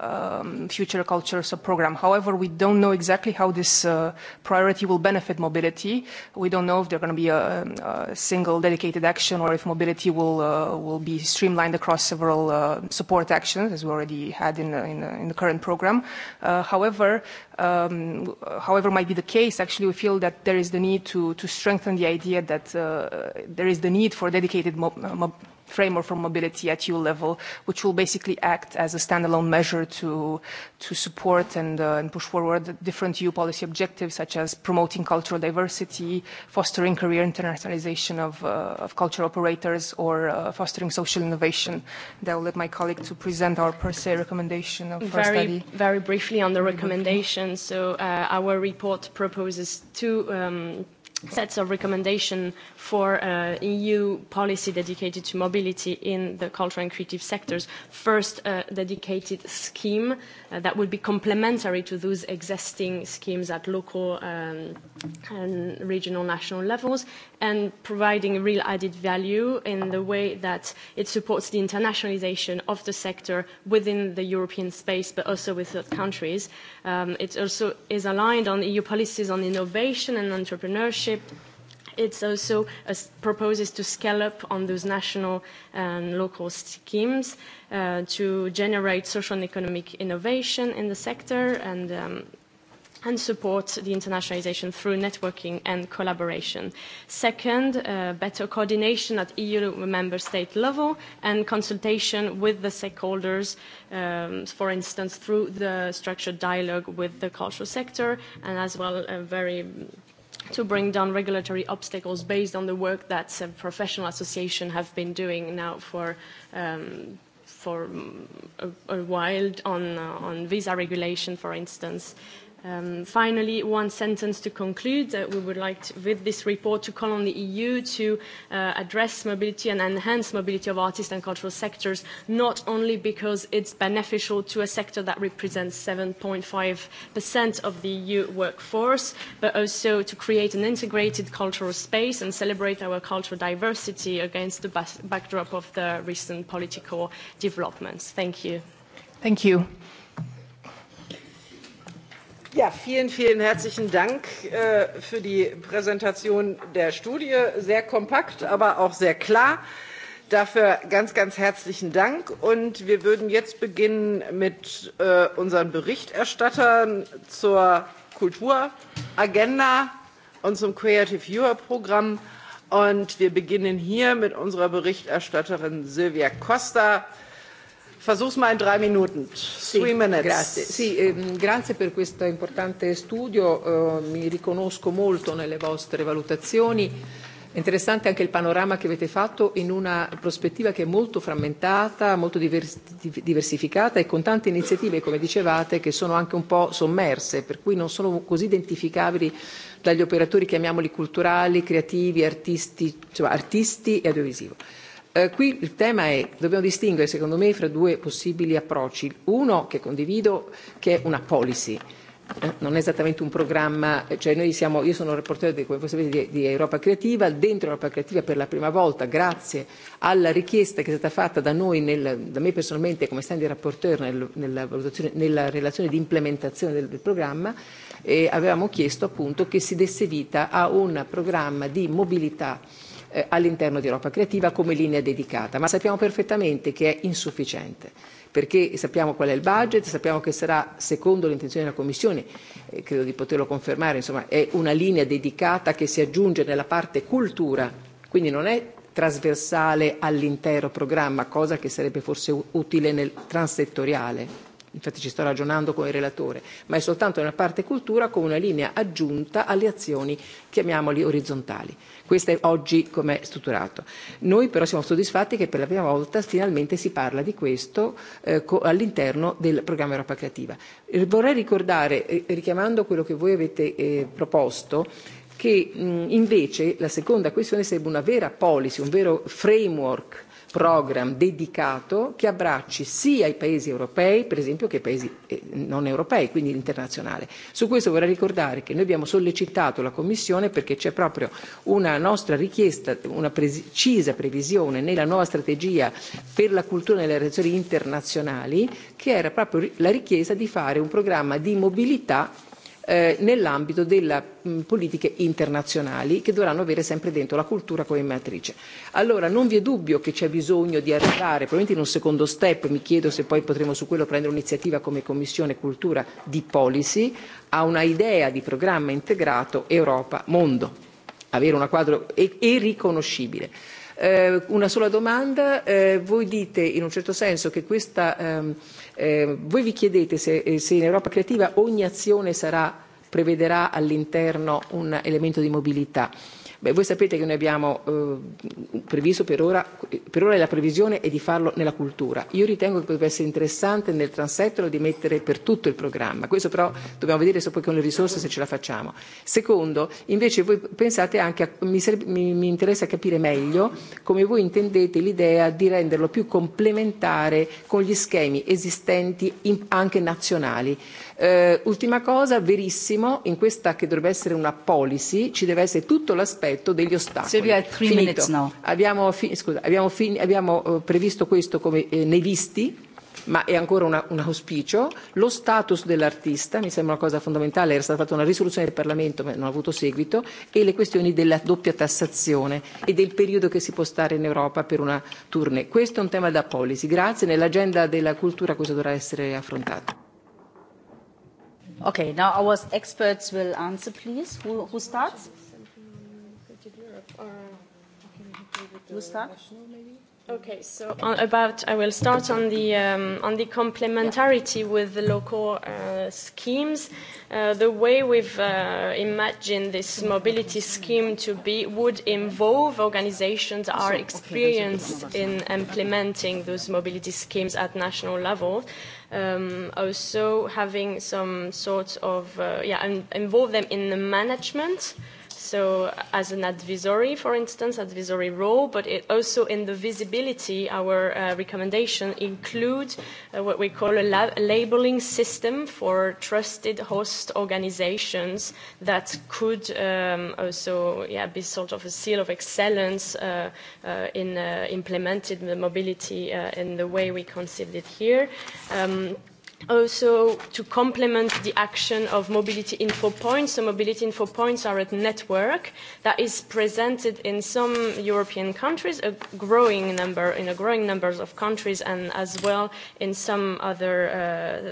um, future cultures program. However, we don't know exactly how this uh, priority will benefit mobility. We don't know if there's going to be a, a single dedicated action or if mobility will uh, will be streamlined across several uh, support actions, as we already had in in, in the current program. Uh, however, um, however might be the case, actually, we feel that there is the need to to strengthen the idea that uh, there is the need for dedicated mo- mo- framework for mobility at EU level, which will basically act as a standalone measure to, to support and, uh, and push forward different EU policy objectives, such as promoting cultural diversity, fostering career internationalization of, uh, of culture operators, or uh, fostering social innovation. And I will let my colleague to present our per se recommendation of very, study. Very briefly on the recommendation. So uh, our report proposes two um, sets of recommendation for uh, EU policy dedicated to mobility in the cultural and creative sectors. First, a uh, dedicated scheme uh, that would be complementary to those existing schemes at local um, and regional national levels, and providing real added value in the way that it supports the internationalisation of the sector within the European space, but also with third countries. Um, it also is aligned on EU policies on innovation and entrepreneurship. It also uh, proposes to scale up on those national and local schemes uh, to generate social and economic innovation in the sector and um, and support the internationalisation through networking and collaboration. Second, uh, better coordination at EU member state level and consultation with the stakeholders, um, for instance, through the structured dialogue with the cultural sector and as well a uh, very to bring down regulatory obstacles based on the work that professional associations have been doing now for um, for mm, a, a while on uh, on visa regulation, for instance, Um, finally, one sentence to conclude. Uh, we would like, to, with this report, to call on the EU to uh, address mobility and enhance mobility of artists and cultural sectors, not only because it's beneficial to a sector that represents 7.5% of the EU workforce, but also to create an integrated cultural space and celebrate our cultural diversity against the backdrop of the recent political developments. Thank you. Thank you. Ja, vielen, vielen herzlichen Dank äh, für die Präsentation der Studie. Sehr kompakt, aber auch sehr klar. Dafür ganz, ganz herzlichen Dank. Und wir würden jetzt beginnen mit äh, unseren Berichterstattern zur Kulturagenda und zum Creative Europe Programm. Und wir beginnen hier mit unserer Berichterstatterin Silvia Costa. Versuch's mal in drei Minuten. Sì, minutes. Grazie. Sì, eh, grazie per questo importante studio, eh, mi riconosco molto nelle vostre valutazioni. Interessante anche il panorama che avete fatto in una prospettiva che è molto frammentata, molto diversificata e con tante iniziative, come dicevate, che sono anche un po' sommerse, per cui non sono così identificabili dagli operatori, chiamiamoli culturali, creativi, artisti, cioè artisti e audiovisivo. Eh, qui il tema è, dobbiamo distinguere secondo me fra due possibili approcci. Uno che condivido, che è una policy, eh, non è esattamente un programma, eh, cioè noi siamo, io sono reportore di, come voi sapete, di, di Europa Creativa, dentro Europa Creativa per la prima volta, grazie alla richiesta che è stata fatta da noi, nel, da me personalmente come standing reporter nel, nella, valutazione, nella relazione di implementazione del, del programma, e avevamo chiesto appunto che si desse vita a un programma di mobilità eh, all'interno di Europa Creativa come linea dedicata, ma sappiamo perfettamente che è insufficiente perché sappiamo qual è il budget, sappiamo che sarà, secondo l'intenzione della Commissione, eh, credo di poterlo confermare, insomma, è una linea dedicata che si aggiunge nella parte cultura, quindi non è trasversale all'intero programma, cosa che sarebbe forse utile nel transettoriale. Infatti ci sto ragionando con il relatore, ma è soltanto nella parte cultura con una linea aggiunta alle azioni, chiamiamoli orizzontali. Questo è oggi come è strutturato. Noi però siamo soddisfatti che per la prima volta finalmente si parla di questo eh, co- all'interno del programma Europa Creativa. Eh, vorrei ricordare, eh, richiamando quello che voi avete eh, proposto, che mh, invece la seconda questione sarebbe una vera policy, un vero framework program dedicato che abbracci sia i paesi europei, per esempio, che i paesi eh, non europei, quindi l'internazionale. Su questo vorrei ricordare che noi abbiamo sollecitato la Commissione perché c'è proprio una nostra richiesta, una precisa previsione nella nuova strategia per la cultura nelle relazioni internazionali, che era proprio la richiesta di fare un programma di mobilità Eh, nell'ambito delle politiche internazionali che dovranno avere sempre dentro la cultura come matrice. Allora non vi è dubbio che c'è bisogno di arrivare probabilmente in un secondo step, mi chiedo se poi potremo su quello prendere un'iniziativa come Commissione Cultura di Policy, a una idea di programma integrato Europa-Mondo, avere una quadro e, e riconoscibile. Eh, una sola domanda, eh, voi dite in un certo senso che questa ehm, Eh, voi vi chiedete se, eh, se in Europa creativa ogni azione sarà, prevederà all'interno un elemento di mobilità. Beh, voi sapete che noi abbiamo eh, previsto per ora, per ora la previsione è di farlo nella cultura. Io ritengo che potrebbe essere interessante nel transettolo di mettere per tutto il programma. Questo però dobbiamo vedere se poi con le risorse se ce la facciamo. Secondo, invece voi pensate anche, a, mi, serve, mi, mi interessa capire meglio come voi intendete l'idea di renderlo più complementare con gli schemi esistenti in, anche nazionali Eh, ultima cosa, verissimo, in questa che dovrebbe essere una policy ci deve essere tutto l'aspetto degli ostacoli. Silvia, Finito. minutes Abbiamo, fi- scusa, abbiamo, fi- abbiamo eh, previsto questo come eh, nei visti ma è ancora una, un auspicio, lo status dell'artista, mi sembra una cosa fondamentale, era stata fatta una risoluzione del Parlamento ma non ha avuto seguito, e le questioni della doppia tassazione e del periodo che si può stare in Europa per una tournée. Questo è un tema da policy, grazie, nell'agenda della cultura questo dovrà essere affrontato. Okay, now our experts will answer, please. Who, who starts? Who starts? Okay, so on, about I will start on the um, on the complementarity with the local uh, schemes. Uh, the way we've uh, imagined this mobility scheme to be would involve organizations that are experienced in implementing those mobility schemes at national level. Um, also having some sort of uh, yeah, involve them in the management so as an advisory, for instance, advisory role, but it also in the visibility, our uh, recommendation include uh, what we call a, lab- labeling system for trusted host organizations that could um, also yeah, be sort of a seal of excellence uh, uh, in uh, implementing the mobility uh, in the way we conceived it here. Um, also to complement the action of mobility info points. So mobility info points are a network that is presented in some European countries, a growing number, in a growing numbers of countries, and as well in some other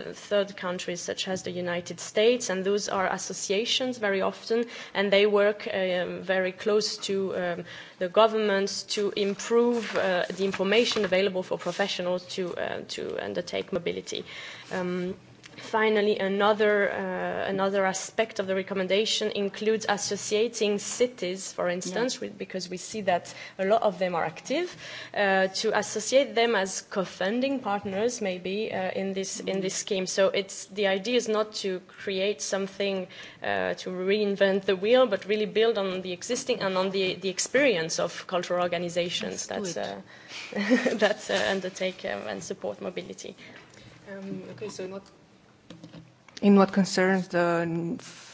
uh, third countries such as the United States. And those are associations very often, and they work um, very close to um, the governments to improve uh, the information available for professionals to, uh, to undertake mobility. Um, Finally, another, uh, another aspect of the recommendation includes associating cities, for instance, yeah. with, because we see that a lot of them are active, uh, to associate them as co-funding partners, maybe, uh, in, this, in this mm-hmm. scheme. So it's, the idea is not to create something uh, to reinvent the wheel, but really build on the existing and on the, the experience of cultural organizations That's that, uh, that uh, undertake um, and support mobility. Um, okay, so not in what concerns the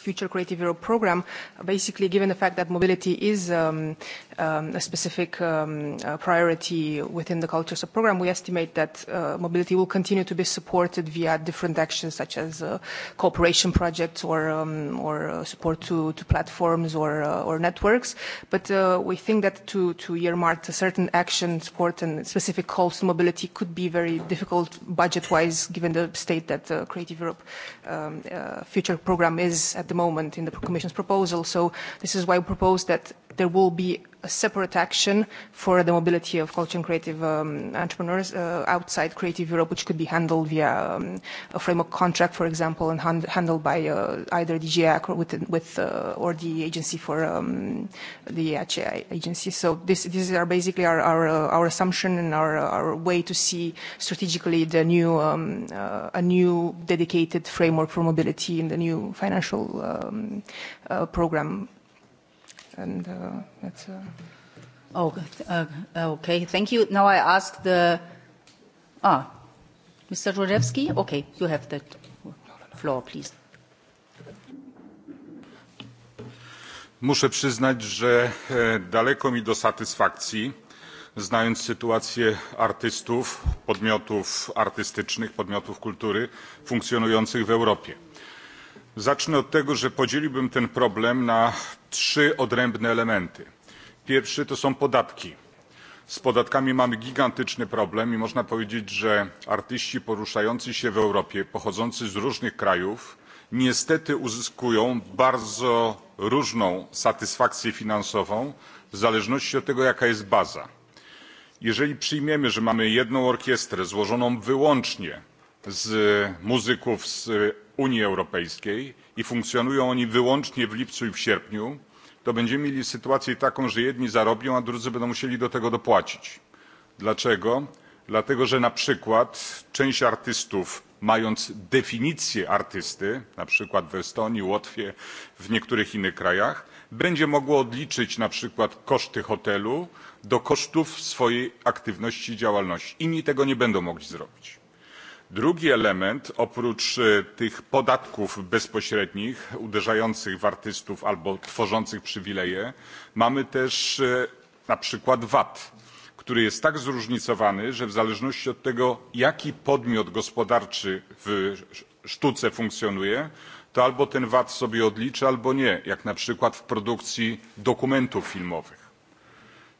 Future Creative Europe program, basically given the fact that mobility is um, um, a specific um, uh, priority within the culture sub-program, we estimate that uh, mobility will continue to be supported via different actions such as uh, cooperation projects or, um, or uh, support to, to platforms or, uh, or networks. But uh, we think that to, to earmark a certain action, support and specific calls to mobility could be very difficult budget-wise given the state that uh, Creative Europe um, uh, future program is at the moment in the Commission's proposal. So this is why we propose that there will be a separate action for the mobility of culture and creative um, entrepreneurs uh, outside Creative Europe, which could be handled via um, a framework contract, for example, and hand, handled by uh, either DGAC or, with, with, uh, or the agency for um, the HAI agency. So this, these are basically our, our, uh, our assumption and our, our way to see strategically the new, um, uh, a new dedicated framework for mobility in the new financial um, uh, program and uh, that's. Uh, oh, uh, uh, okay. Thank you. Now I ask the. Ah, Mr. Rudevsky. Okay, you have the floor, please. Muszę przyznać, że e, daleko mi do satysfakcji, znając sytuację artystów, podmiotów artystycznych, podmiotów kultury funkcjonujących w Europie zacznę od tego że podzieliłbym ten problem na trzy odrębne elementy. pierwszy to są podatki. z podatkami mamy gigantyczny problem i można powiedzieć że artyści poruszający się w europie pochodzący z różnych krajów niestety uzyskują bardzo różną satysfakcję finansową w zależności od tego jaka jest baza. jeżeli przyjmiemy że mamy jedną orkiestrę złożoną wyłącznie z muzyków z Unii Europejskiej i funkcjonują oni wyłącznie w lipcu i w sierpniu, to będziemy mieli sytuację taką, że jedni zarobią, a drudzy będą musieli do tego dopłacić. Dlaczego? Dlatego, że na przykład część artystów, mając definicję artysty, na przykład w Estonii, Łotwie, w niektórych innych krajach, będzie mogło odliczyć na przykład koszty hotelu do kosztów swojej aktywności i działalności. Inni tego nie będą mogli zrobić drugi element oprócz e, tych podatków bezpośrednich uderzających w artystów albo tworzących przywileje mamy też e, na przykład vat który jest tak zróżnicowany że w zależności od tego jaki podmiot gospodarczy w sztuce funkcjonuje to albo ten vat sobie odliczy albo nie jak na przykład w produkcji dokumentów filmowych.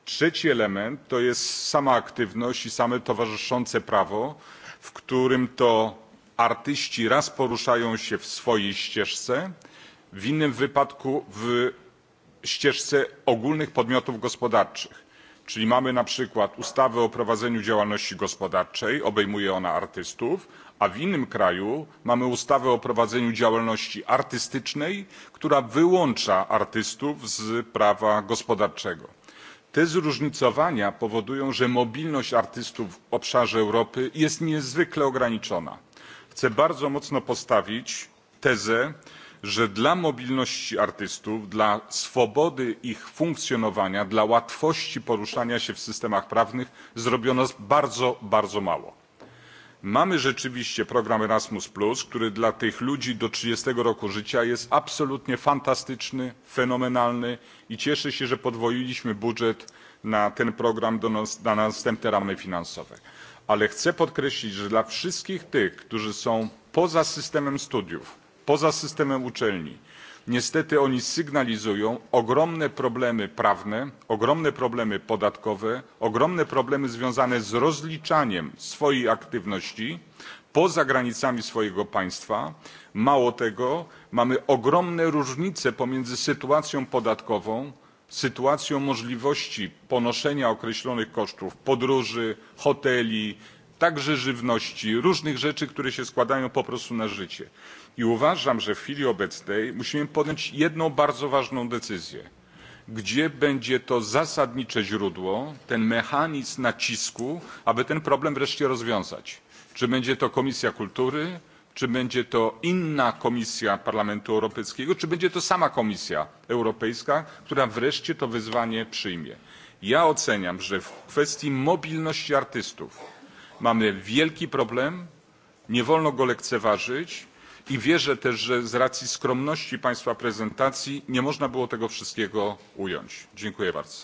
trzeci element to jest sama aktywność i same towarzyszące prawo w którym to artyści raz poruszają się w swojej ścieżce, w innym wypadku w ścieżce ogólnych podmiotów gospodarczych. Czyli mamy na przykład ustawę o prowadzeniu działalności gospodarczej, obejmuje ona artystów, a w innym kraju mamy ustawę o prowadzeniu działalności artystycznej, która wyłącza artystów z prawa gospodarczego te zróżnicowania powodują że mobilność artystów w obszarze europy jest niezwykle ograniczona. chcę bardzo mocno postawić tezę że dla mobilności artystów dla swobody ich funkcjonowania dla łatwości poruszania się w systemach prawnych zrobiono bardzo bardzo mało mamy rzeczywiście program erasmus który dla tych ludzi do trzydzieści roku życia jest absolutnie fantastyczny fenomenalny i cieszę się że podwoiliśmy budżet na ten program na następne ramy finansowe ale chcę podkreślić że dla wszystkich tych którzy są poza systemem studiów poza systemem uczelni niestety oni sygnalizują ogromne problemy prawne ogromne problemy podatkowe ogromne problemy związane z rozliczaniem swojej aktywności poza granicami swojego państwa mało tego mamy ogromne różnice pomiędzy sytuacją podatkową sytuacją możliwości ponoszenia określonych kosztów podróży hoteli także żywności różnych rzeczy które się składają po prostu na życie. I uważam, że w chwili obecnej musimy podjąć jedną bardzo ważną decyzję. Gdzie będzie to zasadnicze źródło, ten mechanizm nacisku, aby ten problem wreszcie rozwiązać? Czy będzie to Komisja Kultury, czy będzie to inna komisja Parlamentu Europejskiego, czy będzie to sama Komisja Europejska, która wreszcie to wyzwanie przyjmie. Ja oceniam, że w kwestii mobilności artystów mamy wielki problem, nie wolno go lekceważyć i wierzę też że z racji skromności państwa prezentacji nie można było tego wszystkiego ująć. dziękuję bardzo.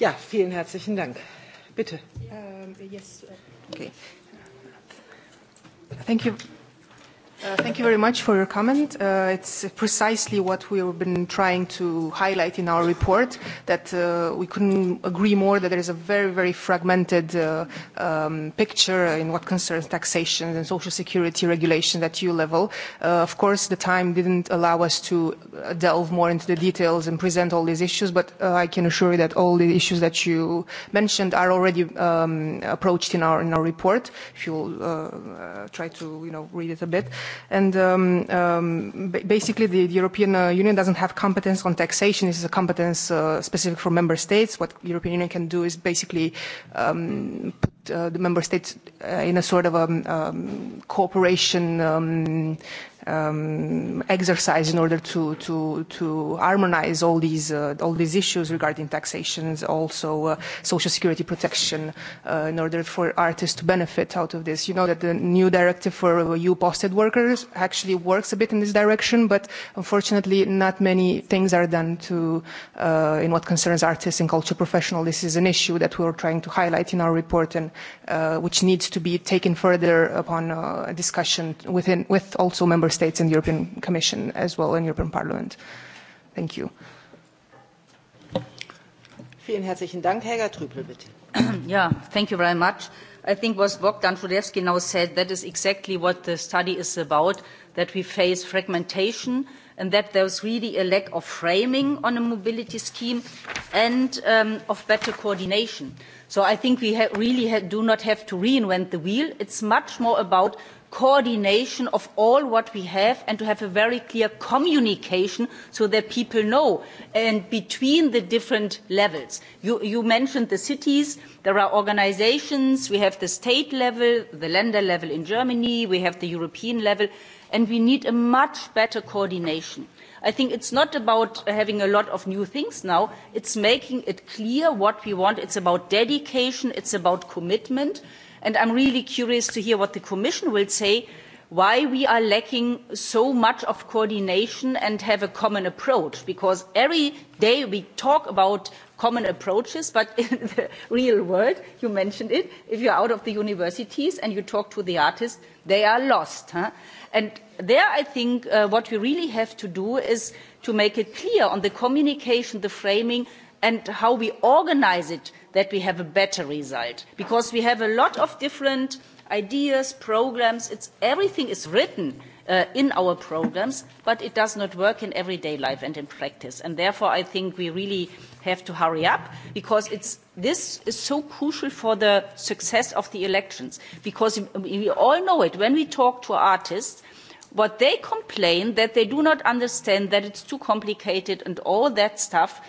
Ja, vielen herzlichen Dank. Bitte. Um, yes. Okay. Thank you Uh, thank you very much for your comment. Uh, it's precisely what we've been trying to highlight in our report, that uh, we couldn't agree more that there is a very, very fragmented uh, um, picture in what concerns taxation and social security regulation at EU level. Uh, of course, the time didn't allow us to delve more into the details and present all these issues, but I can assure you that all the issues that you mentioned are already um, approached in our, in our report, if you'll try to you know, read it a bit. And um, um, basically, the, the European uh, Union doesn't have competence on taxation. This is a competence uh, specific for member states. What the European Union can do is basically um, put uh, the member states uh, in a sort of a um, um, cooperation um, um, exercise in order to to to harmonize all these uh, all these issues regarding taxations, also uh, social security protection, uh, in order for artists to benefit out of this. You know that the new directive for EU posted workers actually works a bit in this direction, but unfortunately, not many things are done to uh, in what concerns artists and culture professionals. This is an issue that we are trying to highlight in our report and uh, which needs to be taken further upon uh, discussion within with also member States and European Commission as well and European Parliament. Thank you. Vielen herzlichen Dank. Helga Trüpel, bitte. yeah, thank you very much. I think what Bogdan Trudevsky now said, that is exactly what the study is about, that we face fragmentation and that there's really a lack of framing on a mobility scheme and um, of better coordination. So I think we ha really ha do not have to reinvent the wheel. It's much more about coordination of all what we have and to have a very clear communication so that people know and between the different levels. You, you mentioned the cities, there are organizations, we have the state level, the lender level in Germany, we have the European level, and we need a much better coordination. I think it's not about having a lot of new things now. It's making it clear what we want. It's about dedication. It's about commitment and I'm really curious to hear what the Commission will say why we are lacking so much of coordination and have a common approach because every day we talk about common approaches but in the real world you mentioned it if you're out of the universities and you talk to the artists they are lost huh? and there i think uh, what we really have to do is to make it clear on the communication the framing and how we organise it that we have a better result because we have a lot of different ideas programs it's everything is written uh, in our programs but it does not work in everyday life and in practice and therefore i think we really have to hurry up because it's this is so crucial for the success of the elections because we all know it when we talk to artists what they complain that they do not understand that it's too complicated and all that stuff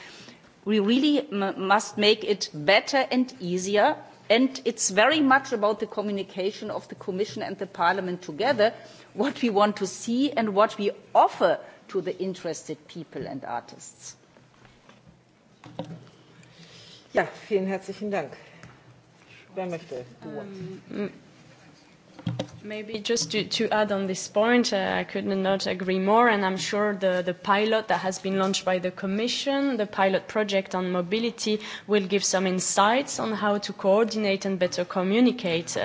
we really must make it better and easier and it's very much about the communication of the commission and the parliament together what we want to see and what we offer to the interested people and artists. Ja, vielen herzlichen Dank. Wer möchte? Du. Ähm, Maybe just to, to add on this point, uh, I could not agree more, and I'm sure the, the pilot that has been launched by the Commission, the pilot project on mobility, will give some insights on how to coordinate and better communicate uh,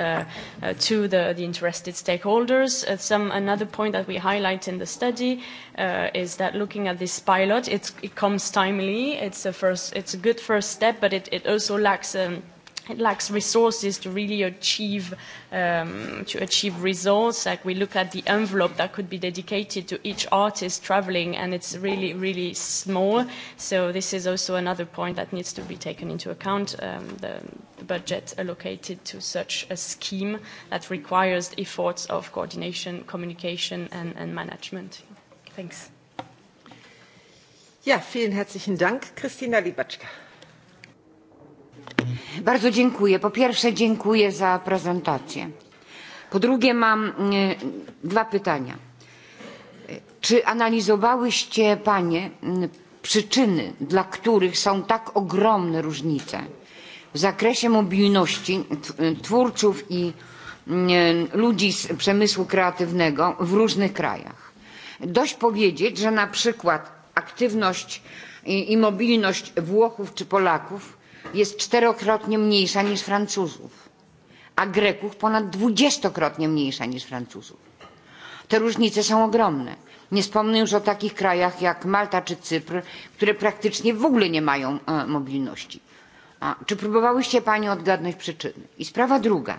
uh, to the, the interested stakeholders. Uh, some, another point that we highlight in the study uh, is that looking at this pilot, it's, it comes timely, it's a, first, it's a good first step, but it, it also lacks um, it lacks resources to really achieve um, to achieve results. Like we look at the envelope that could be dedicated to each artist traveling, and it's really really small. So this is also another point that needs to be taken into account. Um, the, the budget allocated to such a scheme that requires efforts of coordination, communication, and, and management. Thanks. Ja, vielen herzlichen Dank, Christina Libatschka. Bardzo dziękuję. Po pierwsze dziękuję za prezentację. Po drugie mam e, dwa pytania. Czy analizowałyście Panie przyczyny, dla których są tak ogromne różnice w zakresie mobilności e, twórców i e, ludzi z przemysłu kreatywnego w różnych krajach? Dość powiedzieć, że na przykład aktywność i mobilność Włochów czy Polaków jest czterokrotnie mniejsza niż Francuzów, a Greków ponad dwudziestokrotnie mniejsza niż Francuzów. Te różnice są ogromne. Nie wspomnę już o takich krajach jak Malta czy Cypr, które praktycznie w ogóle nie mają e, mobilności. A, czy próbowałyście Pani odgadnąć przyczyny? I sprawa druga.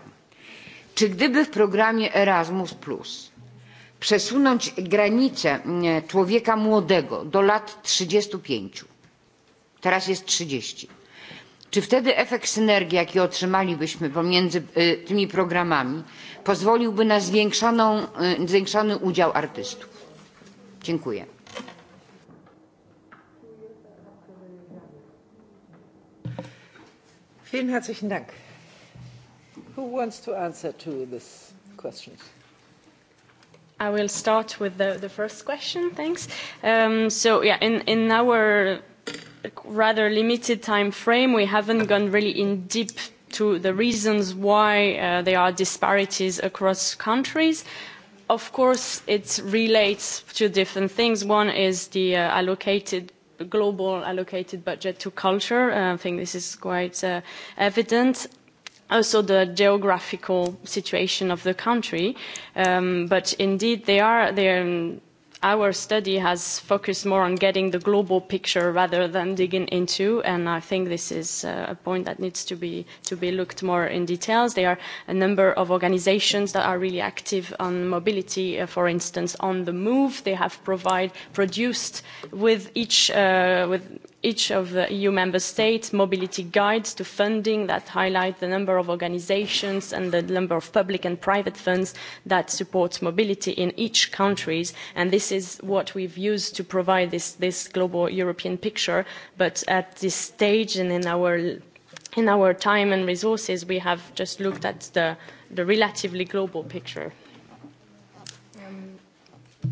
Czy gdyby w programie Erasmus przesunąć granicę e, człowieka młodego do lat 35, teraz jest 30, Czy wtedy efekt synergii, jaki otrzymalibyśmy pomiędzy tymi programami, pozwoliłby na zwiększoną, zwiększony udział artystów? Dziękuję. Vielen herzlichen Dank. Who wants to answer to this question? I will start with the, the first question, thanks. Um, so yeah, in, in our rather limited time frame, we haven't gone really in deep to the reasons why uh, there are disparities across countries. Of course, it relates to different things. One is the uh, allocated global allocated budget to culture. Uh, I think this is quite uh, evident. Also, the geographical situation of the country. Um, but indeed, they are, they are our study has focused more on getting the global picture rather than digging into, and I think this is uh, a point that needs to be, to be looked more in details. There are a number of organizations that are really active on mobility, uh, for instance, on the move. They have provide, produced with each, uh, with each of the EU member states mobility guides to funding that highlight the number of organisations and the number of public and private funds that support mobility in each country. And this is what we've used to provide this, global European picture. But at this stage and in our time and resources, we have just looked at the relatively global picture.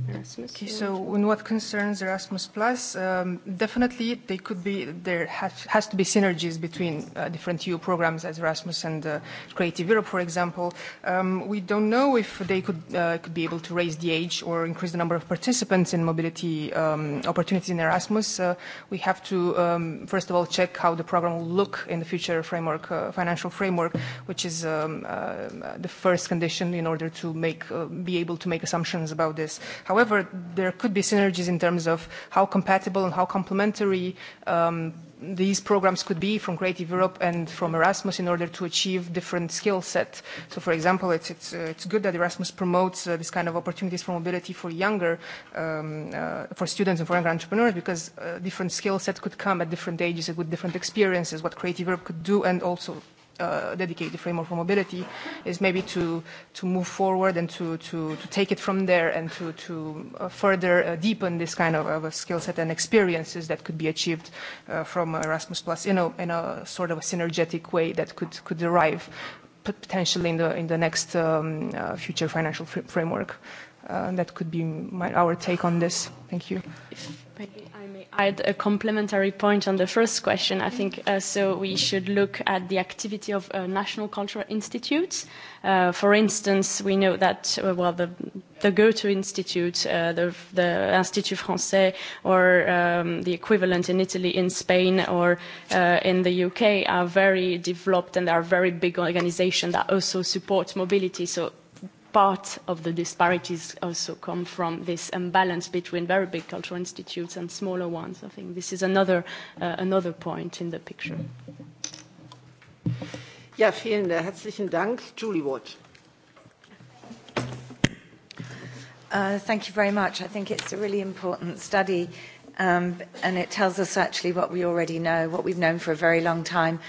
Erasmus. Okay, so in what concerns Erasmus Plus, um, definitely they could be there has, has to be synergies between uh, different EU programs as Erasmus and uh, Creative Europe, for example. Um, we don't know if they could uh, could be able to raise the age or increase the number of participants in mobility um, opportunities in Erasmus. Uh, we have to um, first of all check how the program will look in the future framework, uh, financial framework, which is um, uh, the first condition in order to make uh, be able to make assumptions about this. However, However, there could be synergies in terms of how compatible and how complementary um, these programs could be from Creative Europe and from Erasmus in order to achieve different skill sets. So, for example, it's, it's, uh, it's good that Erasmus promotes uh, this kind of opportunities for mobility for younger, um, uh, for students and for younger entrepreneurs because uh, different skill sets could come at different ages with different experiences, what Creative Europe could do and also uh, dedicated framework for mobility is maybe to, to move forward and to, to, to take it from there and to, to uh, further uh, deepen this kind of, of a skill set and experiences that could be achieved uh, from Erasmus Plus in a, in a sort of a synergetic way that could, could derive potentially in the, in the next um, uh, future financial framework. Uh, that could be my, our take on this. Thank you. maybe add a complementary point on the first question. I think uh, so we should look at the activity of uh, national cultural institutes. Uh, for instance, we know that, uh, well, the, the Goethe Institute, uh, the, the Institut Français, or um, the equivalent in Italy, in Spain, or uh, in the UK are very developed and are very big organizations that also support mobility. So part of the disparities also come from this imbalance between very big cultural institutes and smaller ones. I think this is another, uh, another point in the picture. Ja, vielen herzlichen Dank. Julie Ward. Uh, thank you very much. I think it's a really important study um, and it tells us actually what we already know, what we've known for a very long time.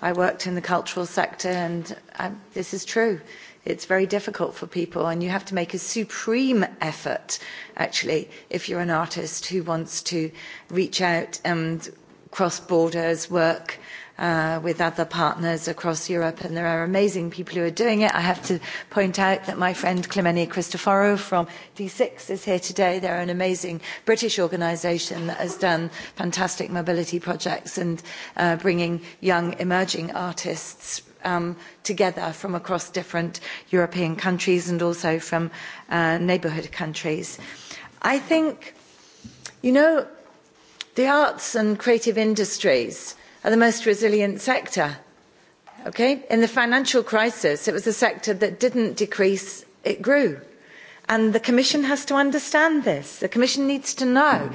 I worked in the cultural sector and I, um, this is true it's very difficult for people and you have to make a supreme effort actually if you're an artist who wants to reach out and cross borders work uh, with other partners across Europe, and there are amazing people who are doing it. I have to point out that my friend Clemenia Cristoforo from D6 is here today. They're an amazing British organisation that has done fantastic mobility projects and uh, bringing young emerging artists um, together from across different European countries and also from uh, neighbourhood countries. I think, you know, the arts and creative industries are the most resilient sector. Okay? In the financial crisis, it was a sector that didn't decrease, it grew. And the Commission has to understand this. The Commission needs to know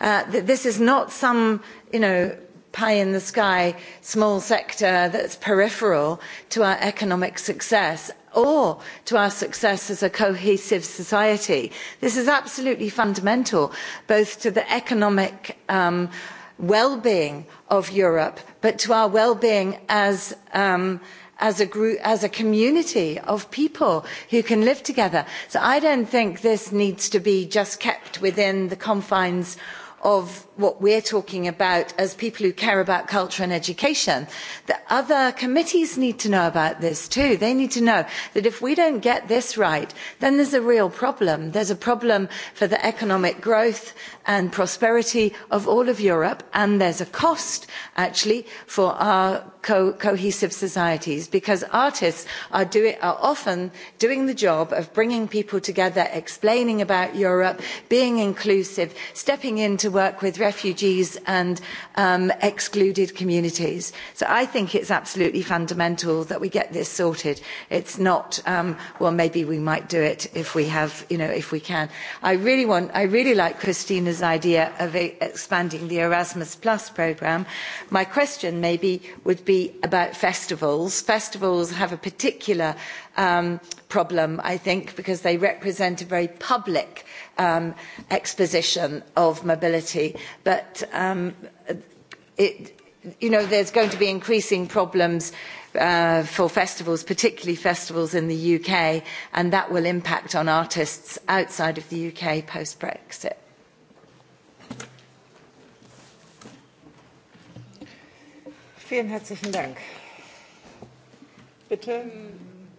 uh, that this is not some, you know, pie in the sky small sector that's peripheral to our economic success or to our success as a cohesive society. This is absolutely fundamental both to the economic um, well-being of Europe but to our well-being as um, as a group, as a community of people who can live together. So I don't think this needs to be just kept within the confines of what we're talking about as people who care about culture and education, that other committees need to know about this too. They need to know that if we don't get this right, then there's a real problem. There's a problem for the economic growth and prosperity of all of Europe, and there's a cost actually for our co cohesive societies because artists are, doing, are often doing the job of bringing people together, explaining about Europe, being inclusive, stepping into to work with refugees and um, excluded communities. So I think it's absolutely fundamental that we get this sorted. It's not, um, well, maybe we might do it if we have, you know, if we can. I really want, I really like Christina's idea of e, expanding the Erasmus Plus programme. My question maybe would be about festivals. Festivals have a particular um, problem, I think, because they represent a very public um, exposition of mobility. But um, it, you know, there's going to be increasing problems uh, for festivals, particularly festivals in the UK, and that will impact on artists outside of the UK post Brexit. Vielen herzlichen Dank. Bitte. Ähm,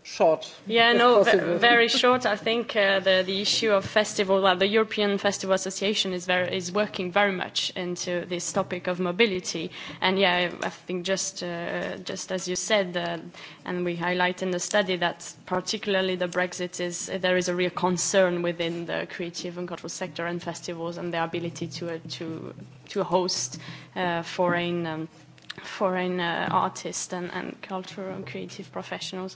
short. Yeah, no, very short. I think uh, the the issue of festival, well, the European Festival Association is very is working very much into this topic of mobility. And yeah, I, I think just uh, just as you said, uh, and we highlight in the study that particularly the Brexit is there is a real concern within the creative and cultural sector and festivals and their ability to uh, to to host uh, foreign. Um, foreign uh, artists and, and cultural and creative professionals.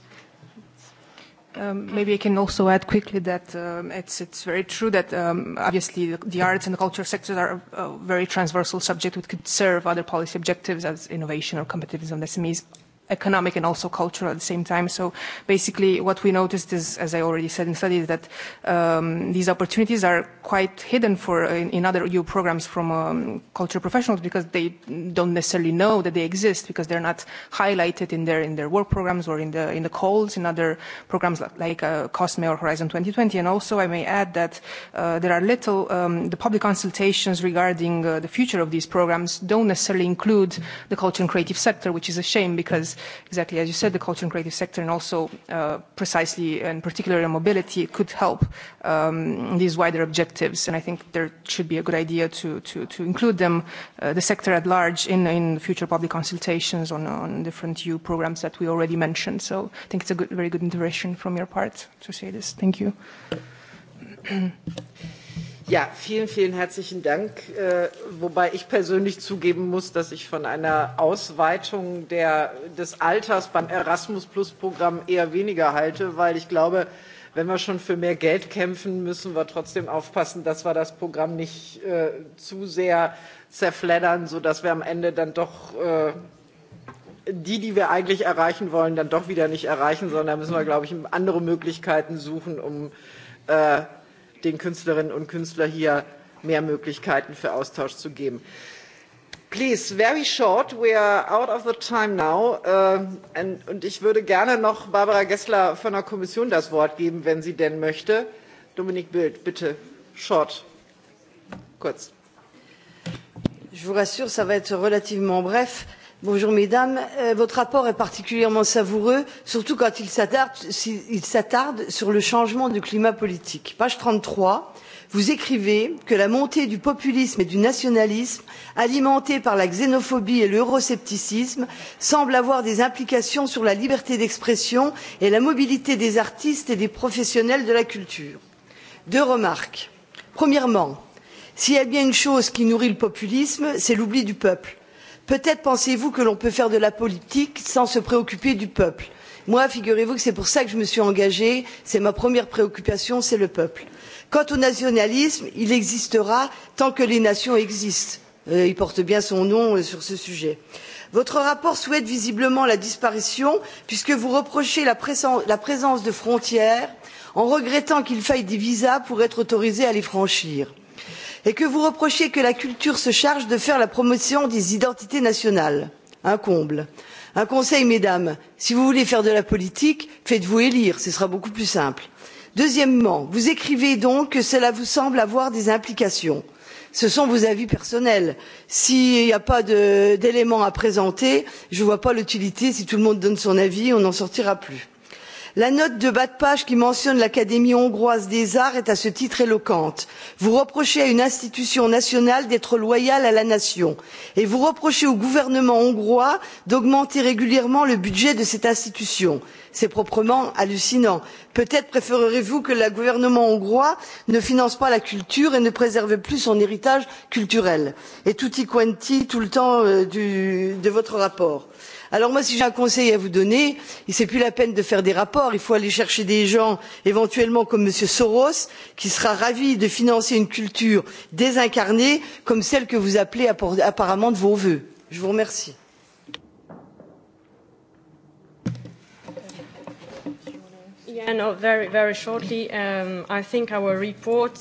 Um, maybe I can also add quickly that um, it's, it's very true that um, obviously the, the arts and the culture sectors are a, a very transversal subject which could serve other policy objectives as innovation or competitiveness of SMEs economic and also cultural at the same time. So basically what we noticed is, as I already said in studies, that um, these opportunities are quite hidden for uh, in, in other EU programs from um, cultural professionals because they don't necessarily know that they exist because they're not highlighted in their in their work programs or in the in the calls in other programs like, like uh, COSME or Horizon 2020. And also I may add that uh, there are little, um, the public consultations regarding uh, the future of these programs don't necessarily include the culture and creative sector, which is a shame because yes, exactly as you said, the culture and creative sector and also uh, precisely and particularly mobility could help um, these wider objectives. And I think there should be a good idea to, to, to include them, uh, the sector at large, in, in future public consultations on, on different EU programs that we already mentioned. So I think it's a good, very good intervention from your part to say this. Thank you. Ja, vielen, vielen herzlichen Dank. Äh, wobei ich persönlich zugeben muss, dass ich von einer Ausweitung der, des Alters beim Erasmus-Plus-Programm eher weniger halte, weil ich glaube, wenn wir schon für mehr Geld kämpfen, müssen wir trotzdem aufpassen, dass wir das Programm nicht äh, zu sehr zerfleddern, sodass wir am Ende dann doch äh, die, die wir eigentlich erreichen wollen, dann doch wieder nicht erreichen, sondern da müssen wir, glaube ich, andere Möglichkeiten suchen, um äh, den Künstlerinnen und Künstlern hier mehr Möglichkeiten für Austausch zu geben. Please, very short. We are out of the time now. Uh, and, und ich würde gerne noch Barbara Gessler von der Kommission das Wort geben, wenn sie denn möchte. Dominik Bild, bitte, short, kurz. Je vous rassure, ça va être relativement bref. Euh, Bonjour mesdames, euh, votre rapport est particulièrement savoureux, surtout quand il s'attarde sur le changement du climat politique. Page trente trois vous écrivez que la montée du populisme et du nationalisme, alimentée par la xénophobie et l'euroscepticisme, semble avoir des implications sur la liberté d'expression et la mobilité des artistes et des professionnels de la culture. Deux remarques. Premièrement, s'il y a bien une chose qui nourrit le populisme, c'est l'oubli du peuple peut être pensez vous que l'on peut faire de la politique sans se préoccuper du peuple. moi figurez vous que c'est pour cela que je me suis engagée c'est ma première préoccupation c'est le peuple. quant au nationalisme il existera tant que les nations existent euh, il porte bien son nom euh, sur ce sujet. votre rapport souhaite visiblement la disparition puisque vous reprochez la, la présence de frontières en regrettant qu'il faille des visas pour être autorisé à les franchir et que vous reprochiez que la culture se charge de faire la promotion des identités nationales. Un comble. Un conseil, mesdames, si vous voulez faire de la politique, faites-vous élire, ce sera beaucoup plus simple. Deuxièmement, vous écrivez donc que cela vous semble avoir des implications. Ce sont vos avis personnels. S'il n'y a pas d'éléments à présenter, je ne vois pas l'utilité. Si tout le monde donne son avis, on n'en sortira plus la note de bas de page qui mentionne l'académie hongroise des arts est à ce titre éloquente vous reprochez à une institution nationale d'être loyale à la nation et vous reprochez au gouvernement hongrois d'augmenter régulièrement le budget de cette institution. c'est proprement hallucinant. peut être préférerez vous que le gouvernement hongrois ne finance pas la culture et ne préserve plus son héritage culturel et tutti quanti tout le temps euh, du, de votre rapport alors moi si j'ai un conseil à vous donner ce n'est plus la peine de faire des rapports il faut aller chercher des gens éventuellement comme m. soros qui sera ravi de financer une culture désincarnée comme celle que vous appelez apparemment de vos vœux. je vous remercie. Yeah, no, very, very shortly, um, I think our report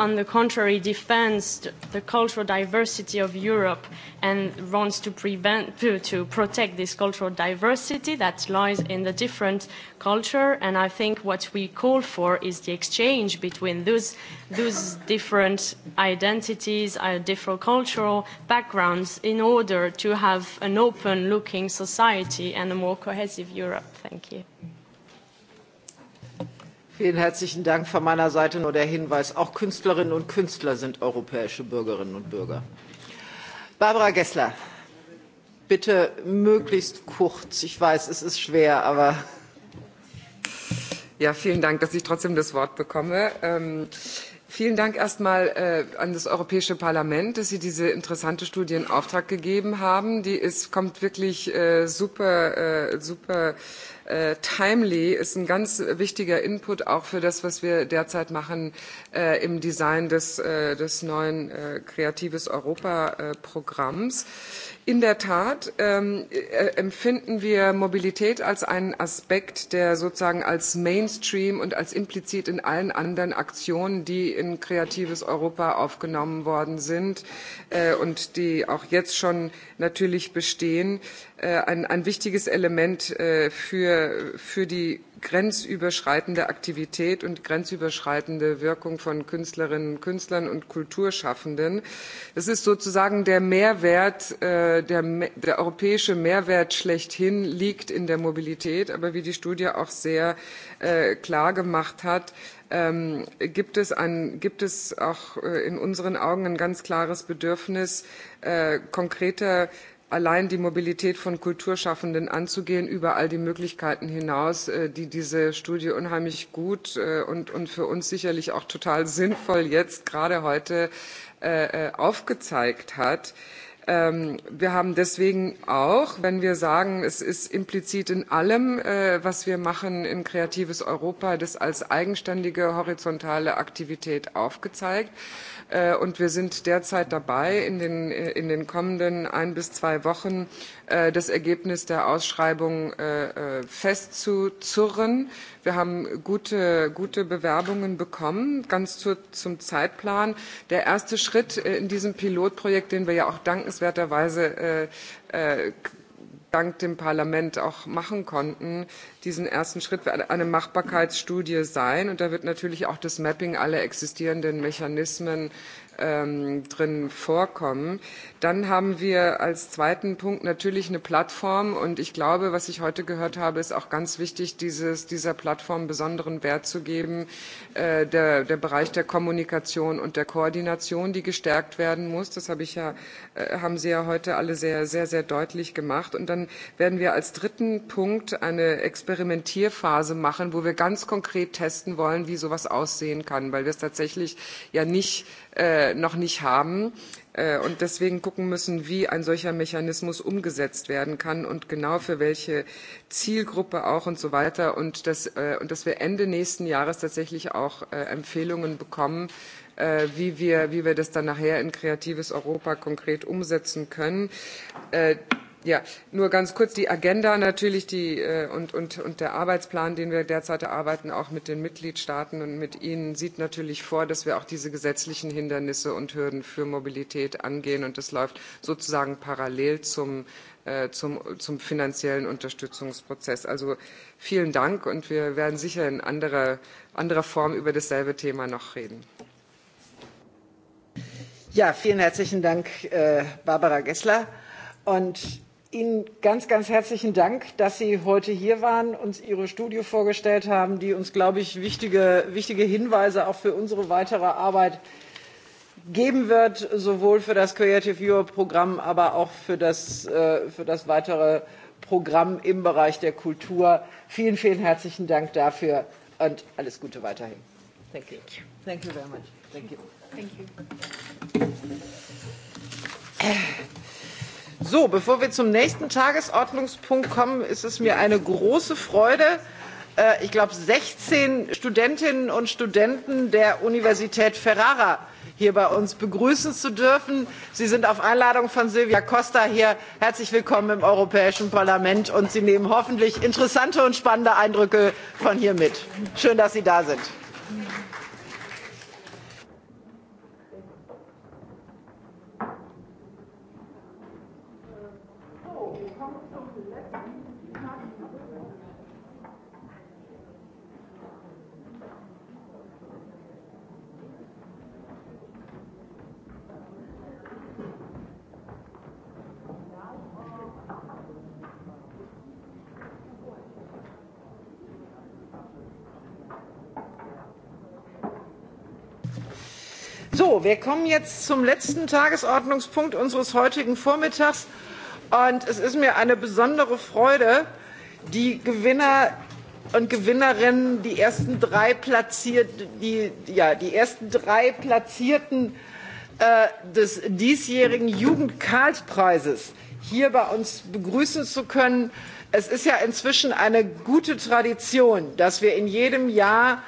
on the contrary, defends the cultural diversity of Europe and wants to, prevent, to, to protect this cultural diversity that lies in the different culture. And I think what we call for is the exchange between those, those different identities, uh, different cultural backgrounds, in order to have an open-looking society and a more cohesive Europe. Thank you. Vielen herzlichen Dank von meiner Seite nur der Hinweis, auch Künstlerinnen und Künstler sind europäische Bürgerinnen und Bürger. Barbara Gessler, bitte möglichst kurz. Ich weiß, es ist schwer, aber. Ja, vielen Dank, dass ich trotzdem das Wort bekomme. Ähm, vielen Dank erstmal äh, an das Europäische Parlament, dass Sie diese interessante Studie in Auftrag gegeben haben. Die ist, kommt wirklich äh, super, äh, super äh, Timely ist ein ganz wichtiger Input auch für das, was wir derzeit machen äh, im Design des, äh, des neuen äh, Kreatives Europa-Programms. Äh, In der Tat ähm, äh, äh, empfinden wir Mobilität als einen Aspekt, der sozusagen als Mainstream und als implizit in allen anderen Aktionen, die in Kreatives Europa aufgenommen worden sind äh, und die auch jetzt schon natürlich bestehen, äh, ein, ein wichtiges Element äh, für, für die grenzüberschreitende Aktivität und grenzüberschreitende Wirkung von Künstlerinnen und Künstlern und Kulturschaffenden. Das ist sozusagen der Mehrwert, äh, der, der europäische Mehrwert schlechthin liegt in der Mobilität. Aber wie die Studie auch sehr äh, klar gemacht hat, ähm, gibt, es ein, gibt es auch äh, in unseren Augen ein ganz klares Bedürfnis äh, konkreter allein die Mobilität von Kulturschaffenden anzugehen, über all die Möglichkeiten hinaus, äh, die diese Studie unheimlich gut äh, und, und für uns sicherlich auch total sinnvoll jetzt gerade heute äh, aufgezeigt hat. Ähm, wir haben deswegen auch, wenn wir sagen, es ist implizit in allem, was wir machen in Kreatives Europa, das als eigenständige horizontale Aktivität aufgezeigt. Äh, und wir sind derzeit dabei, in den, äh, in den kommenden ein bis zwei Wochen äh, das Ergebnis der Ausschreibung festzuzurren. Wir haben gute, gute Bewerbungen bekommen, ganz zu, zum Zeitplan. Der erste Schritt in diesem Pilotprojekt, den wir ja auch dankenswerterweise dank dem Parlament auch machen konnten, diesen ersten Schritt eine Machbarkeitsstudie sein. Und da wird natürlich auch das Mapping aller existierenden Mechanismen ähm, drin vorkommen. Dann haben wir als zweiten Punkt natürlich eine Plattform und ich glaube, was ich heute gehört habe, ist auch ganz wichtig, dieses, dieser Plattform besonderen Wert zu geben, äh, der, der Bereich der Kommunikation und der Koordination, die gestärkt werden muss. Das habe ich ja, äh, haben Sie ja heute alle sehr, sehr, sehr deutlich gemacht. Und dann werden wir als dritten Punkt eine Experimentierphase machen, wo wir ganz konkret testen wollen, wie sowas aussehen kann, weil wir es tatsächlich ja nicht Äh, noch nicht haben äh, und deswegen gucken müssen, wie ein solcher Mechanismus umgesetzt werden kann und genau für welche Zielgruppe auch und so weiter. Und, das, äh, und dass wir Ende nächsten Jahres tatsächlich auch äh, Empfehlungen bekommen, äh, wie, wir, wie wir das dann nachher in kreatives Europa konkret umsetzen können. Äh, Ja, nur ganz kurz die Agenda natürlich die, äh, und, und, und der Arbeitsplan, den wir derzeit erarbeiten, auch mit den Mitgliedstaaten und mit Ihnen, sieht natürlich vor, dass wir auch diese gesetzlichen Hindernisse und Hürden für Mobilität angehen. Und das läuft sozusagen parallel zum, äh, zum, zum finanziellen Unterstützungsprozess. Also vielen Dank und wir werden sicher in anderer, anderer Form über dasselbe Thema noch reden. Ja, vielen herzlichen Dank, äh, Barbara Gessler. Und Ihnen ganz, ganz herzlichen Dank, dass Sie heute hier waren, uns Ihre Studie vorgestellt haben, die uns, glaube ich, wichtige, wichtige Hinweise auch für unsere weitere Arbeit geben wird, sowohl für das Creative Europe Programm, aber auch für das, äh, für das weitere Programm im Bereich der Kultur. Vielen, vielen herzlichen Dank dafür und alles Gute weiterhin. Thank you. Thank you very much. Thank you. Thank you. So, bevor wir zum nächsten Tagesordnungspunkt kommen, ist es mir eine große Freude, äh, ich glaube, 16 Studentinnen und Studenten der Universität Ferrara hier bei uns begrüßen zu dürfen. Sie sind auf Einladung von Silvia Costa hier. Herzlich willkommen im Europäischen Parlament und Sie nehmen hoffentlich interessante und spannende Eindrücke von hier mit. Schön, dass Sie da sind. So, wir kommen jetzt zum letzten Tagesordnungspunkt unseres heutigen Vormittags. Und es ist mir eine besondere Freude, die Gewinner und Gewinnerinnen, die ersten drei, Platziert, die, ja, die ersten drei Platzierten äh, des diesjährigen Jugendkarlspreises hier bei uns begrüßen zu können. Es ist ja inzwischen eine gute Tradition, dass wir in jedem Jahr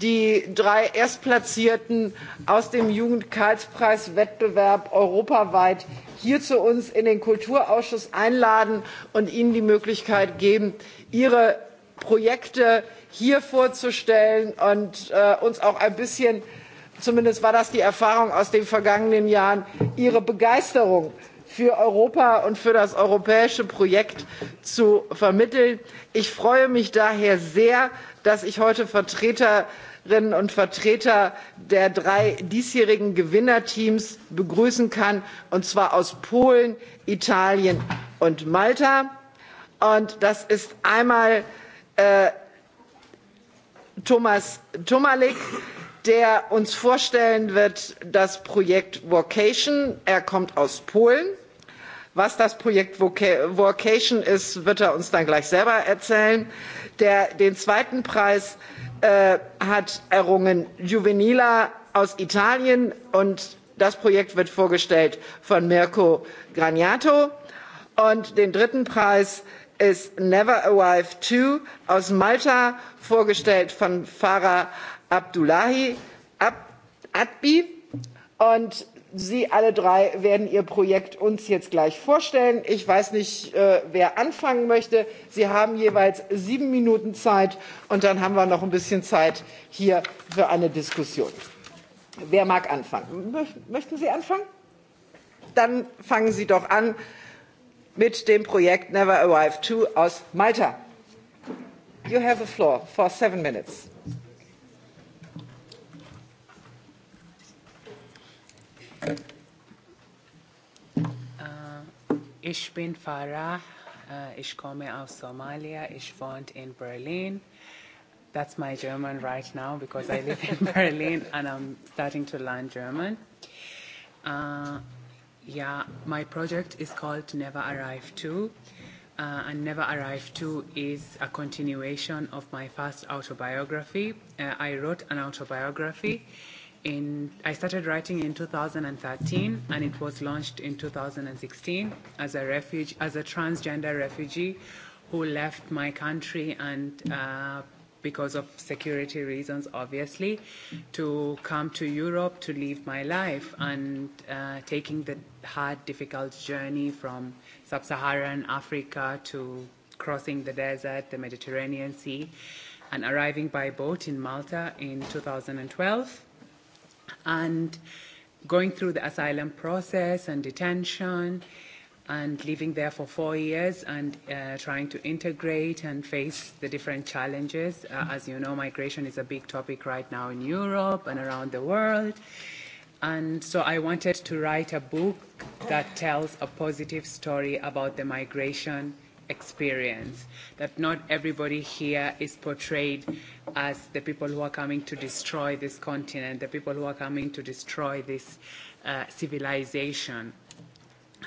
die drei erstplatzierten aus dem Jugendkarlspreis-Wettbewerb europaweit hier zu uns in den kulturausschuss einladen und ihnen die möglichkeit geben ihre projekte hier vorzustellen und äh, uns auch ein bisschen zumindest war das die erfahrung aus den vergangenen jahren ihre begeisterung für europa und für das europäische projekt zu vermitteln. ich freue mich daher sehr dass ich heute vertreterinnen und vertreter der drei diesjährigen gewinnerteams begrüßen kann und zwar aus polen italien und malta. Und das ist einmal äh, thomas tomalik der uns vorstellen wird das projekt vocation er kommt aus polen was das projekt vocation ist wird er uns dann gleich selber erzählen. den zweiten preis äh, hat errungen juvenila aus italien und das projekt wird vorgestellt von mirko graniato und den dritten preis ist never arrive two aus malta vorgestellt von farah abdullahi Ab, adbi Sie alle drei werden Ihr Projekt uns jetzt gleich vorstellen. Ich weiß nicht, äh, wer anfangen möchte. Sie haben jeweils sieben Minuten Zeit und dann haben wir noch ein bisschen Zeit hier für eine Diskussion. Wer mag anfangen? Möchten Sie anfangen? Dann fangen Sie doch an mit dem Projekt Never Arrive 2 aus Malta. You have the floor for seven minutes. Ich bin Farah. Äh, ich komme aus Somalia. Ich wohne in Berlin. That's my German right now because I live in Berlin and I'm starting to learn German. Uh, yeah, my project is called Never Arrive 2. Uh, and Never Arrive 2 is a continuation of my first autobiography. Uh, I wrote an autobiography. Mm-hmm in I started writing in 2013 and it was launched in 2016 as a refugee as a transgender refugee who left my country and uh, because of security reasons obviously to come to Europe to live my life and uh, taking the hard difficult journey from sub-Saharan Africa to crossing the desert the Mediterranean Sea and arriving by boat in Malta in 2012 and going through the asylum process and detention and living there for four years and uh, trying to integrate and face the different challenges. Uh, as you know, migration is a big topic right now in Europe and around the world. And so I wanted to write a book that tells a positive story about the migration experience, that not everybody here is portrayed as the people who are coming to destroy this continent, the people who are coming to destroy this uh, civilization.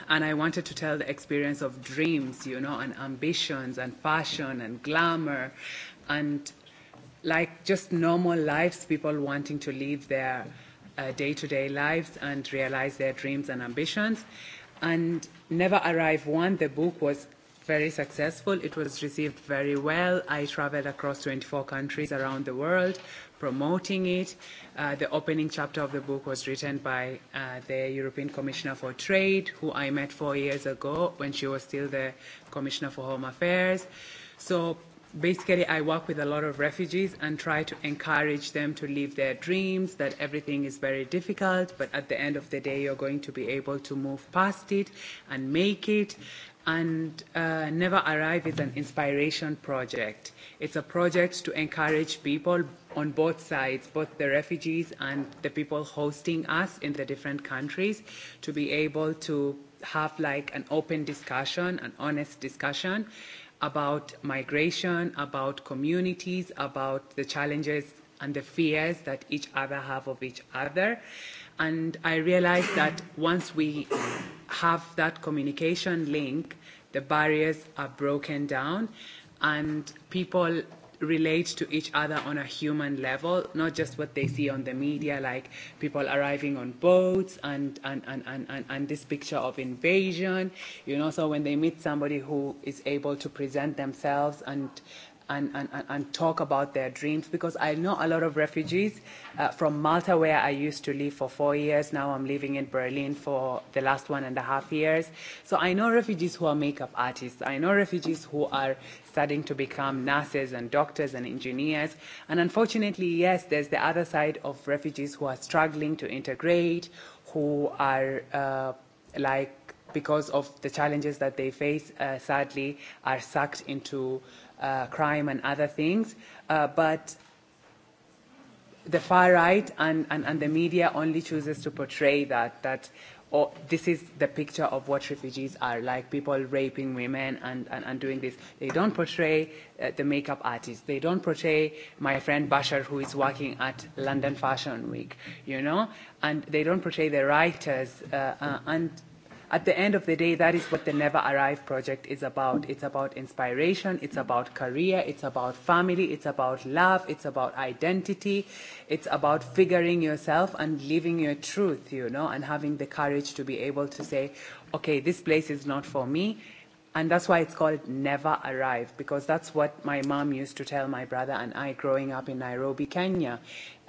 And I wanted to tell the experience of dreams, you know, and ambitions and passion and glamour and like just normal lives, people wanting to live their uh, day-to-day -day lives and realize their dreams and ambitions. And Never Arrive One, the book was very successful. It was received very well. I traveled across 24 countries around the world promoting it. Uh, the opening chapter of the book was written by uh, the European Commissioner for Trade, who I met four years ago when she was still the Commissioner for Home Affairs. So basically, I work with a lot of refugees and try to encourage them to live their dreams, that everything is very difficult, but at the end of the day, you're going to be able to move past it and make it and uh, never arrive is an inspiration project. It's a project to encourage people on both sides, both the refugees and the people hosting us in the different countries, to be able to have like an open discussion, an honest discussion about migration, about communities, about the challenges and the fears that each other have of each other. And I realized that once we have that communication link, the barriers are broken down and people relate to each other on a human level, not just what they see on the media, like people arriving on boats and, and, and, and, and, and this picture of invasion. You know, so when they meet somebody who is able to present themselves and and, and, and talk about their dreams because I know a lot of refugees uh, from Malta, where I used to live for four years. Now I'm living in Berlin for the last one and a half years. So I know refugees who are makeup artists. I know refugees who are starting to become nurses and doctors and engineers. And unfortunately, yes, there's the other side of refugees who are struggling to integrate, who are uh, like because of the challenges that they face, uh, sadly, are sucked into uh, crime and other things. Uh, but the far right and, and, and the media only chooses to portray that, that oh, this is the picture of what refugees are like, people raping women and, and, and doing this. They don't portray uh, the makeup artist. They don't portray my friend Bashar who is working at London Fashion Week, you know, and they don't portray the writers uh, uh, and at the end of the day, that is what the Never Arrive project is about. It's about inspiration, it's about career, it's about family, it's about love, it's about identity, it's about figuring yourself and living your truth, you know, and having the courage to be able to say, okay, this place is not for me. And that's why it's called Never Arrive, because that's what my mom used to tell my brother and I growing up in Nairobi, Kenya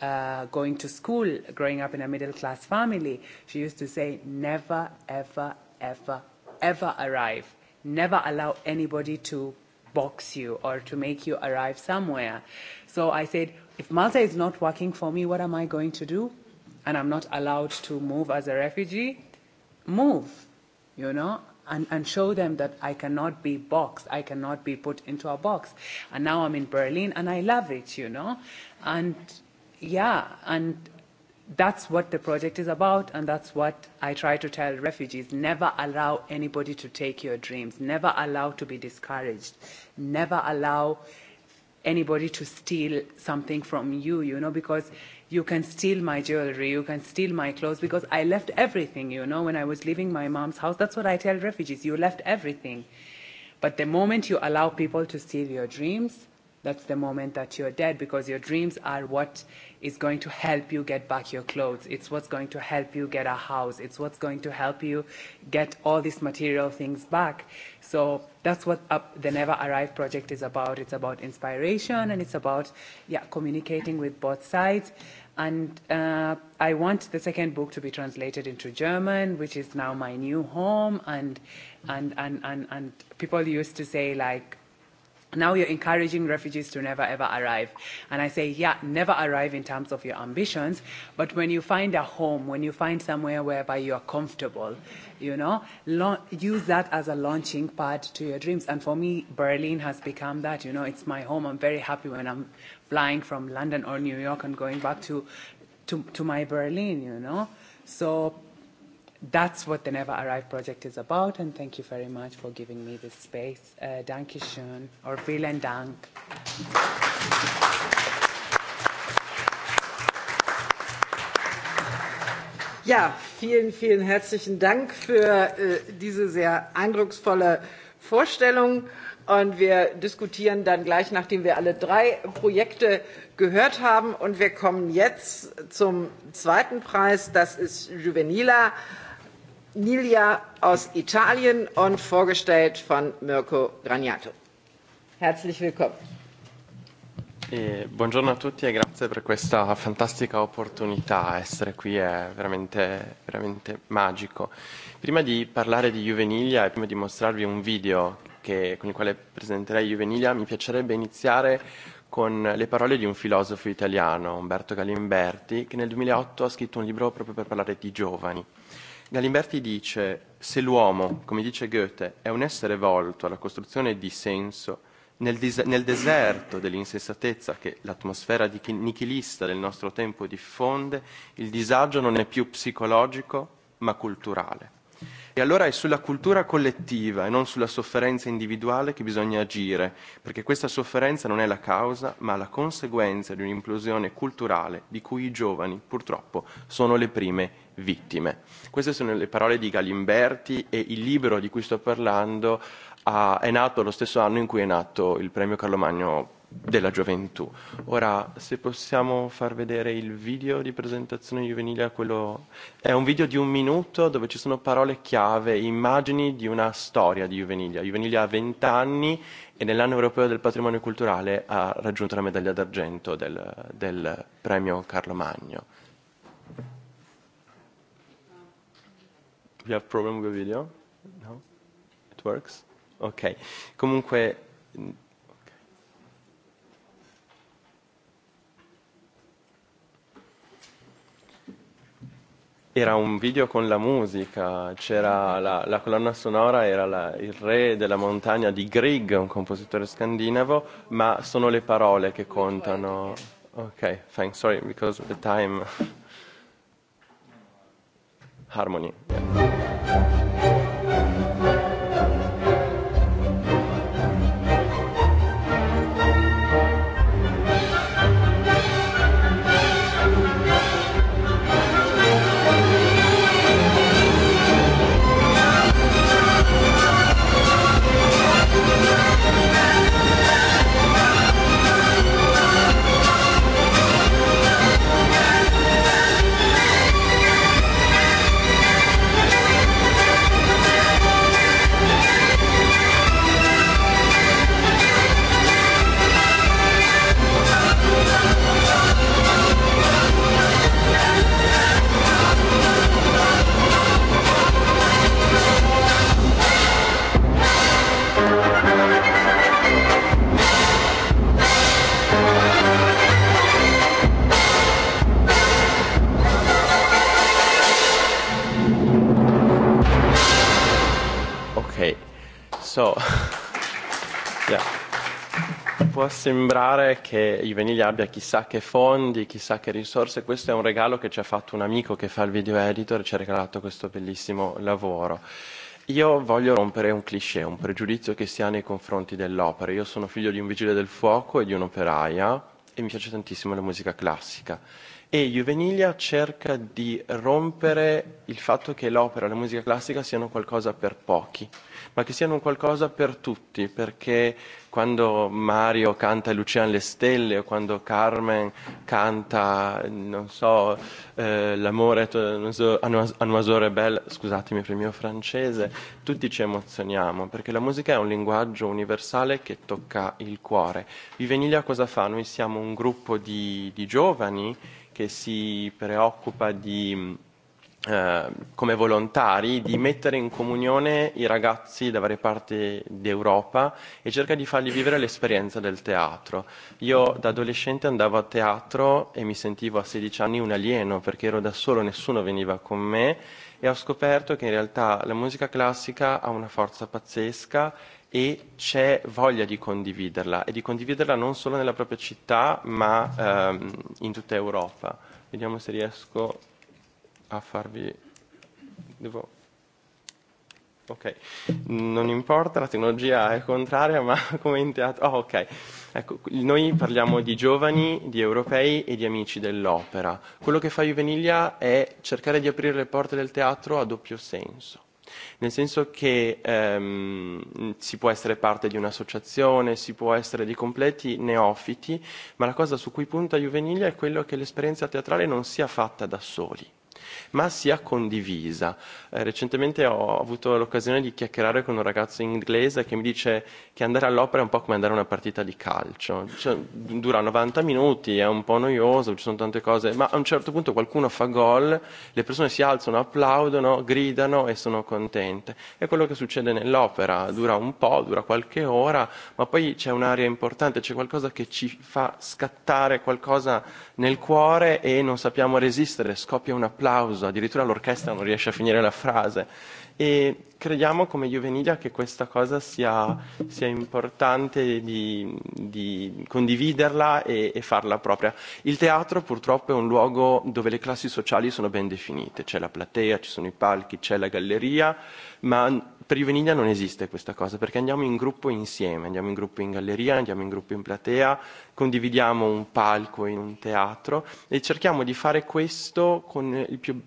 uh, going to school, growing up in a middle class family, she used to say, never, ever, ever, ever arrive. Never allow anybody to box you or to make you arrive somewhere. So I said, if Malta is not working for me, what am I going to do? And I'm not allowed to move as a refugee, move, you know, and, and show them that I cannot be boxed, I cannot be put into a box. And now I'm in Berlin and I love it, you know. And Yeah, and that's what the project is about, and that's what I try to tell refugees. Never allow anybody to take your dreams. Never allow to be discouraged. Never allow anybody to steal something from you, you know, because you can steal my jewelry, you can steal my clothes, because I left everything, you know, when I was leaving my mom's house. That's what I tell refugees. You left everything. But the moment you allow people to steal your dreams, That's the moment that you're dead because your dreams are what is going to help you get back your clothes. It's what's going to help you get a house. It's what's going to help you get all these material things back. So that's what uh, the Never Arrive project is about. It's about inspiration and it's about yeah, communicating with both sides. And uh, I want the second book to be translated into German, which is now my new home. And, and, and, and, and people used to say like, now you're encouraging refugees to never ever arrive. And I say, yeah, never arrive in terms of your ambitions, but when you find a home, when you find somewhere whereby you are comfortable, you know, use that as a launching pad to your dreams. And for me, Berlin has become that, you know, it's my home. I'm very happy when I'm flying from London or New York and going back to, to, to my Berlin, you know. So that's what the Never Arrive project is about, and thank you very much for giving me this space. Uh, danke schön, or vielen Dank. Ja, vielen, vielen herzlichen Dank für äh, diese sehr eindrucksvolle Vorstellung. Und wir diskutieren dann gleich, nachdem wir alle drei Projekte gehört haben. Und wir kommen jetzt zum zweiten Preis. Das ist Juvenila Nilia aus Italien und vorgestellt von Mirko Graniato. Herzlich willkommen. E buongiorno a tutti e grazie per questa fantastica opportunità. Essere qui è veramente, veramente magico. Prima di parlare di Juvenilia e prima di mostrarvi un video che, con il quale presenterei Juvenilia, mi piacerebbe iniziare con le parole di un filosofo italiano, Umberto Galimberti, che nel 2008 ha scritto un libro proprio per parlare di giovani. Galimberti dice se l'uomo, come dice Goethe, è un essere volto alla costruzione di senso, nel, des- nel deserto dell'insensatezza che l'atmosfera di- nichilista del nostro tempo diffonde, il disagio non è più psicologico ma culturale. E allora è sulla cultura collettiva e non sulla sofferenza individuale che bisogna agire, perché questa sofferenza non è la causa, ma la conseguenza di un'implosione culturale di cui i giovani purtroppo sono le prime vittime. Queste sono le parole di Galimberti e il libro di cui sto parlando ha, è nato lo stesso anno in cui è nato il premio Carlo Magno della gioventù. Ora, se possiamo far vedere il video di presentazione giovanile, quello... è un video di un minuto dove ci sono parole chiave, immagini di una storia di Juvenilia. Juvenilia ha 20 anni e nell'anno europeo del patrimonio culturale ha raggiunto la medaglia d'argento del, del premio Carlo Magno. We have problem with video? No? It works? Ok. Comunque... Era un video con la musica, c'era la, la colonna sonora era la, il re della montagna di Grieg, un compositore scandinavo, ma sono le parole che contano. Ok, thanks, sorry, because of the time harmonii. Yeah. So, yeah. Può sembrare che i Veniglia abbia chissà che fondi, chissà che risorse, questo è un regalo che ci ha fatto un amico che fa il video editor e ci ha regalato questo bellissimo lavoro. Io voglio rompere un cliché, un pregiudizio che si ha nei confronti dell'opera. Io sono figlio di un vigile del fuoco e di un'operaia e mi piace tantissimo la musica classica. E Juveniglia cerca di rompere il fatto che l'opera e la musica classica siano qualcosa per pochi ma che siano un qualcosa per tutti, perché quando Mario canta e Lucian le stelle o quando Carmen canta, non so, eh, l'amore a Noisore Belle, scusatemi per il mio francese, tutti ci emozioniamo, perché la musica è un linguaggio universale che tocca il cuore. Viveniglia cosa fa? Noi siamo un gruppo di, di giovani che si preoccupa di Eh, come volontari di mettere in comunione i ragazzi da varie parti d'Europa e cerca di fargli vivere l'esperienza del teatro. Io da adolescente andavo a teatro e mi sentivo a 16 anni un alieno perché ero da solo, nessuno veniva con me e ho scoperto che in realtà la musica classica ha una forza pazzesca e c'è voglia di condividerla e di condividerla non solo nella propria città ma ehm, in tutta Europa. Vediamo se riesco a farvi... Devo... Ok, non importa, la tecnologia è contraria, ma come in teatro... Oh, ok. Ecco, noi parliamo di giovani, di europei e di amici dell'opera. Quello che fa Juveniglia è cercare di aprire le porte del teatro a doppio senso. Nel senso che ehm, si può essere parte di un'associazione, si può essere di completi neofiti, ma la cosa su cui punta Juveniglia è quello che l'esperienza teatrale non sia fatta da soli ma sia condivisa. Eh, recentemente ho avuto l'occasione di chiacchierare con un ragazzo inglese che mi dice che andare all'opera è un po' come andare a una partita di calcio, cioè, dura 90 minuti, è un po' noioso, ci sono tante cose, ma a un certo punto qualcuno fa gol, le persone si alzano, applaudono, gridano e sono contente. È quello che succede nell'opera, dura un po', dura qualche ora, ma poi c'è un'area importante, c'è qualcosa che ci fa scattare qualcosa nel cuore e non sappiamo resistere, scoppia una applauso, addirittura l'orchestra non riesce a finire la frase. E crediamo come Juvenilia che questa cosa sia, sia importante di, di condividerla e, e farla propria. Il teatro purtroppo è un luogo dove le classi sociali sono ben definite, c'è la platea, ci sono i palchi, c'è la galleria, ma per Juvenilia non esiste questa cosa perché andiamo in gruppo insieme, andiamo in gruppo in galleria, andiamo in gruppo in platea, condividiamo un palco in un teatro e cerchiamo di fare questo con il più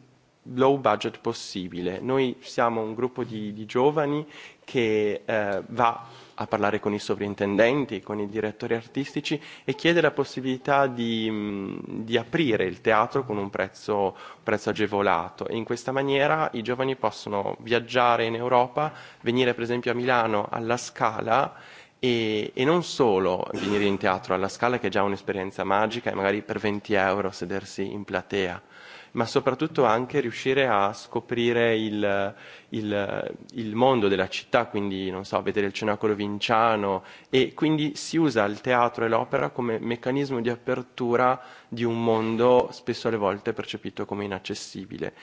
low budget possibile. Noi siamo un gruppo di, di giovani che eh, va a parlare con i sovrintendenti, con i direttori artistici e chiede la possibilità di, mm, di aprire il teatro con un prezzo, prezzo agevolato. E in questa maniera i giovani possono viaggiare in Europa, venire per esempio a Milano alla Scala E, e non solo venire in teatro alla Scala, che è già un'esperienza magica, e magari per 20 euro sedersi in platea, ma soprattutto anche riuscire a scoprire il, il, il mondo della città, quindi non so, vedere il Cenacolo Vinciano e quindi si usa il teatro e l'opera come meccanismo di apertura di un mondo spesso alle volte percepito come inaccessibile.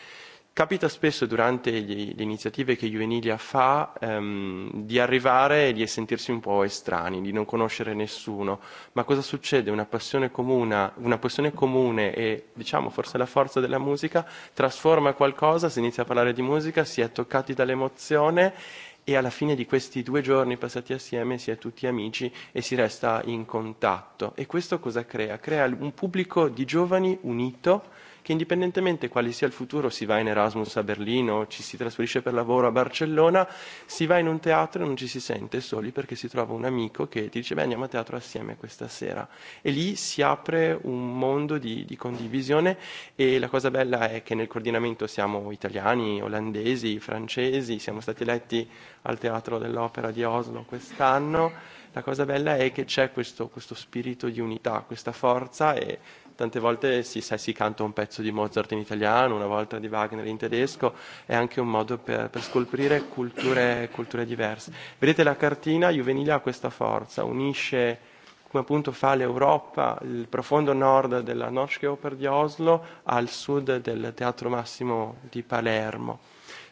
Capita spesso durante gli, le iniziative che Juvenilia fa ehm, di arrivare e di sentirsi un po' estrani, di non conoscere nessuno, ma cosa succede? Una passione comune, una passione comune e diciamo forse la forza della musica trasforma qualcosa, si inizia a parlare di musica, si è toccati dall'emozione e alla fine di questi due giorni passati assieme si è tutti amici e si resta in contatto. E questo cosa crea? Crea un pubblico di giovani unito che indipendentemente quale sia il futuro, si va in Erasmus a Berlino, ci si trasferisce per lavoro a Barcellona, si va in un teatro e non ci si sente soli perché si trova un amico che ti dice beh andiamo a teatro assieme questa sera. E lì si apre un mondo di, di condivisione e la cosa bella è che nel coordinamento siamo italiani, olandesi, francesi, siamo stati eletti al Teatro dell'Opera di Oslo quest'anno. La cosa bella è che c'è questo, questo spirito di unità, questa forza e tante volte si, sai, si canta un pezzo di Mozart in italiano, una volta di Wagner in tedesco, è anche un modo per, per scolprire culture, culture diverse. Vedete la cartina, Juvenile ha questa forza, unisce come appunto fa l'Europa, il profondo nord della Norske Oper di Oslo al sud del Teatro Massimo di Palermo.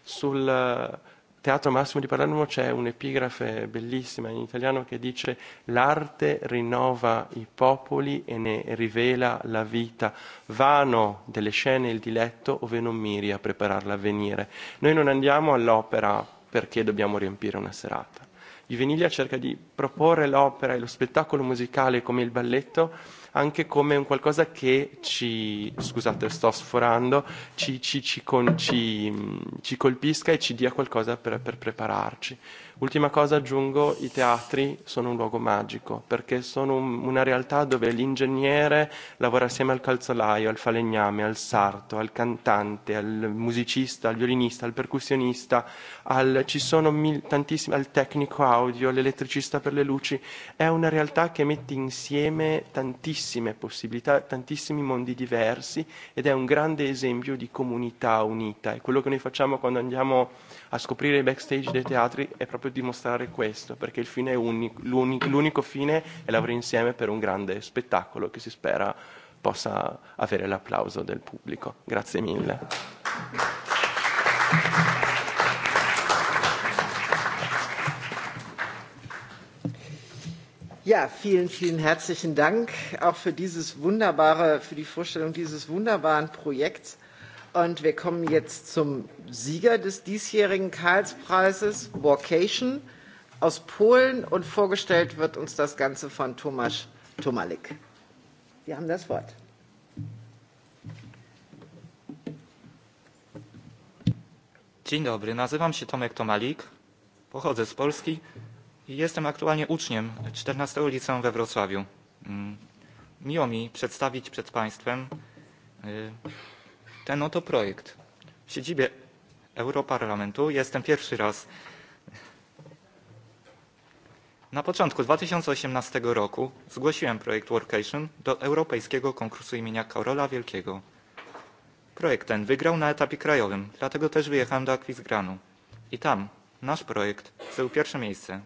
Sul, Teatro Massimo di Palermo c'è un'epigrafe bellissima in italiano che dice l'arte rinnova i popoli e ne rivela la vita, vano delle scene il diletto ove non miri a prepararla a venire. Noi non andiamo all'opera perché dobbiamo riempire una serata. Ivenilia cerca di proporre l'opera e lo spettacolo musicale come il balletto anche come un qualcosa che ci, scusate sto sforando, ci, ci, ci, con, ci, ci colpisca e ci dia qualcosa per, per prepararci. Ultima cosa aggiungo, i teatri sono un luogo magico, perché sono un, una realtà dove l'ingegnere lavora assieme al calzolaio, al falegname, al sarto, al cantante, al musicista, al violinista, al percussionista, al, ci sono mil, tantissimi, al tecnico audio, all'elettricista per le luci. È una realtà che mette insieme tantissime possibilità, tantissimi mondi diversi ed è un grande esempio di comunità unita. E quello che noi facciamo quando andiamo a scoprire i backstage dei teatri è proprio per dimostrare questo, perché il fine è unico, l'unico, l'unico fine è lavorare insieme per un grande spettacolo che si spera possa avere l'applauso del pubblico. Grazie mille. Ja, vielen, vielen herzlichen Dank auch für dieses wunderbare, für die Vorstellung dieses wunderbaren Projekts. Und wir kommen jetzt zum Sieger des diesjährigen Karlspreises, Vocation aus Polen. Und vorgestellt wird uns das Ganze von Tomasz Tomalik. Wir haben das Wort. Dzień dobry, nazywam się Tomek Tomalik, pochodzę z Polski i jestem aktualnie uczniem 14 liceum we Wrocławiu. Mm, miło mi przedstawić przed Państwem ten no oto projekt w siedzibie Europarlamentu jestem pierwszy raz. Na początku 2018 roku zgłosiłem projekt Workation do Europejskiego Konkursu imienia Karola Wielkiego. Projekt ten wygrał na etapie krajowym, dlatego też wyjechałem do Akwizgranu. I tam nasz projekt zajął pierwsze miejsce.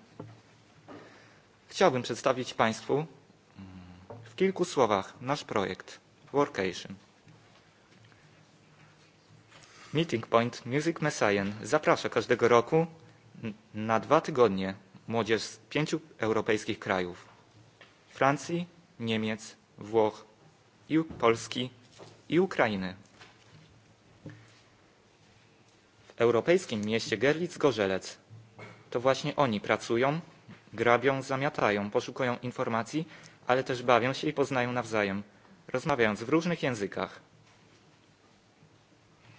Chciałbym przedstawić Państwu w kilku słowach nasz projekt Workation. Meeting Point Music Messiah zaprasza każdego roku na dwa tygodnie młodzież z pięciu europejskich krajów. Francji, Niemiec, Włoch, i Polski i Ukrainy. W europejskim mieście Gerlitz-Gorzelec to właśnie oni pracują, grabią, zamiatają, poszukują informacji, ale też bawią się i poznają nawzajem, rozmawiając w różnych językach –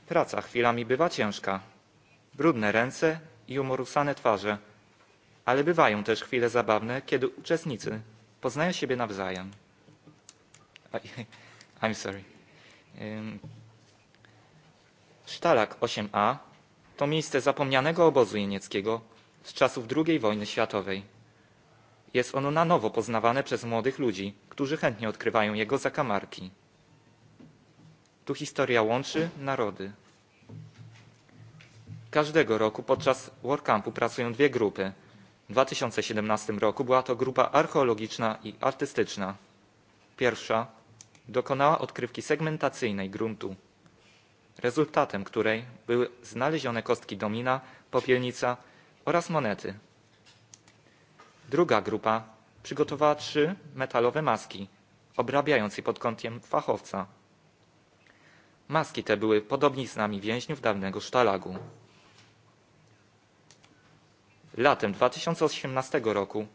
Praca chwilami bywa ciężka. Brudne ręce i umorusane twarze. Ale bywają też chwile zabawne, kiedy uczestnicy poznają siebie nawzajem. I'm sorry. Sztalak 8a to miejsce zapomnianego obozu jenieckiego z czasów II wojny światowej. Jest ono na nowo poznawane przez młodych ludzi, którzy chętnie odkrywają jego zakamarki. Tu historia łączy narody. Każdego roku podczas WordCampu pracują dwie grupy. W 2017 roku była to grupa archeologiczna i artystyczna. Pierwsza dokonała odkrywki segmentacyjnej gruntu, rezultatem której były znalezione kostki domina, popielnica oraz monety. Druga grupa przygotowała trzy metalowe maski, obrabiając je pod kątem fachowca – Maski te były podobni z nami więźniów dawnego sztalagu. Latem 2018 roku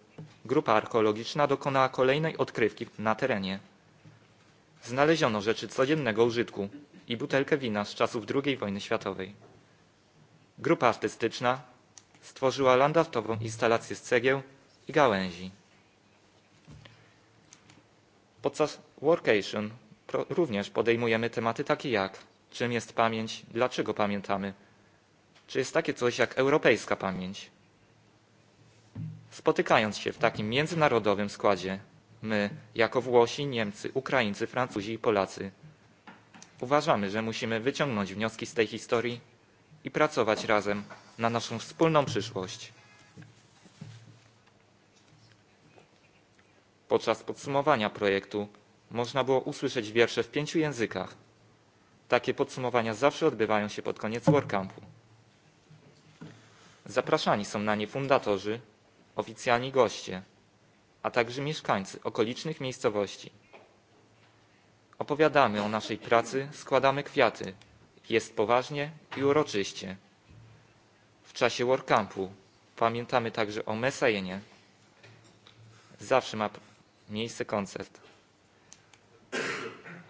grupa archeologiczna dokonała kolejnej odkrywki na terenie. Znaleziono rzeczy codziennego użytku i butelkę wina z czasów II wojny światowej. Grupa artystyczna stworzyła landartową instalację z cegieł i gałęzi. Podczas workation również podejmujemy tematy takie jak czym jest pamięć, dlaczego pamiętamy, czy jest takie coś jak europejska pamięć. Spotykając się w takim międzynarodowym składzie, my, jako Włosi, Niemcy, Ukraińcy, Francuzi i Polacy, uważamy, że musimy wyciągnąć wnioski z tej historii i pracować razem na naszą wspólną przyszłość. Podczas podsumowania projektu Można było usłyszeć wiersze w pięciu językach. Takie podsumowania zawsze odbywają się pod koniec WordCampu. Zapraszani są na nie fundatorzy, oficjalni goście, a także mieszkańcy okolicznych miejscowości. Opowiadamy o naszej pracy, składamy kwiaty. Jest poważnie i uroczyście. W czasie WordCampu pamiętamy także o Mesajenie. Zawsze ma miejsce koncert.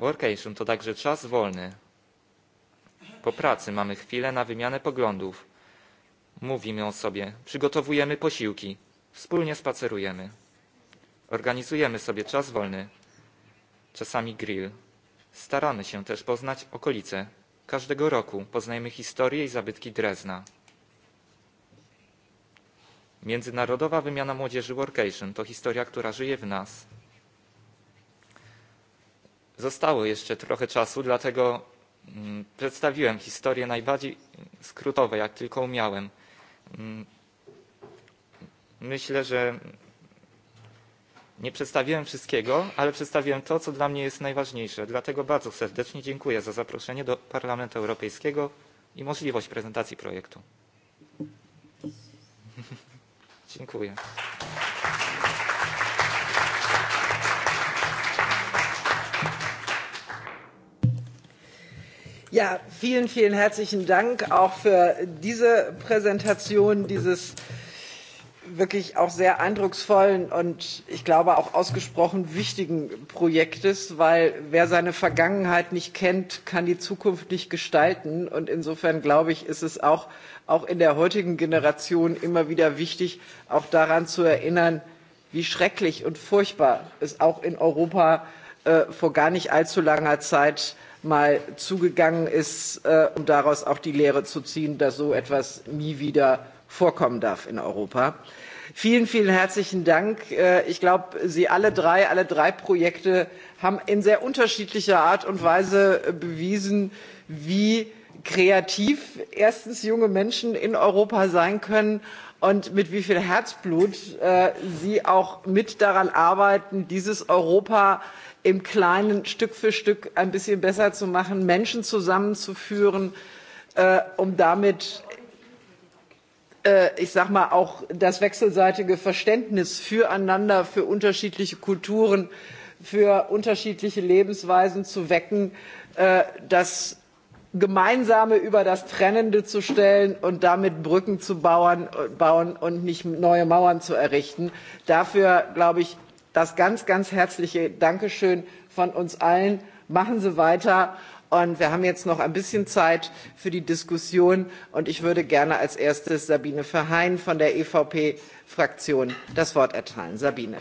Workation to także czas wolny. Po pracy mamy chwilę na wymianę poglądów. Mówimy o sobie, przygotowujemy posiłki, wspólnie spacerujemy. Organizujemy sobie czas wolny, czasami grill. Staramy się też poznać okolice. Każdego roku poznajemy historię i zabytki Drezna. Międzynarodowa wymiana młodzieży Workation to historia, która żyje w nas. Zostało jeszcze trochę czasu, dlatego mm, przedstawiłem historię najbardziej skrótowo, jak tylko umiałem. Mm, myślę, że nie przedstawiłem wszystkiego, ale przedstawiłem to, co dla mnie jest najważniejsze. Dlatego bardzo serdecznie dziękuję za zaproszenie do Parlamentu Europejskiego i możliwość prezentacji projektu. Dziękuję. Ja, vielen, vielen herzlichen Dank auch für diese Präsentation dieses wirklich auch sehr eindrucksvollen und ich glaube auch ausgesprochen wichtigen Projektes, weil wer seine Vergangenheit nicht kennt, kann die Zukunft nicht gestalten. Und insofern glaube ich, ist es auch, auch in der heutigen Generation immer wieder wichtig, auch daran zu erinnern, wie schrecklich und furchtbar es auch in Europa äh, vor gar nicht allzu langer Zeit äh, mal zugegangen ist, äh, um daraus auch die Lehre zu ziehen, dass so etwas nie wieder vorkommen darf in Europa. Vielen, vielen herzlichen Dank. Äh, ich glaube, Sie alle drei, alle drei Projekte haben in sehr unterschiedlicher Art und Weise äh, bewiesen, wie kreativ erstens junge Menschen in Europa sein können und mit wie viel Herzblut äh, sie auch mit daran arbeiten, dieses Europa im Kleinen Stück für Stück ein bisschen besser zu machen, Menschen zusammenzuführen, äh, um damit, äh, ich sag mal, auch das wechselseitige Verständnis füreinander, für unterschiedliche Kulturen, für unterschiedliche Lebensweisen zu wecken, äh, das Gemeinsame über das Trennende zu stellen und damit Brücken zu bauen, bauen und nicht neue Mauern zu errichten. Dafür, glaube ich, das ganz, ganz herzliche Dankeschön von uns allen. Machen Sie weiter. Und wir haben jetzt noch ein bisschen Zeit für die Diskussion. Und ich würde gerne als erstes Sabine Verheyen von der EVP-Fraktion das Wort erteilen. Sabine.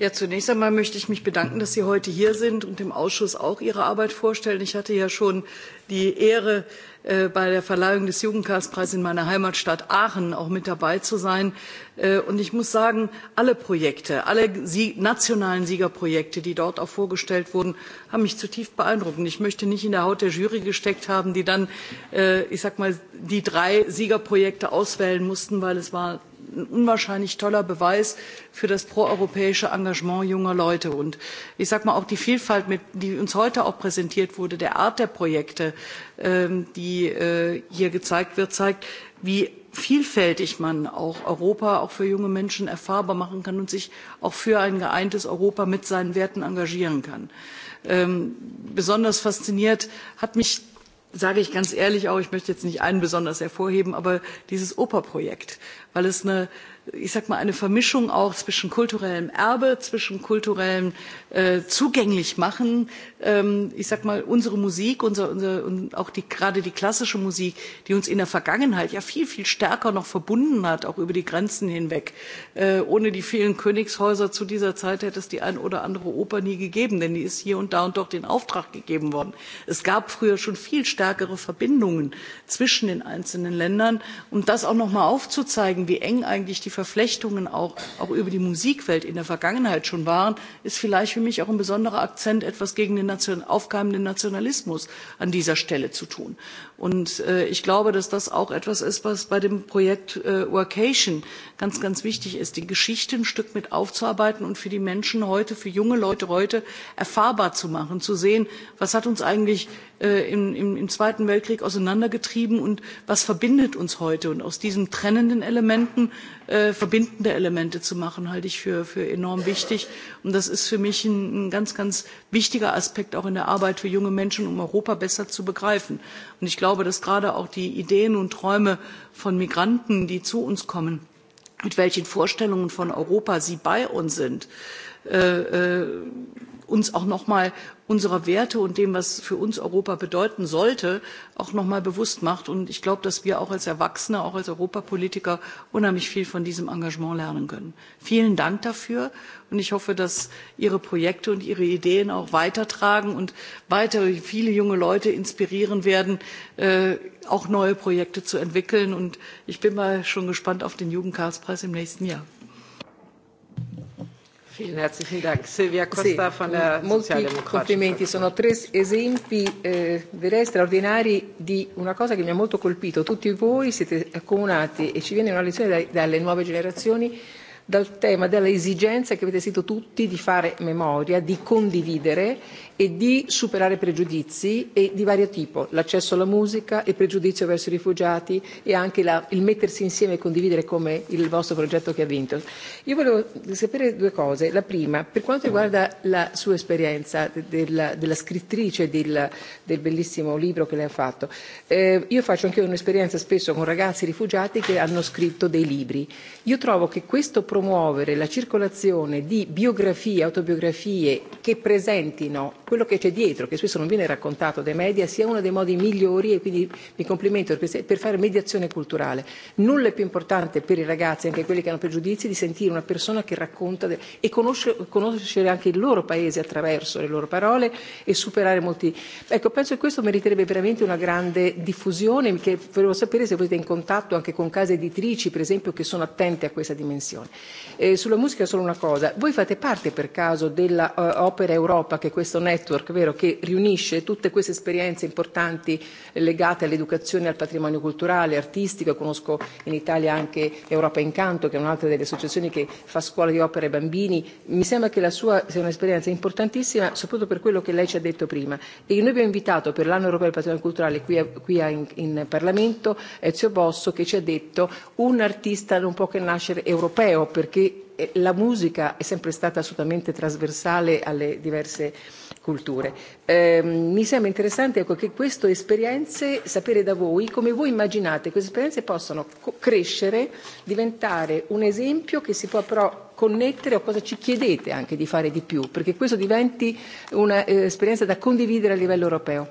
Ja, zunächst einmal möchte ich mich bedanken, dass Sie heute hier sind und dem Ausschuss auch Ihre Arbeit vorstellen. Ich hatte ja schon die Ehre, Äh, bei der Verleihung des Jugendpreises in meiner Heimatstadt Aachen auch mit dabei zu sein. Äh, und ich muss sagen, alle Projekte, alle nationalen Siegerprojekte, die dort auch vorgestellt wurden, haben mich zutiefst beeindruckt. Und ich möchte nicht in der Haut der Jury gesteckt haben, die dann, äh, ich sag mal, die drei Siegerprojekte auswählen mussten, weil es war ein unwahrscheinlich toller beweis für das proeuropäische engagement junger leute. und ich sage mal auch die vielfalt mit, die uns heute auch präsentiert wurde der art der projekte ähm, die äh, hier gezeigt wird zeigt wie vielfältig man auch europa auch für junge menschen erfahrbar machen kann und sich auch für ein geeintes europa mit seinen werten engagieren kann. Ähm, besonders fasziniert hat mich sage ich ganz ehrlich auch, ich möchte jetzt nicht einen besonders hervorheben, aber dieses Operprojekt, weil es eine ich sag mal, eine Vermischung auch zwischen kulturellem Erbe, zwischen kulturellem äh, zugänglich machen. Ähm, ich sag mal, unsere Musik, unser, unser, und auch die, gerade die klassische Musik, die uns in der Vergangenheit ja viel, viel stärker noch verbunden hat, auch über die Grenzen hinweg. Äh, ohne die vielen Königshäuser zu dieser Zeit hätte es die ein oder andere Oper nie gegeben, denn die ist hier und da und dort in Auftrag gegeben worden. Es gab früher schon viel stärkere Verbindungen zwischen den einzelnen Ländern, um das auch noch mal aufzuzeigen, wie eng eigentlich die Verflechtungen auch, auch über die Musikwelt in der Vergangenheit schon waren, ist vielleicht für mich auch ein besonderer Akzent, etwas gegen den Nation, aufkeimenden Nationalismus an dieser Stelle zu tun. Und äh, ich glaube, dass das auch etwas ist, was bei dem Projekt äh, Workation ganz, ganz wichtig ist, die Geschichte ein Stück mit aufzuarbeiten und für die Menschen heute, für junge Leute heute erfahrbar zu machen, zu sehen, was hat uns eigentlich äh, im, im, im Zweiten Weltkrieg auseinandergetrieben und was verbindet uns heute. Und aus diesen trennenden Elementen äh, Äh, verbindende Elemente zu machen, halte ich für, für enorm wichtig. Und das ist für mich ein, ein ganz, ganz wichtiger Aspekt auch in der Arbeit für junge Menschen, um Europa besser zu begreifen. Und ich glaube, dass gerade auch die Ideen und Träume von Migranten, die zu uns kommen, mit welchen Vorstellungen von Europa sie bei uns sind, äh, äh, uns auch noch mal unserer Werte und dem, was für uns Europa bedeuten sollte, auch noch mal bewusst macht. Und ich glaube, dass wir auch als Erwachsene, auch als Europapolitiker unheimlich viel von diesem Engagement lernen können. Vielen Dank dafür. Und ich hoffe, dass Ihre Projekte und Ihre Ideen auch weitertragen und weiter viele junge Leute inspirieren werden, äh, auch neue Projekte zu entwickeln. Und ich bin mal schon gespannt auf den Jugendkarlspreis im nächsten Jahr. Molti complimenti, sono tre esempi eh, direi straordinari di una cosa che mi ha molto colpito. Tutti voi siete accomunati e ci viene una lezione dai, dalle nuove generazioni dal tema dell'esigenza che avete sentito tutti di fare memoria, di condividere e di superare pregiudizi e di vario tipo, l'accesso alla musica, il pregiudizio verso i rifugiati e anche la, il mettersi insieme e condividere come il vostro progetto che ha vinto. Io volevo sapere due cose. La prima, per quanto riguarda la sua esperienza della, della scrittrice del, del bellissimo libro che lei ha fatto, eh, io faccio anche un'esperienza spesso con ragazzi rifugiati che hanno scritto dei libri. Io trovo che questo promuovere la circolazione di biografie, autobiografie che presentino quello che c'è dietro, che spesso non viene raccontato dai media, sia uno dei modi migliori e quindi mi complimento per, fare mediazione culturale. Nulla è più importante per i ragazzi, anche quelli che hanno pregiudizi, di sentire una persona che racconta de- e conosce, conoscere anche il loro paese attraverso le loro parole e superare molti. Ecco, penso che questo meriterebbe veramente una grande diffusione, che volevo sapere se voi siete in contatto anche con case editrici, per esempio, che sono attente a questa dimensione. Eh, sulla musica solo una cosa, voi fate parte per caso della uh, Opera Europa, che questo network? è network vero, che riunisce tutte queste esperienze importanti legate all'educazione, al patrimonio culturale, artistico. Io conosco in Italia anche Europa Incanto, che è un'altra delle associazioni che fa scuola di opera ai bambini. Mi sembra che la sua sia un'esperienza importantissima, soprattutto per quello che lei ci ha detto prima. E noi abbiamo invitato per l'anno europeo del patrimonio culturale qui, a, qui a, in, in Parlamento Ezio Bosso che ci ha detto un artista non può che nascere europeo perché eh, la musica è sempre stata assolutamente trasversale alle diverse culture. Eh, mi sembra interessante ecco, che queste esperienze, sapere da voi come voi immaginate queste esperienze possano crescere, diventare un esempio che si può però connettere a cosa ci chiedete anche di fare di più, perché questo diventi un'esperienza eh, da condividere a livello europeo.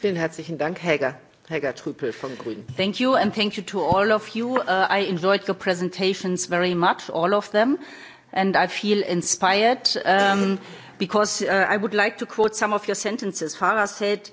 Vielen herzlichen Dank, Helga. Helga Trüpel von Grün. Thank you and thank you to all of you. Uh, I enjoyed your presentations very much, all of them, and I feel inspired um, because uh, I would like to quote some of your sentences. Farah said,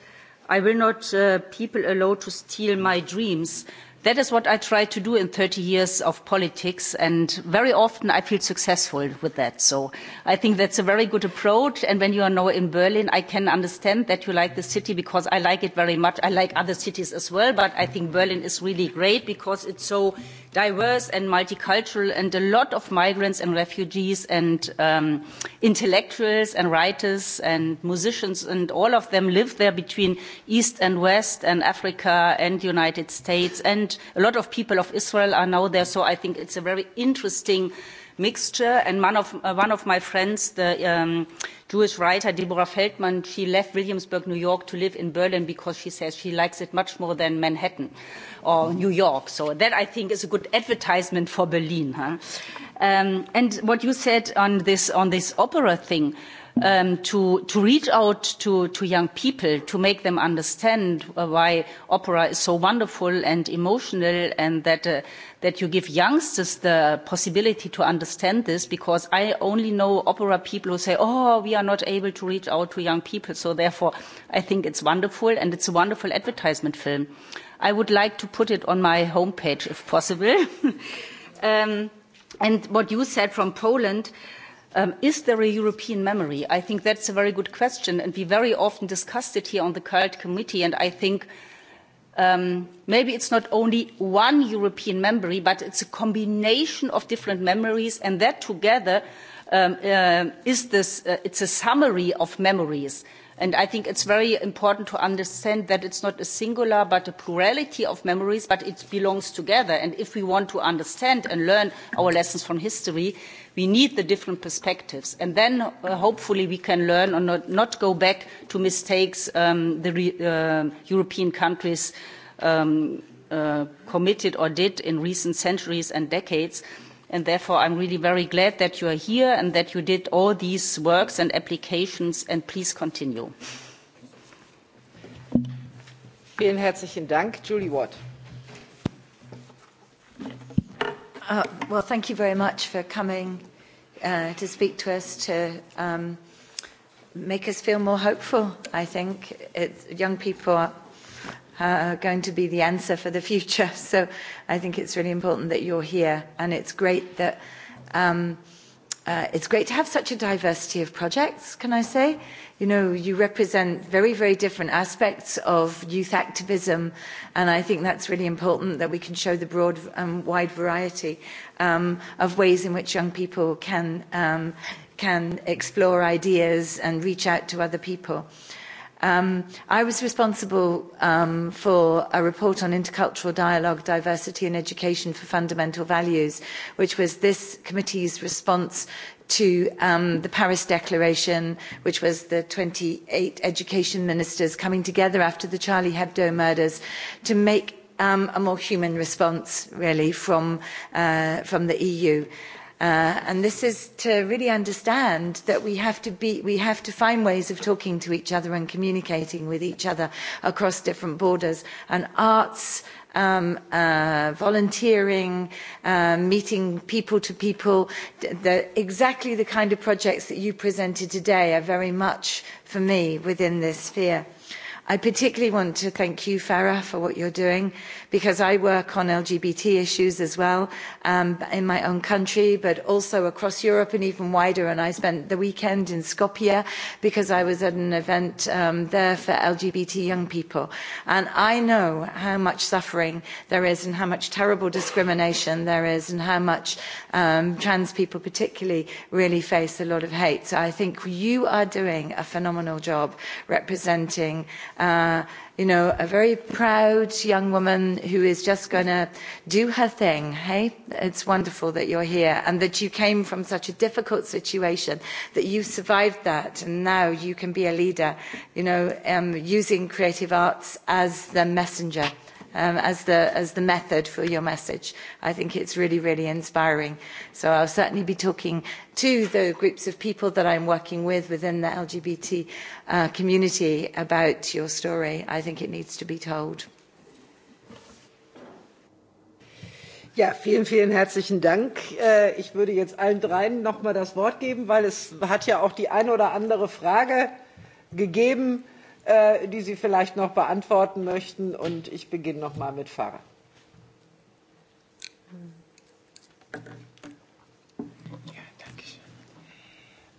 I will not uh, people allow to steal my dreams that is what i try to do in thirty years of politics and very often i feel successful with that so i think that's a very good approach and when you are now in berlin i can understand that you like the city because i like it very much i like other cities as well but i think berlin is really great because it's so diverse and multicultural and a lot of migrants and refugees and um, intellectuals and writers and musicians and all of them live there between east and west and africa and united states and a lot of people of israel are now there so i think it's a very interesting uh, mixture. And one of, uh, one of my friends, the um, Jewish writer Deborah Feldman, she left Williamsburg, New York to live in Berlin because she says she likes it much more than Manhattan or mm-hmm. New York. So that I think is a good advertisement for Berlin. Huh? Um, and what you said on this, on this opera thing, uh, um, to, to reach out to, to young people, to make them understand why opera is so wonderful and emotional and that, uh, that you give youngsters the possibility to understand this because I only know opera people who say, oh, we are not able to reach out to young people. So therefore, I think it's wonderful and it's a wonderful advertisement film. I would like to put it on my homepage if possible. um, and what you said from Poland, Um, is there a European memory? I think that's a very good question, and we very often discussed it here on the CULT committee, and I think um, maybe it's not only one European memory, but it's a combination of different memories, and that together um, uh, is this, uh, it's a summary of memories. And I think it's very important to understand that it's not a singular, but a plurality of memories, but it belongs together. And if we want to understand and learn our lessons from history, we need the different perspectives and then uh, hopefully we can learn and not, not go back to mistakes um, the re, uh, european countries um, uh, committed or did in recent centuries and decades and therefore i'm really very glad that you are here and that you did all these works and applications and please continue. Vielen herzlichen Dank, Julie Watt. Uh, well, thank you very much for coming uh, to speak to us to um, make us feel more hopeful. I think it's, young people are uh, going to be the answer for the future. So I think it's really important that you're here, and it's great that. Um, Uh, it's great to have such a diversity of projects, can I say? You know, you represent very, very different aspects of youth activism, and I think that's really important that we can show the broad and um, wide variety um, of ways in which young people can, um, can explore ideas and reach out to other people. Uh, Um, I was responsible um, for a report on intercultural dialogue, diversity and education for fundamental values, which was this committee's response to um, the Paris Declaration, which was the 28 education ministers coming together after the Charlie Hebdo murders to make um, a more human response, really, from, uh, from the EU. Uh, and this is to really understand that we have to be, we have to find ways of talking to each other and communicating with each other across different borders. And arts, um, uh, volunteering, uh, meeting people to people, the, exactly the kind of projects that you presented today are very much for me within this sphere. I particularly want to thank you, Farah, for what you're doing because I work on LGBT issues as well um, in my own country, but also across Europe and even wider. And I spent the weekend in Skopje because I was at an event um, there for LGBT young people. And I know how much suffering there is and how much terrible discrimination there is and how much um, trans people particularly really face a lot of hate. So I think you are doing a phenomenal job representing uh, you know, a very proud young woman who is just going to do her thing. Hey, it's wonderful that you're here and that you came from such a difficult situation, that you survived that, and now you can be a leader, you know, um, using creative arts as the messenger um, as, the, as the method for your message. I think it's really, really inspiring. So I'll certainly be talking to the groups of people that I'm working with within the LGBT uh, community about your story. I think it needs to be told. Ja, vielen, vielen herzlichen Dank. Äh, ich würde jetzt allen dreien nochmal das Wort geben, weil es hat ja auch die eine oder andere Frage gegeben äh, die Sie vielleicht noch beantworten möchten. Und ich beginne noch mal mit Farah.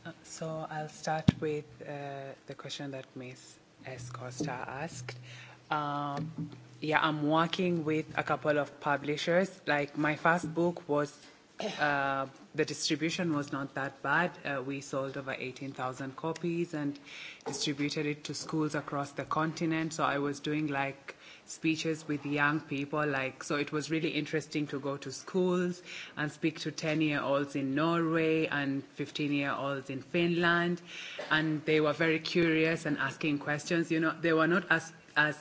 Uh, so I'll start with uh, the question that Ms. S. Costa asked. Um, yeah, I'm working with a couple of publishers. Like my first book was Uh, the distribution was not that bad. Uh, we sold over 18,000 copies and distributed it to schools across the continent. So I was doing like speeches with young people like so it was really interesting to go to schools and speak to 10 year olds in Norway and 15 year olds in Finland and they were very curious and asking questions you know they were not as as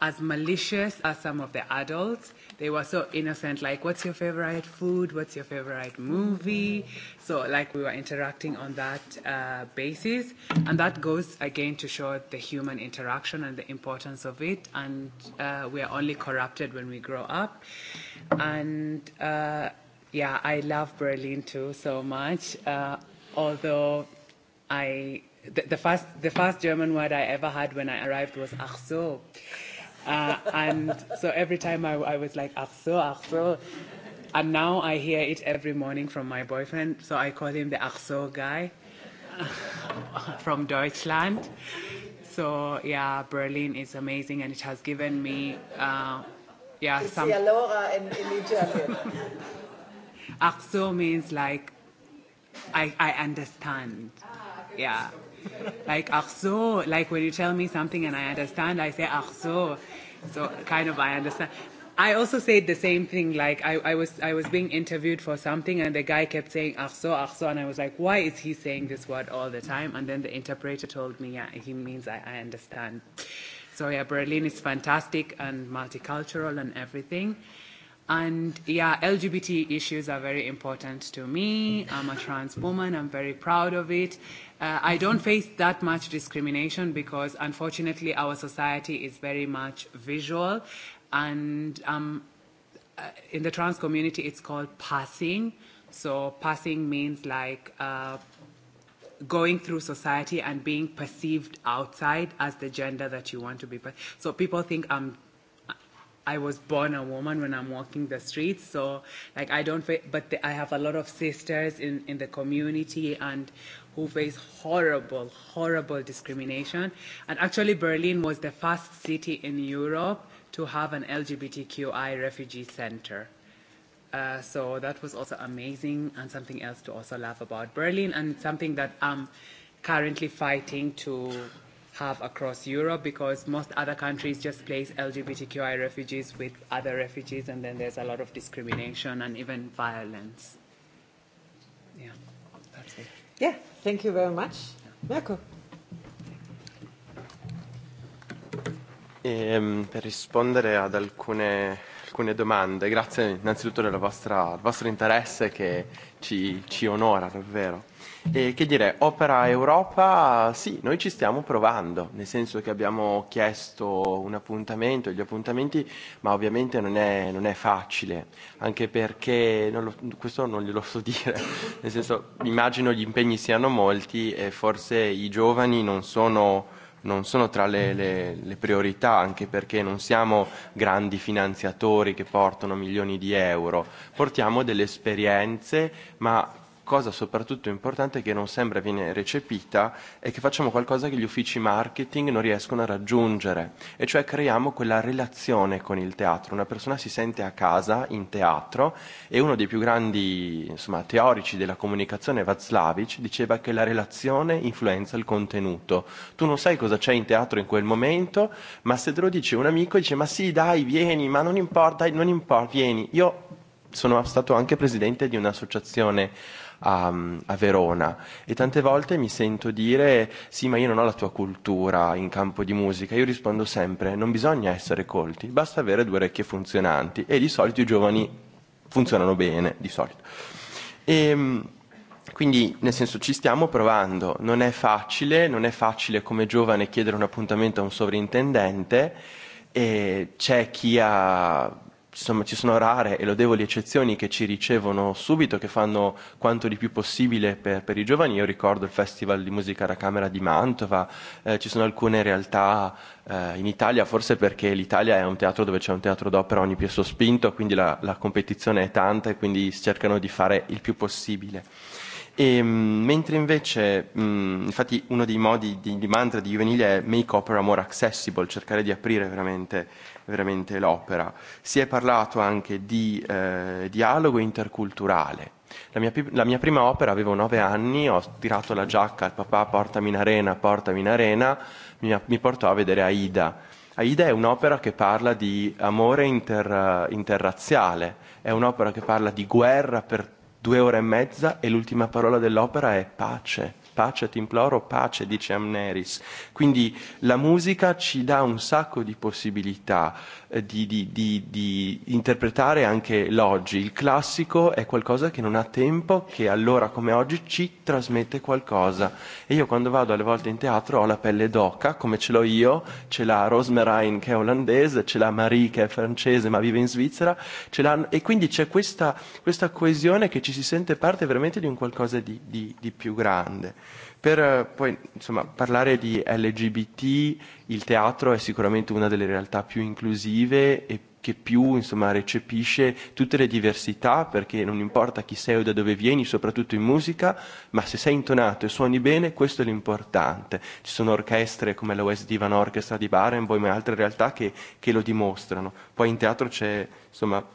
as malicious as some of the adults They were so innocent, like, what's your favorite food? What's your favorite movie? mm-hmm. So, like, we were interacting on that uh, basis. And that goes again to show the human interaction and the importance of it. And uh, we are only corrupted when we grow up. And uh, yeah, I love Berlin too so much. Uh, although I the, the first the first German word I ever had when I arrived was ach so. Uh, and so every time I, I was like, ach so, ach so. And now I hear it every morning from my boyfriend, so I call him the ach so guy from Deutschland. So yeah, Berlin is amazing, and it has given me uh, yeah it's some. Laura in, in Italian. ach so means like I I understand. Ah, yeah. like ach so, like when you tell me something and I understand, I say ach so. So kind of I understand. I also said the same thing. Like I, I was, I was being interviewed for something, and the guy kept saying "achso, achso," and I was like, "Why is he saying this word all the time?" And then the interpreter told me, "Yeah, he means I, I understand." So yeah, Berlin is fantastic and multicultural and everything. And yeah, LGBT issues are very important to me. I'm a trans woman. I'm very proud of it. Uh, I don't face that much discrimination because unfortunately our society is very much visual and um, uh, in the trans community it's called passing. So passing means like uh, going through society and being perceived outside as the gender that you want to be. So people think I'm I was born a woman when I'm walking the streets, so like I don't, but I have a lot of sisters in, in the community, and who face horrible, horrible discrimination. And actually, Berlin was the first city in Europe to have an LGBTQI refugee center. Uh, so that was also amazing and something else to also laugh about Berlin and something that I'm currently fighting to have across Europe because most other countries just place LGBTQI refugees with other refugees and then there's a lot of discrimination and even violence. Yeah, that's it. Yeah. Thank you very much. Mirko. Jako. Ehm, per rispondere ad alcune, alcune domande, grazie innanzitutto del vostro interesse che ci, ci onora davvero. E che dire, Opera Europa, sì, noi ci stiamo provando, nel senso che abbiamo chiesto un appuntamento, e gli appuntamenti, ma ovviamente non è, non è facile, anche perché non lo, questo non glielo so dire, nel senso immagino gli impegni siano molti e forse i giovani non sono non sono tra le, le, le priorità, anche perché non siamo grandi finanziatori che portano milioni di euro, portiamo delle esperienze, ma cosa soprattutto importante che non sembra viene recepita è che facciamo qualcosa che gli uffici marketing non riescono a raggiungere, e cioè creiamo quella relazione con il teatro. Una persona si sente a casa in teatro e uno dei più grandi insomma, teorici della comunicazione, Vazlavic diceva che la relazione influenza il contenuto. Tu non sai cosa c'è in teatro in quel momento, ma se te lo dice un amico dice ma sì dai vieni, ma non importa, dai, non importa, vieni. Io sono stato anche presidente di un'associazione a, a Verona e tante volte mi sento dire sì ma io non ho la tua cultura in campo di musica, io rispondo sempre non bisogna essere colti, basta avere due orecchie funzionanti e di solito i giovani funzionano bene, di solito. E, quindi, nel senso, ci stiamo provando, non è facile, non è facile come giovane chiedere un appuntamento a un sovrintendente, e c'è chi ha insomma, ci sono rare e lodevoli eccezioni che ci ricevono subito, che fanno quanto di più possibile per, per i giovani. Io ricordo il Festival di Musica da Camera di Mantova, eh, ci sono alcune realtà eh, in Italia, forse perché l'Italia è un teatro dove c'è un teatro d'opera ogni più sospinto, quindi la, la competizione è tanta e quindi si cercano di fare il più possibile. E, mentre invece, mh, mm, infatti, uno dei modi di, di mantra di Juvenile è make opera more accessible, cercare di aprire veramente veramente l'opera. Si è parlato anche di eh, dialogo interculturale. La mia, la mia, prima opera avevo nove anni, ho tirato la giacca al papà, portami in arena, portami in arena, mi, mi portò a vedere Aida. Aida è un'opera che parla di amore inter, interrazziale, è un'opera che parla di guerra per due ore e mezza e l'ultima parola dell'opera è pace pace ti imploro, pace, dice Amneris. Quindi la musica ci dà un sacco di possibilità, di, di, di, di interpretare anche l'oggi. Il classico è qualcosa che non ha tempo, che allora come oggi ci trasmette qualcosa. E io quando vado alle volte in teatro ho la pelle d'oca, come ce l'ho io, ce l'ha Rosmerine che è olandese, ce l'ha Marie che è francese ma vive in Svizzera, ce l'ha... e quindi c'è questa, questa coesione che ci si sente parte veramente di un qualcosa di, di, di più grande. Per poi insomma, parlare di LGBT, il teatro è sicuramente una delle realtà più inclusive e che più insomma, recepisce tutte le diversità, perché non importa chi sei o da dove vieni, soprattutto in musica, ma se sei intonato e suoni bene, questo è l'importante. Ci sono orchestre come la West Divan Orchestra di Barenboim e altre realtà che, che lo dimostrano. Poi in teatro c'è insomma,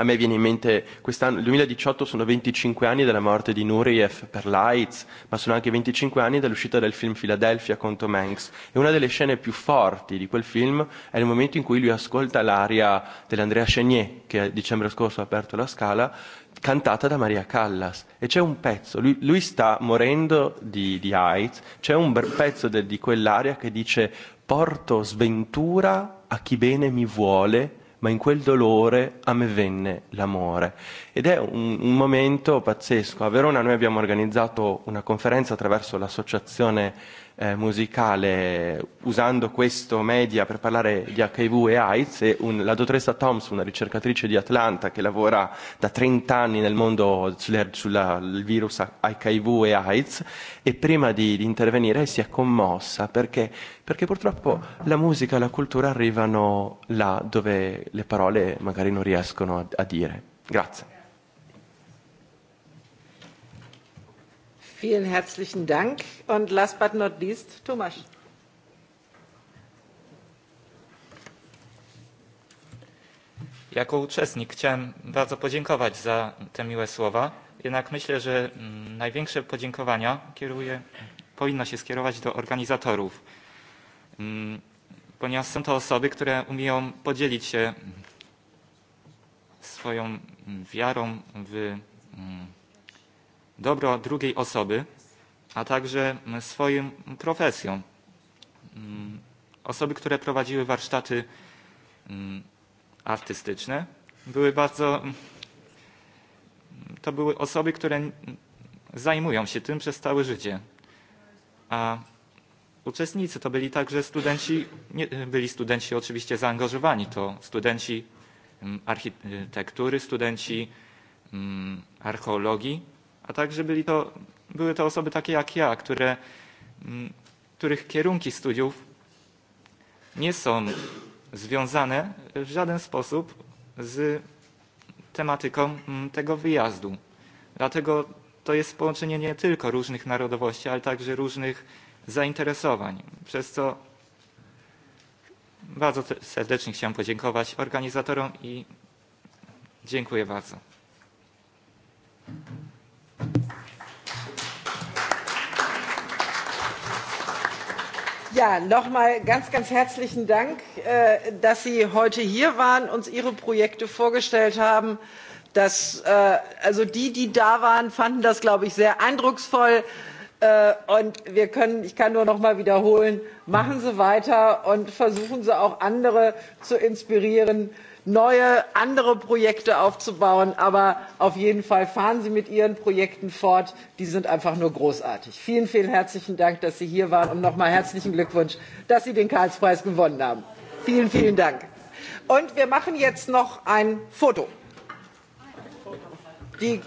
a me viene in mente quest'anno, il 2018 sono 25 anni dalla morte di Nureyev per l'AIDS, ma sono anche 25 anni dall'uscita del film Philadelphia con Tom Hanks. E una delle scene più forti di quel film è il momento in cui lui ascolta l'aria dell'Andrea Chenier, che a dicembre scorso ha aperto la scala, cantata da Maria Callas. E c'è un pezzo, lui, lui sta morendo di, di AIDS, c'è un bel pezzo de, di quell'aria che dice porto sventura a chi bene mi vuole ma in quel dolore a me venne l'amore. Ed è un, un momento pazzesco. A Verona noi abbiamo organizzato una conferenza attraverso l'associazione eh, musicale usando questo media per parlare di HIV e AIDS e un, la dottoressa Thompson, una ricercatrice di Atlanta che lavora da 30 anni nel mondo sul virus HIV e AIDS e prima di, di intervenire si è commossa perché, perché purtroppo la musica e la cultura arrivano là dove le parole magari non riescono a, a dire. Grazie. Vielen herzlichen Dank. Und last but not least, Tomas. Jako uczestnik chciałem bardzo podziękować za te miłe słowa. Jednak myślę, że mm, największe podziękowania kieruje, powinno się skierować do organizatorów, mm, ponieważ są to osoby, które umieją podzielić się swoją mm, wiarą w dobro drugiej osoby, a także swoją profesją. Mm, osoby, które prowadziły warsztaty mm, artystyczne, były bardzo. Mm, to były osoby, które zajmują się tym przez całe życie. A uczestnicy to byli także studenci, nie, byli studenci oczywiście zaangażowani, to studenci architektury, studenci archeologii, a także byli to, były to osoby takie jak ja, które, mm, których kierunki studiów nie są związane w żaden sposób z tematyką mm, tego wyjazdu. Dlatego to jest połączenie nie tylko różnych narodowości, ale także różnych zainteresowań, przez co bardzo serdecznie chciałem podziękować organizatorom i dziękuję bardzo. Thank you. Ja, nochmal ganz, ganz herzlichen Dank, äh, dass Sie heute hier waren, uns Ihre Projekte vorgestellt haben. Das, äh, also die, die da waren, fanden das, glaube ich, sehr eindrucksvoll. Äh, und wir können, ich kann nur noch mal wiederholen, machen Sie weiter und versuchen Sie auch andere zu inspirieren, neue, andere Projekte aufzubauen. Aber auf jeden Fall fahren Sie mit Ihren Projekten fort. Die sind einfach nur großartig. Vielen, vielen herzlichen Dank, dass Sie hier waren und nochmal herzlichen Glückwunsch, dass Sie den Karlspreis gewonnen haben. Vielen, vielen Dank. Und wir machen jetzt noch ein Foto. Die,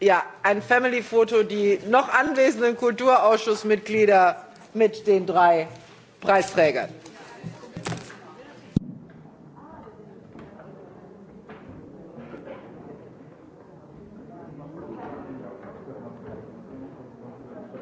ja, ein Family-Foto, die noch anwesenden Kulturausschussmitglieder mit den drei Preisträgern.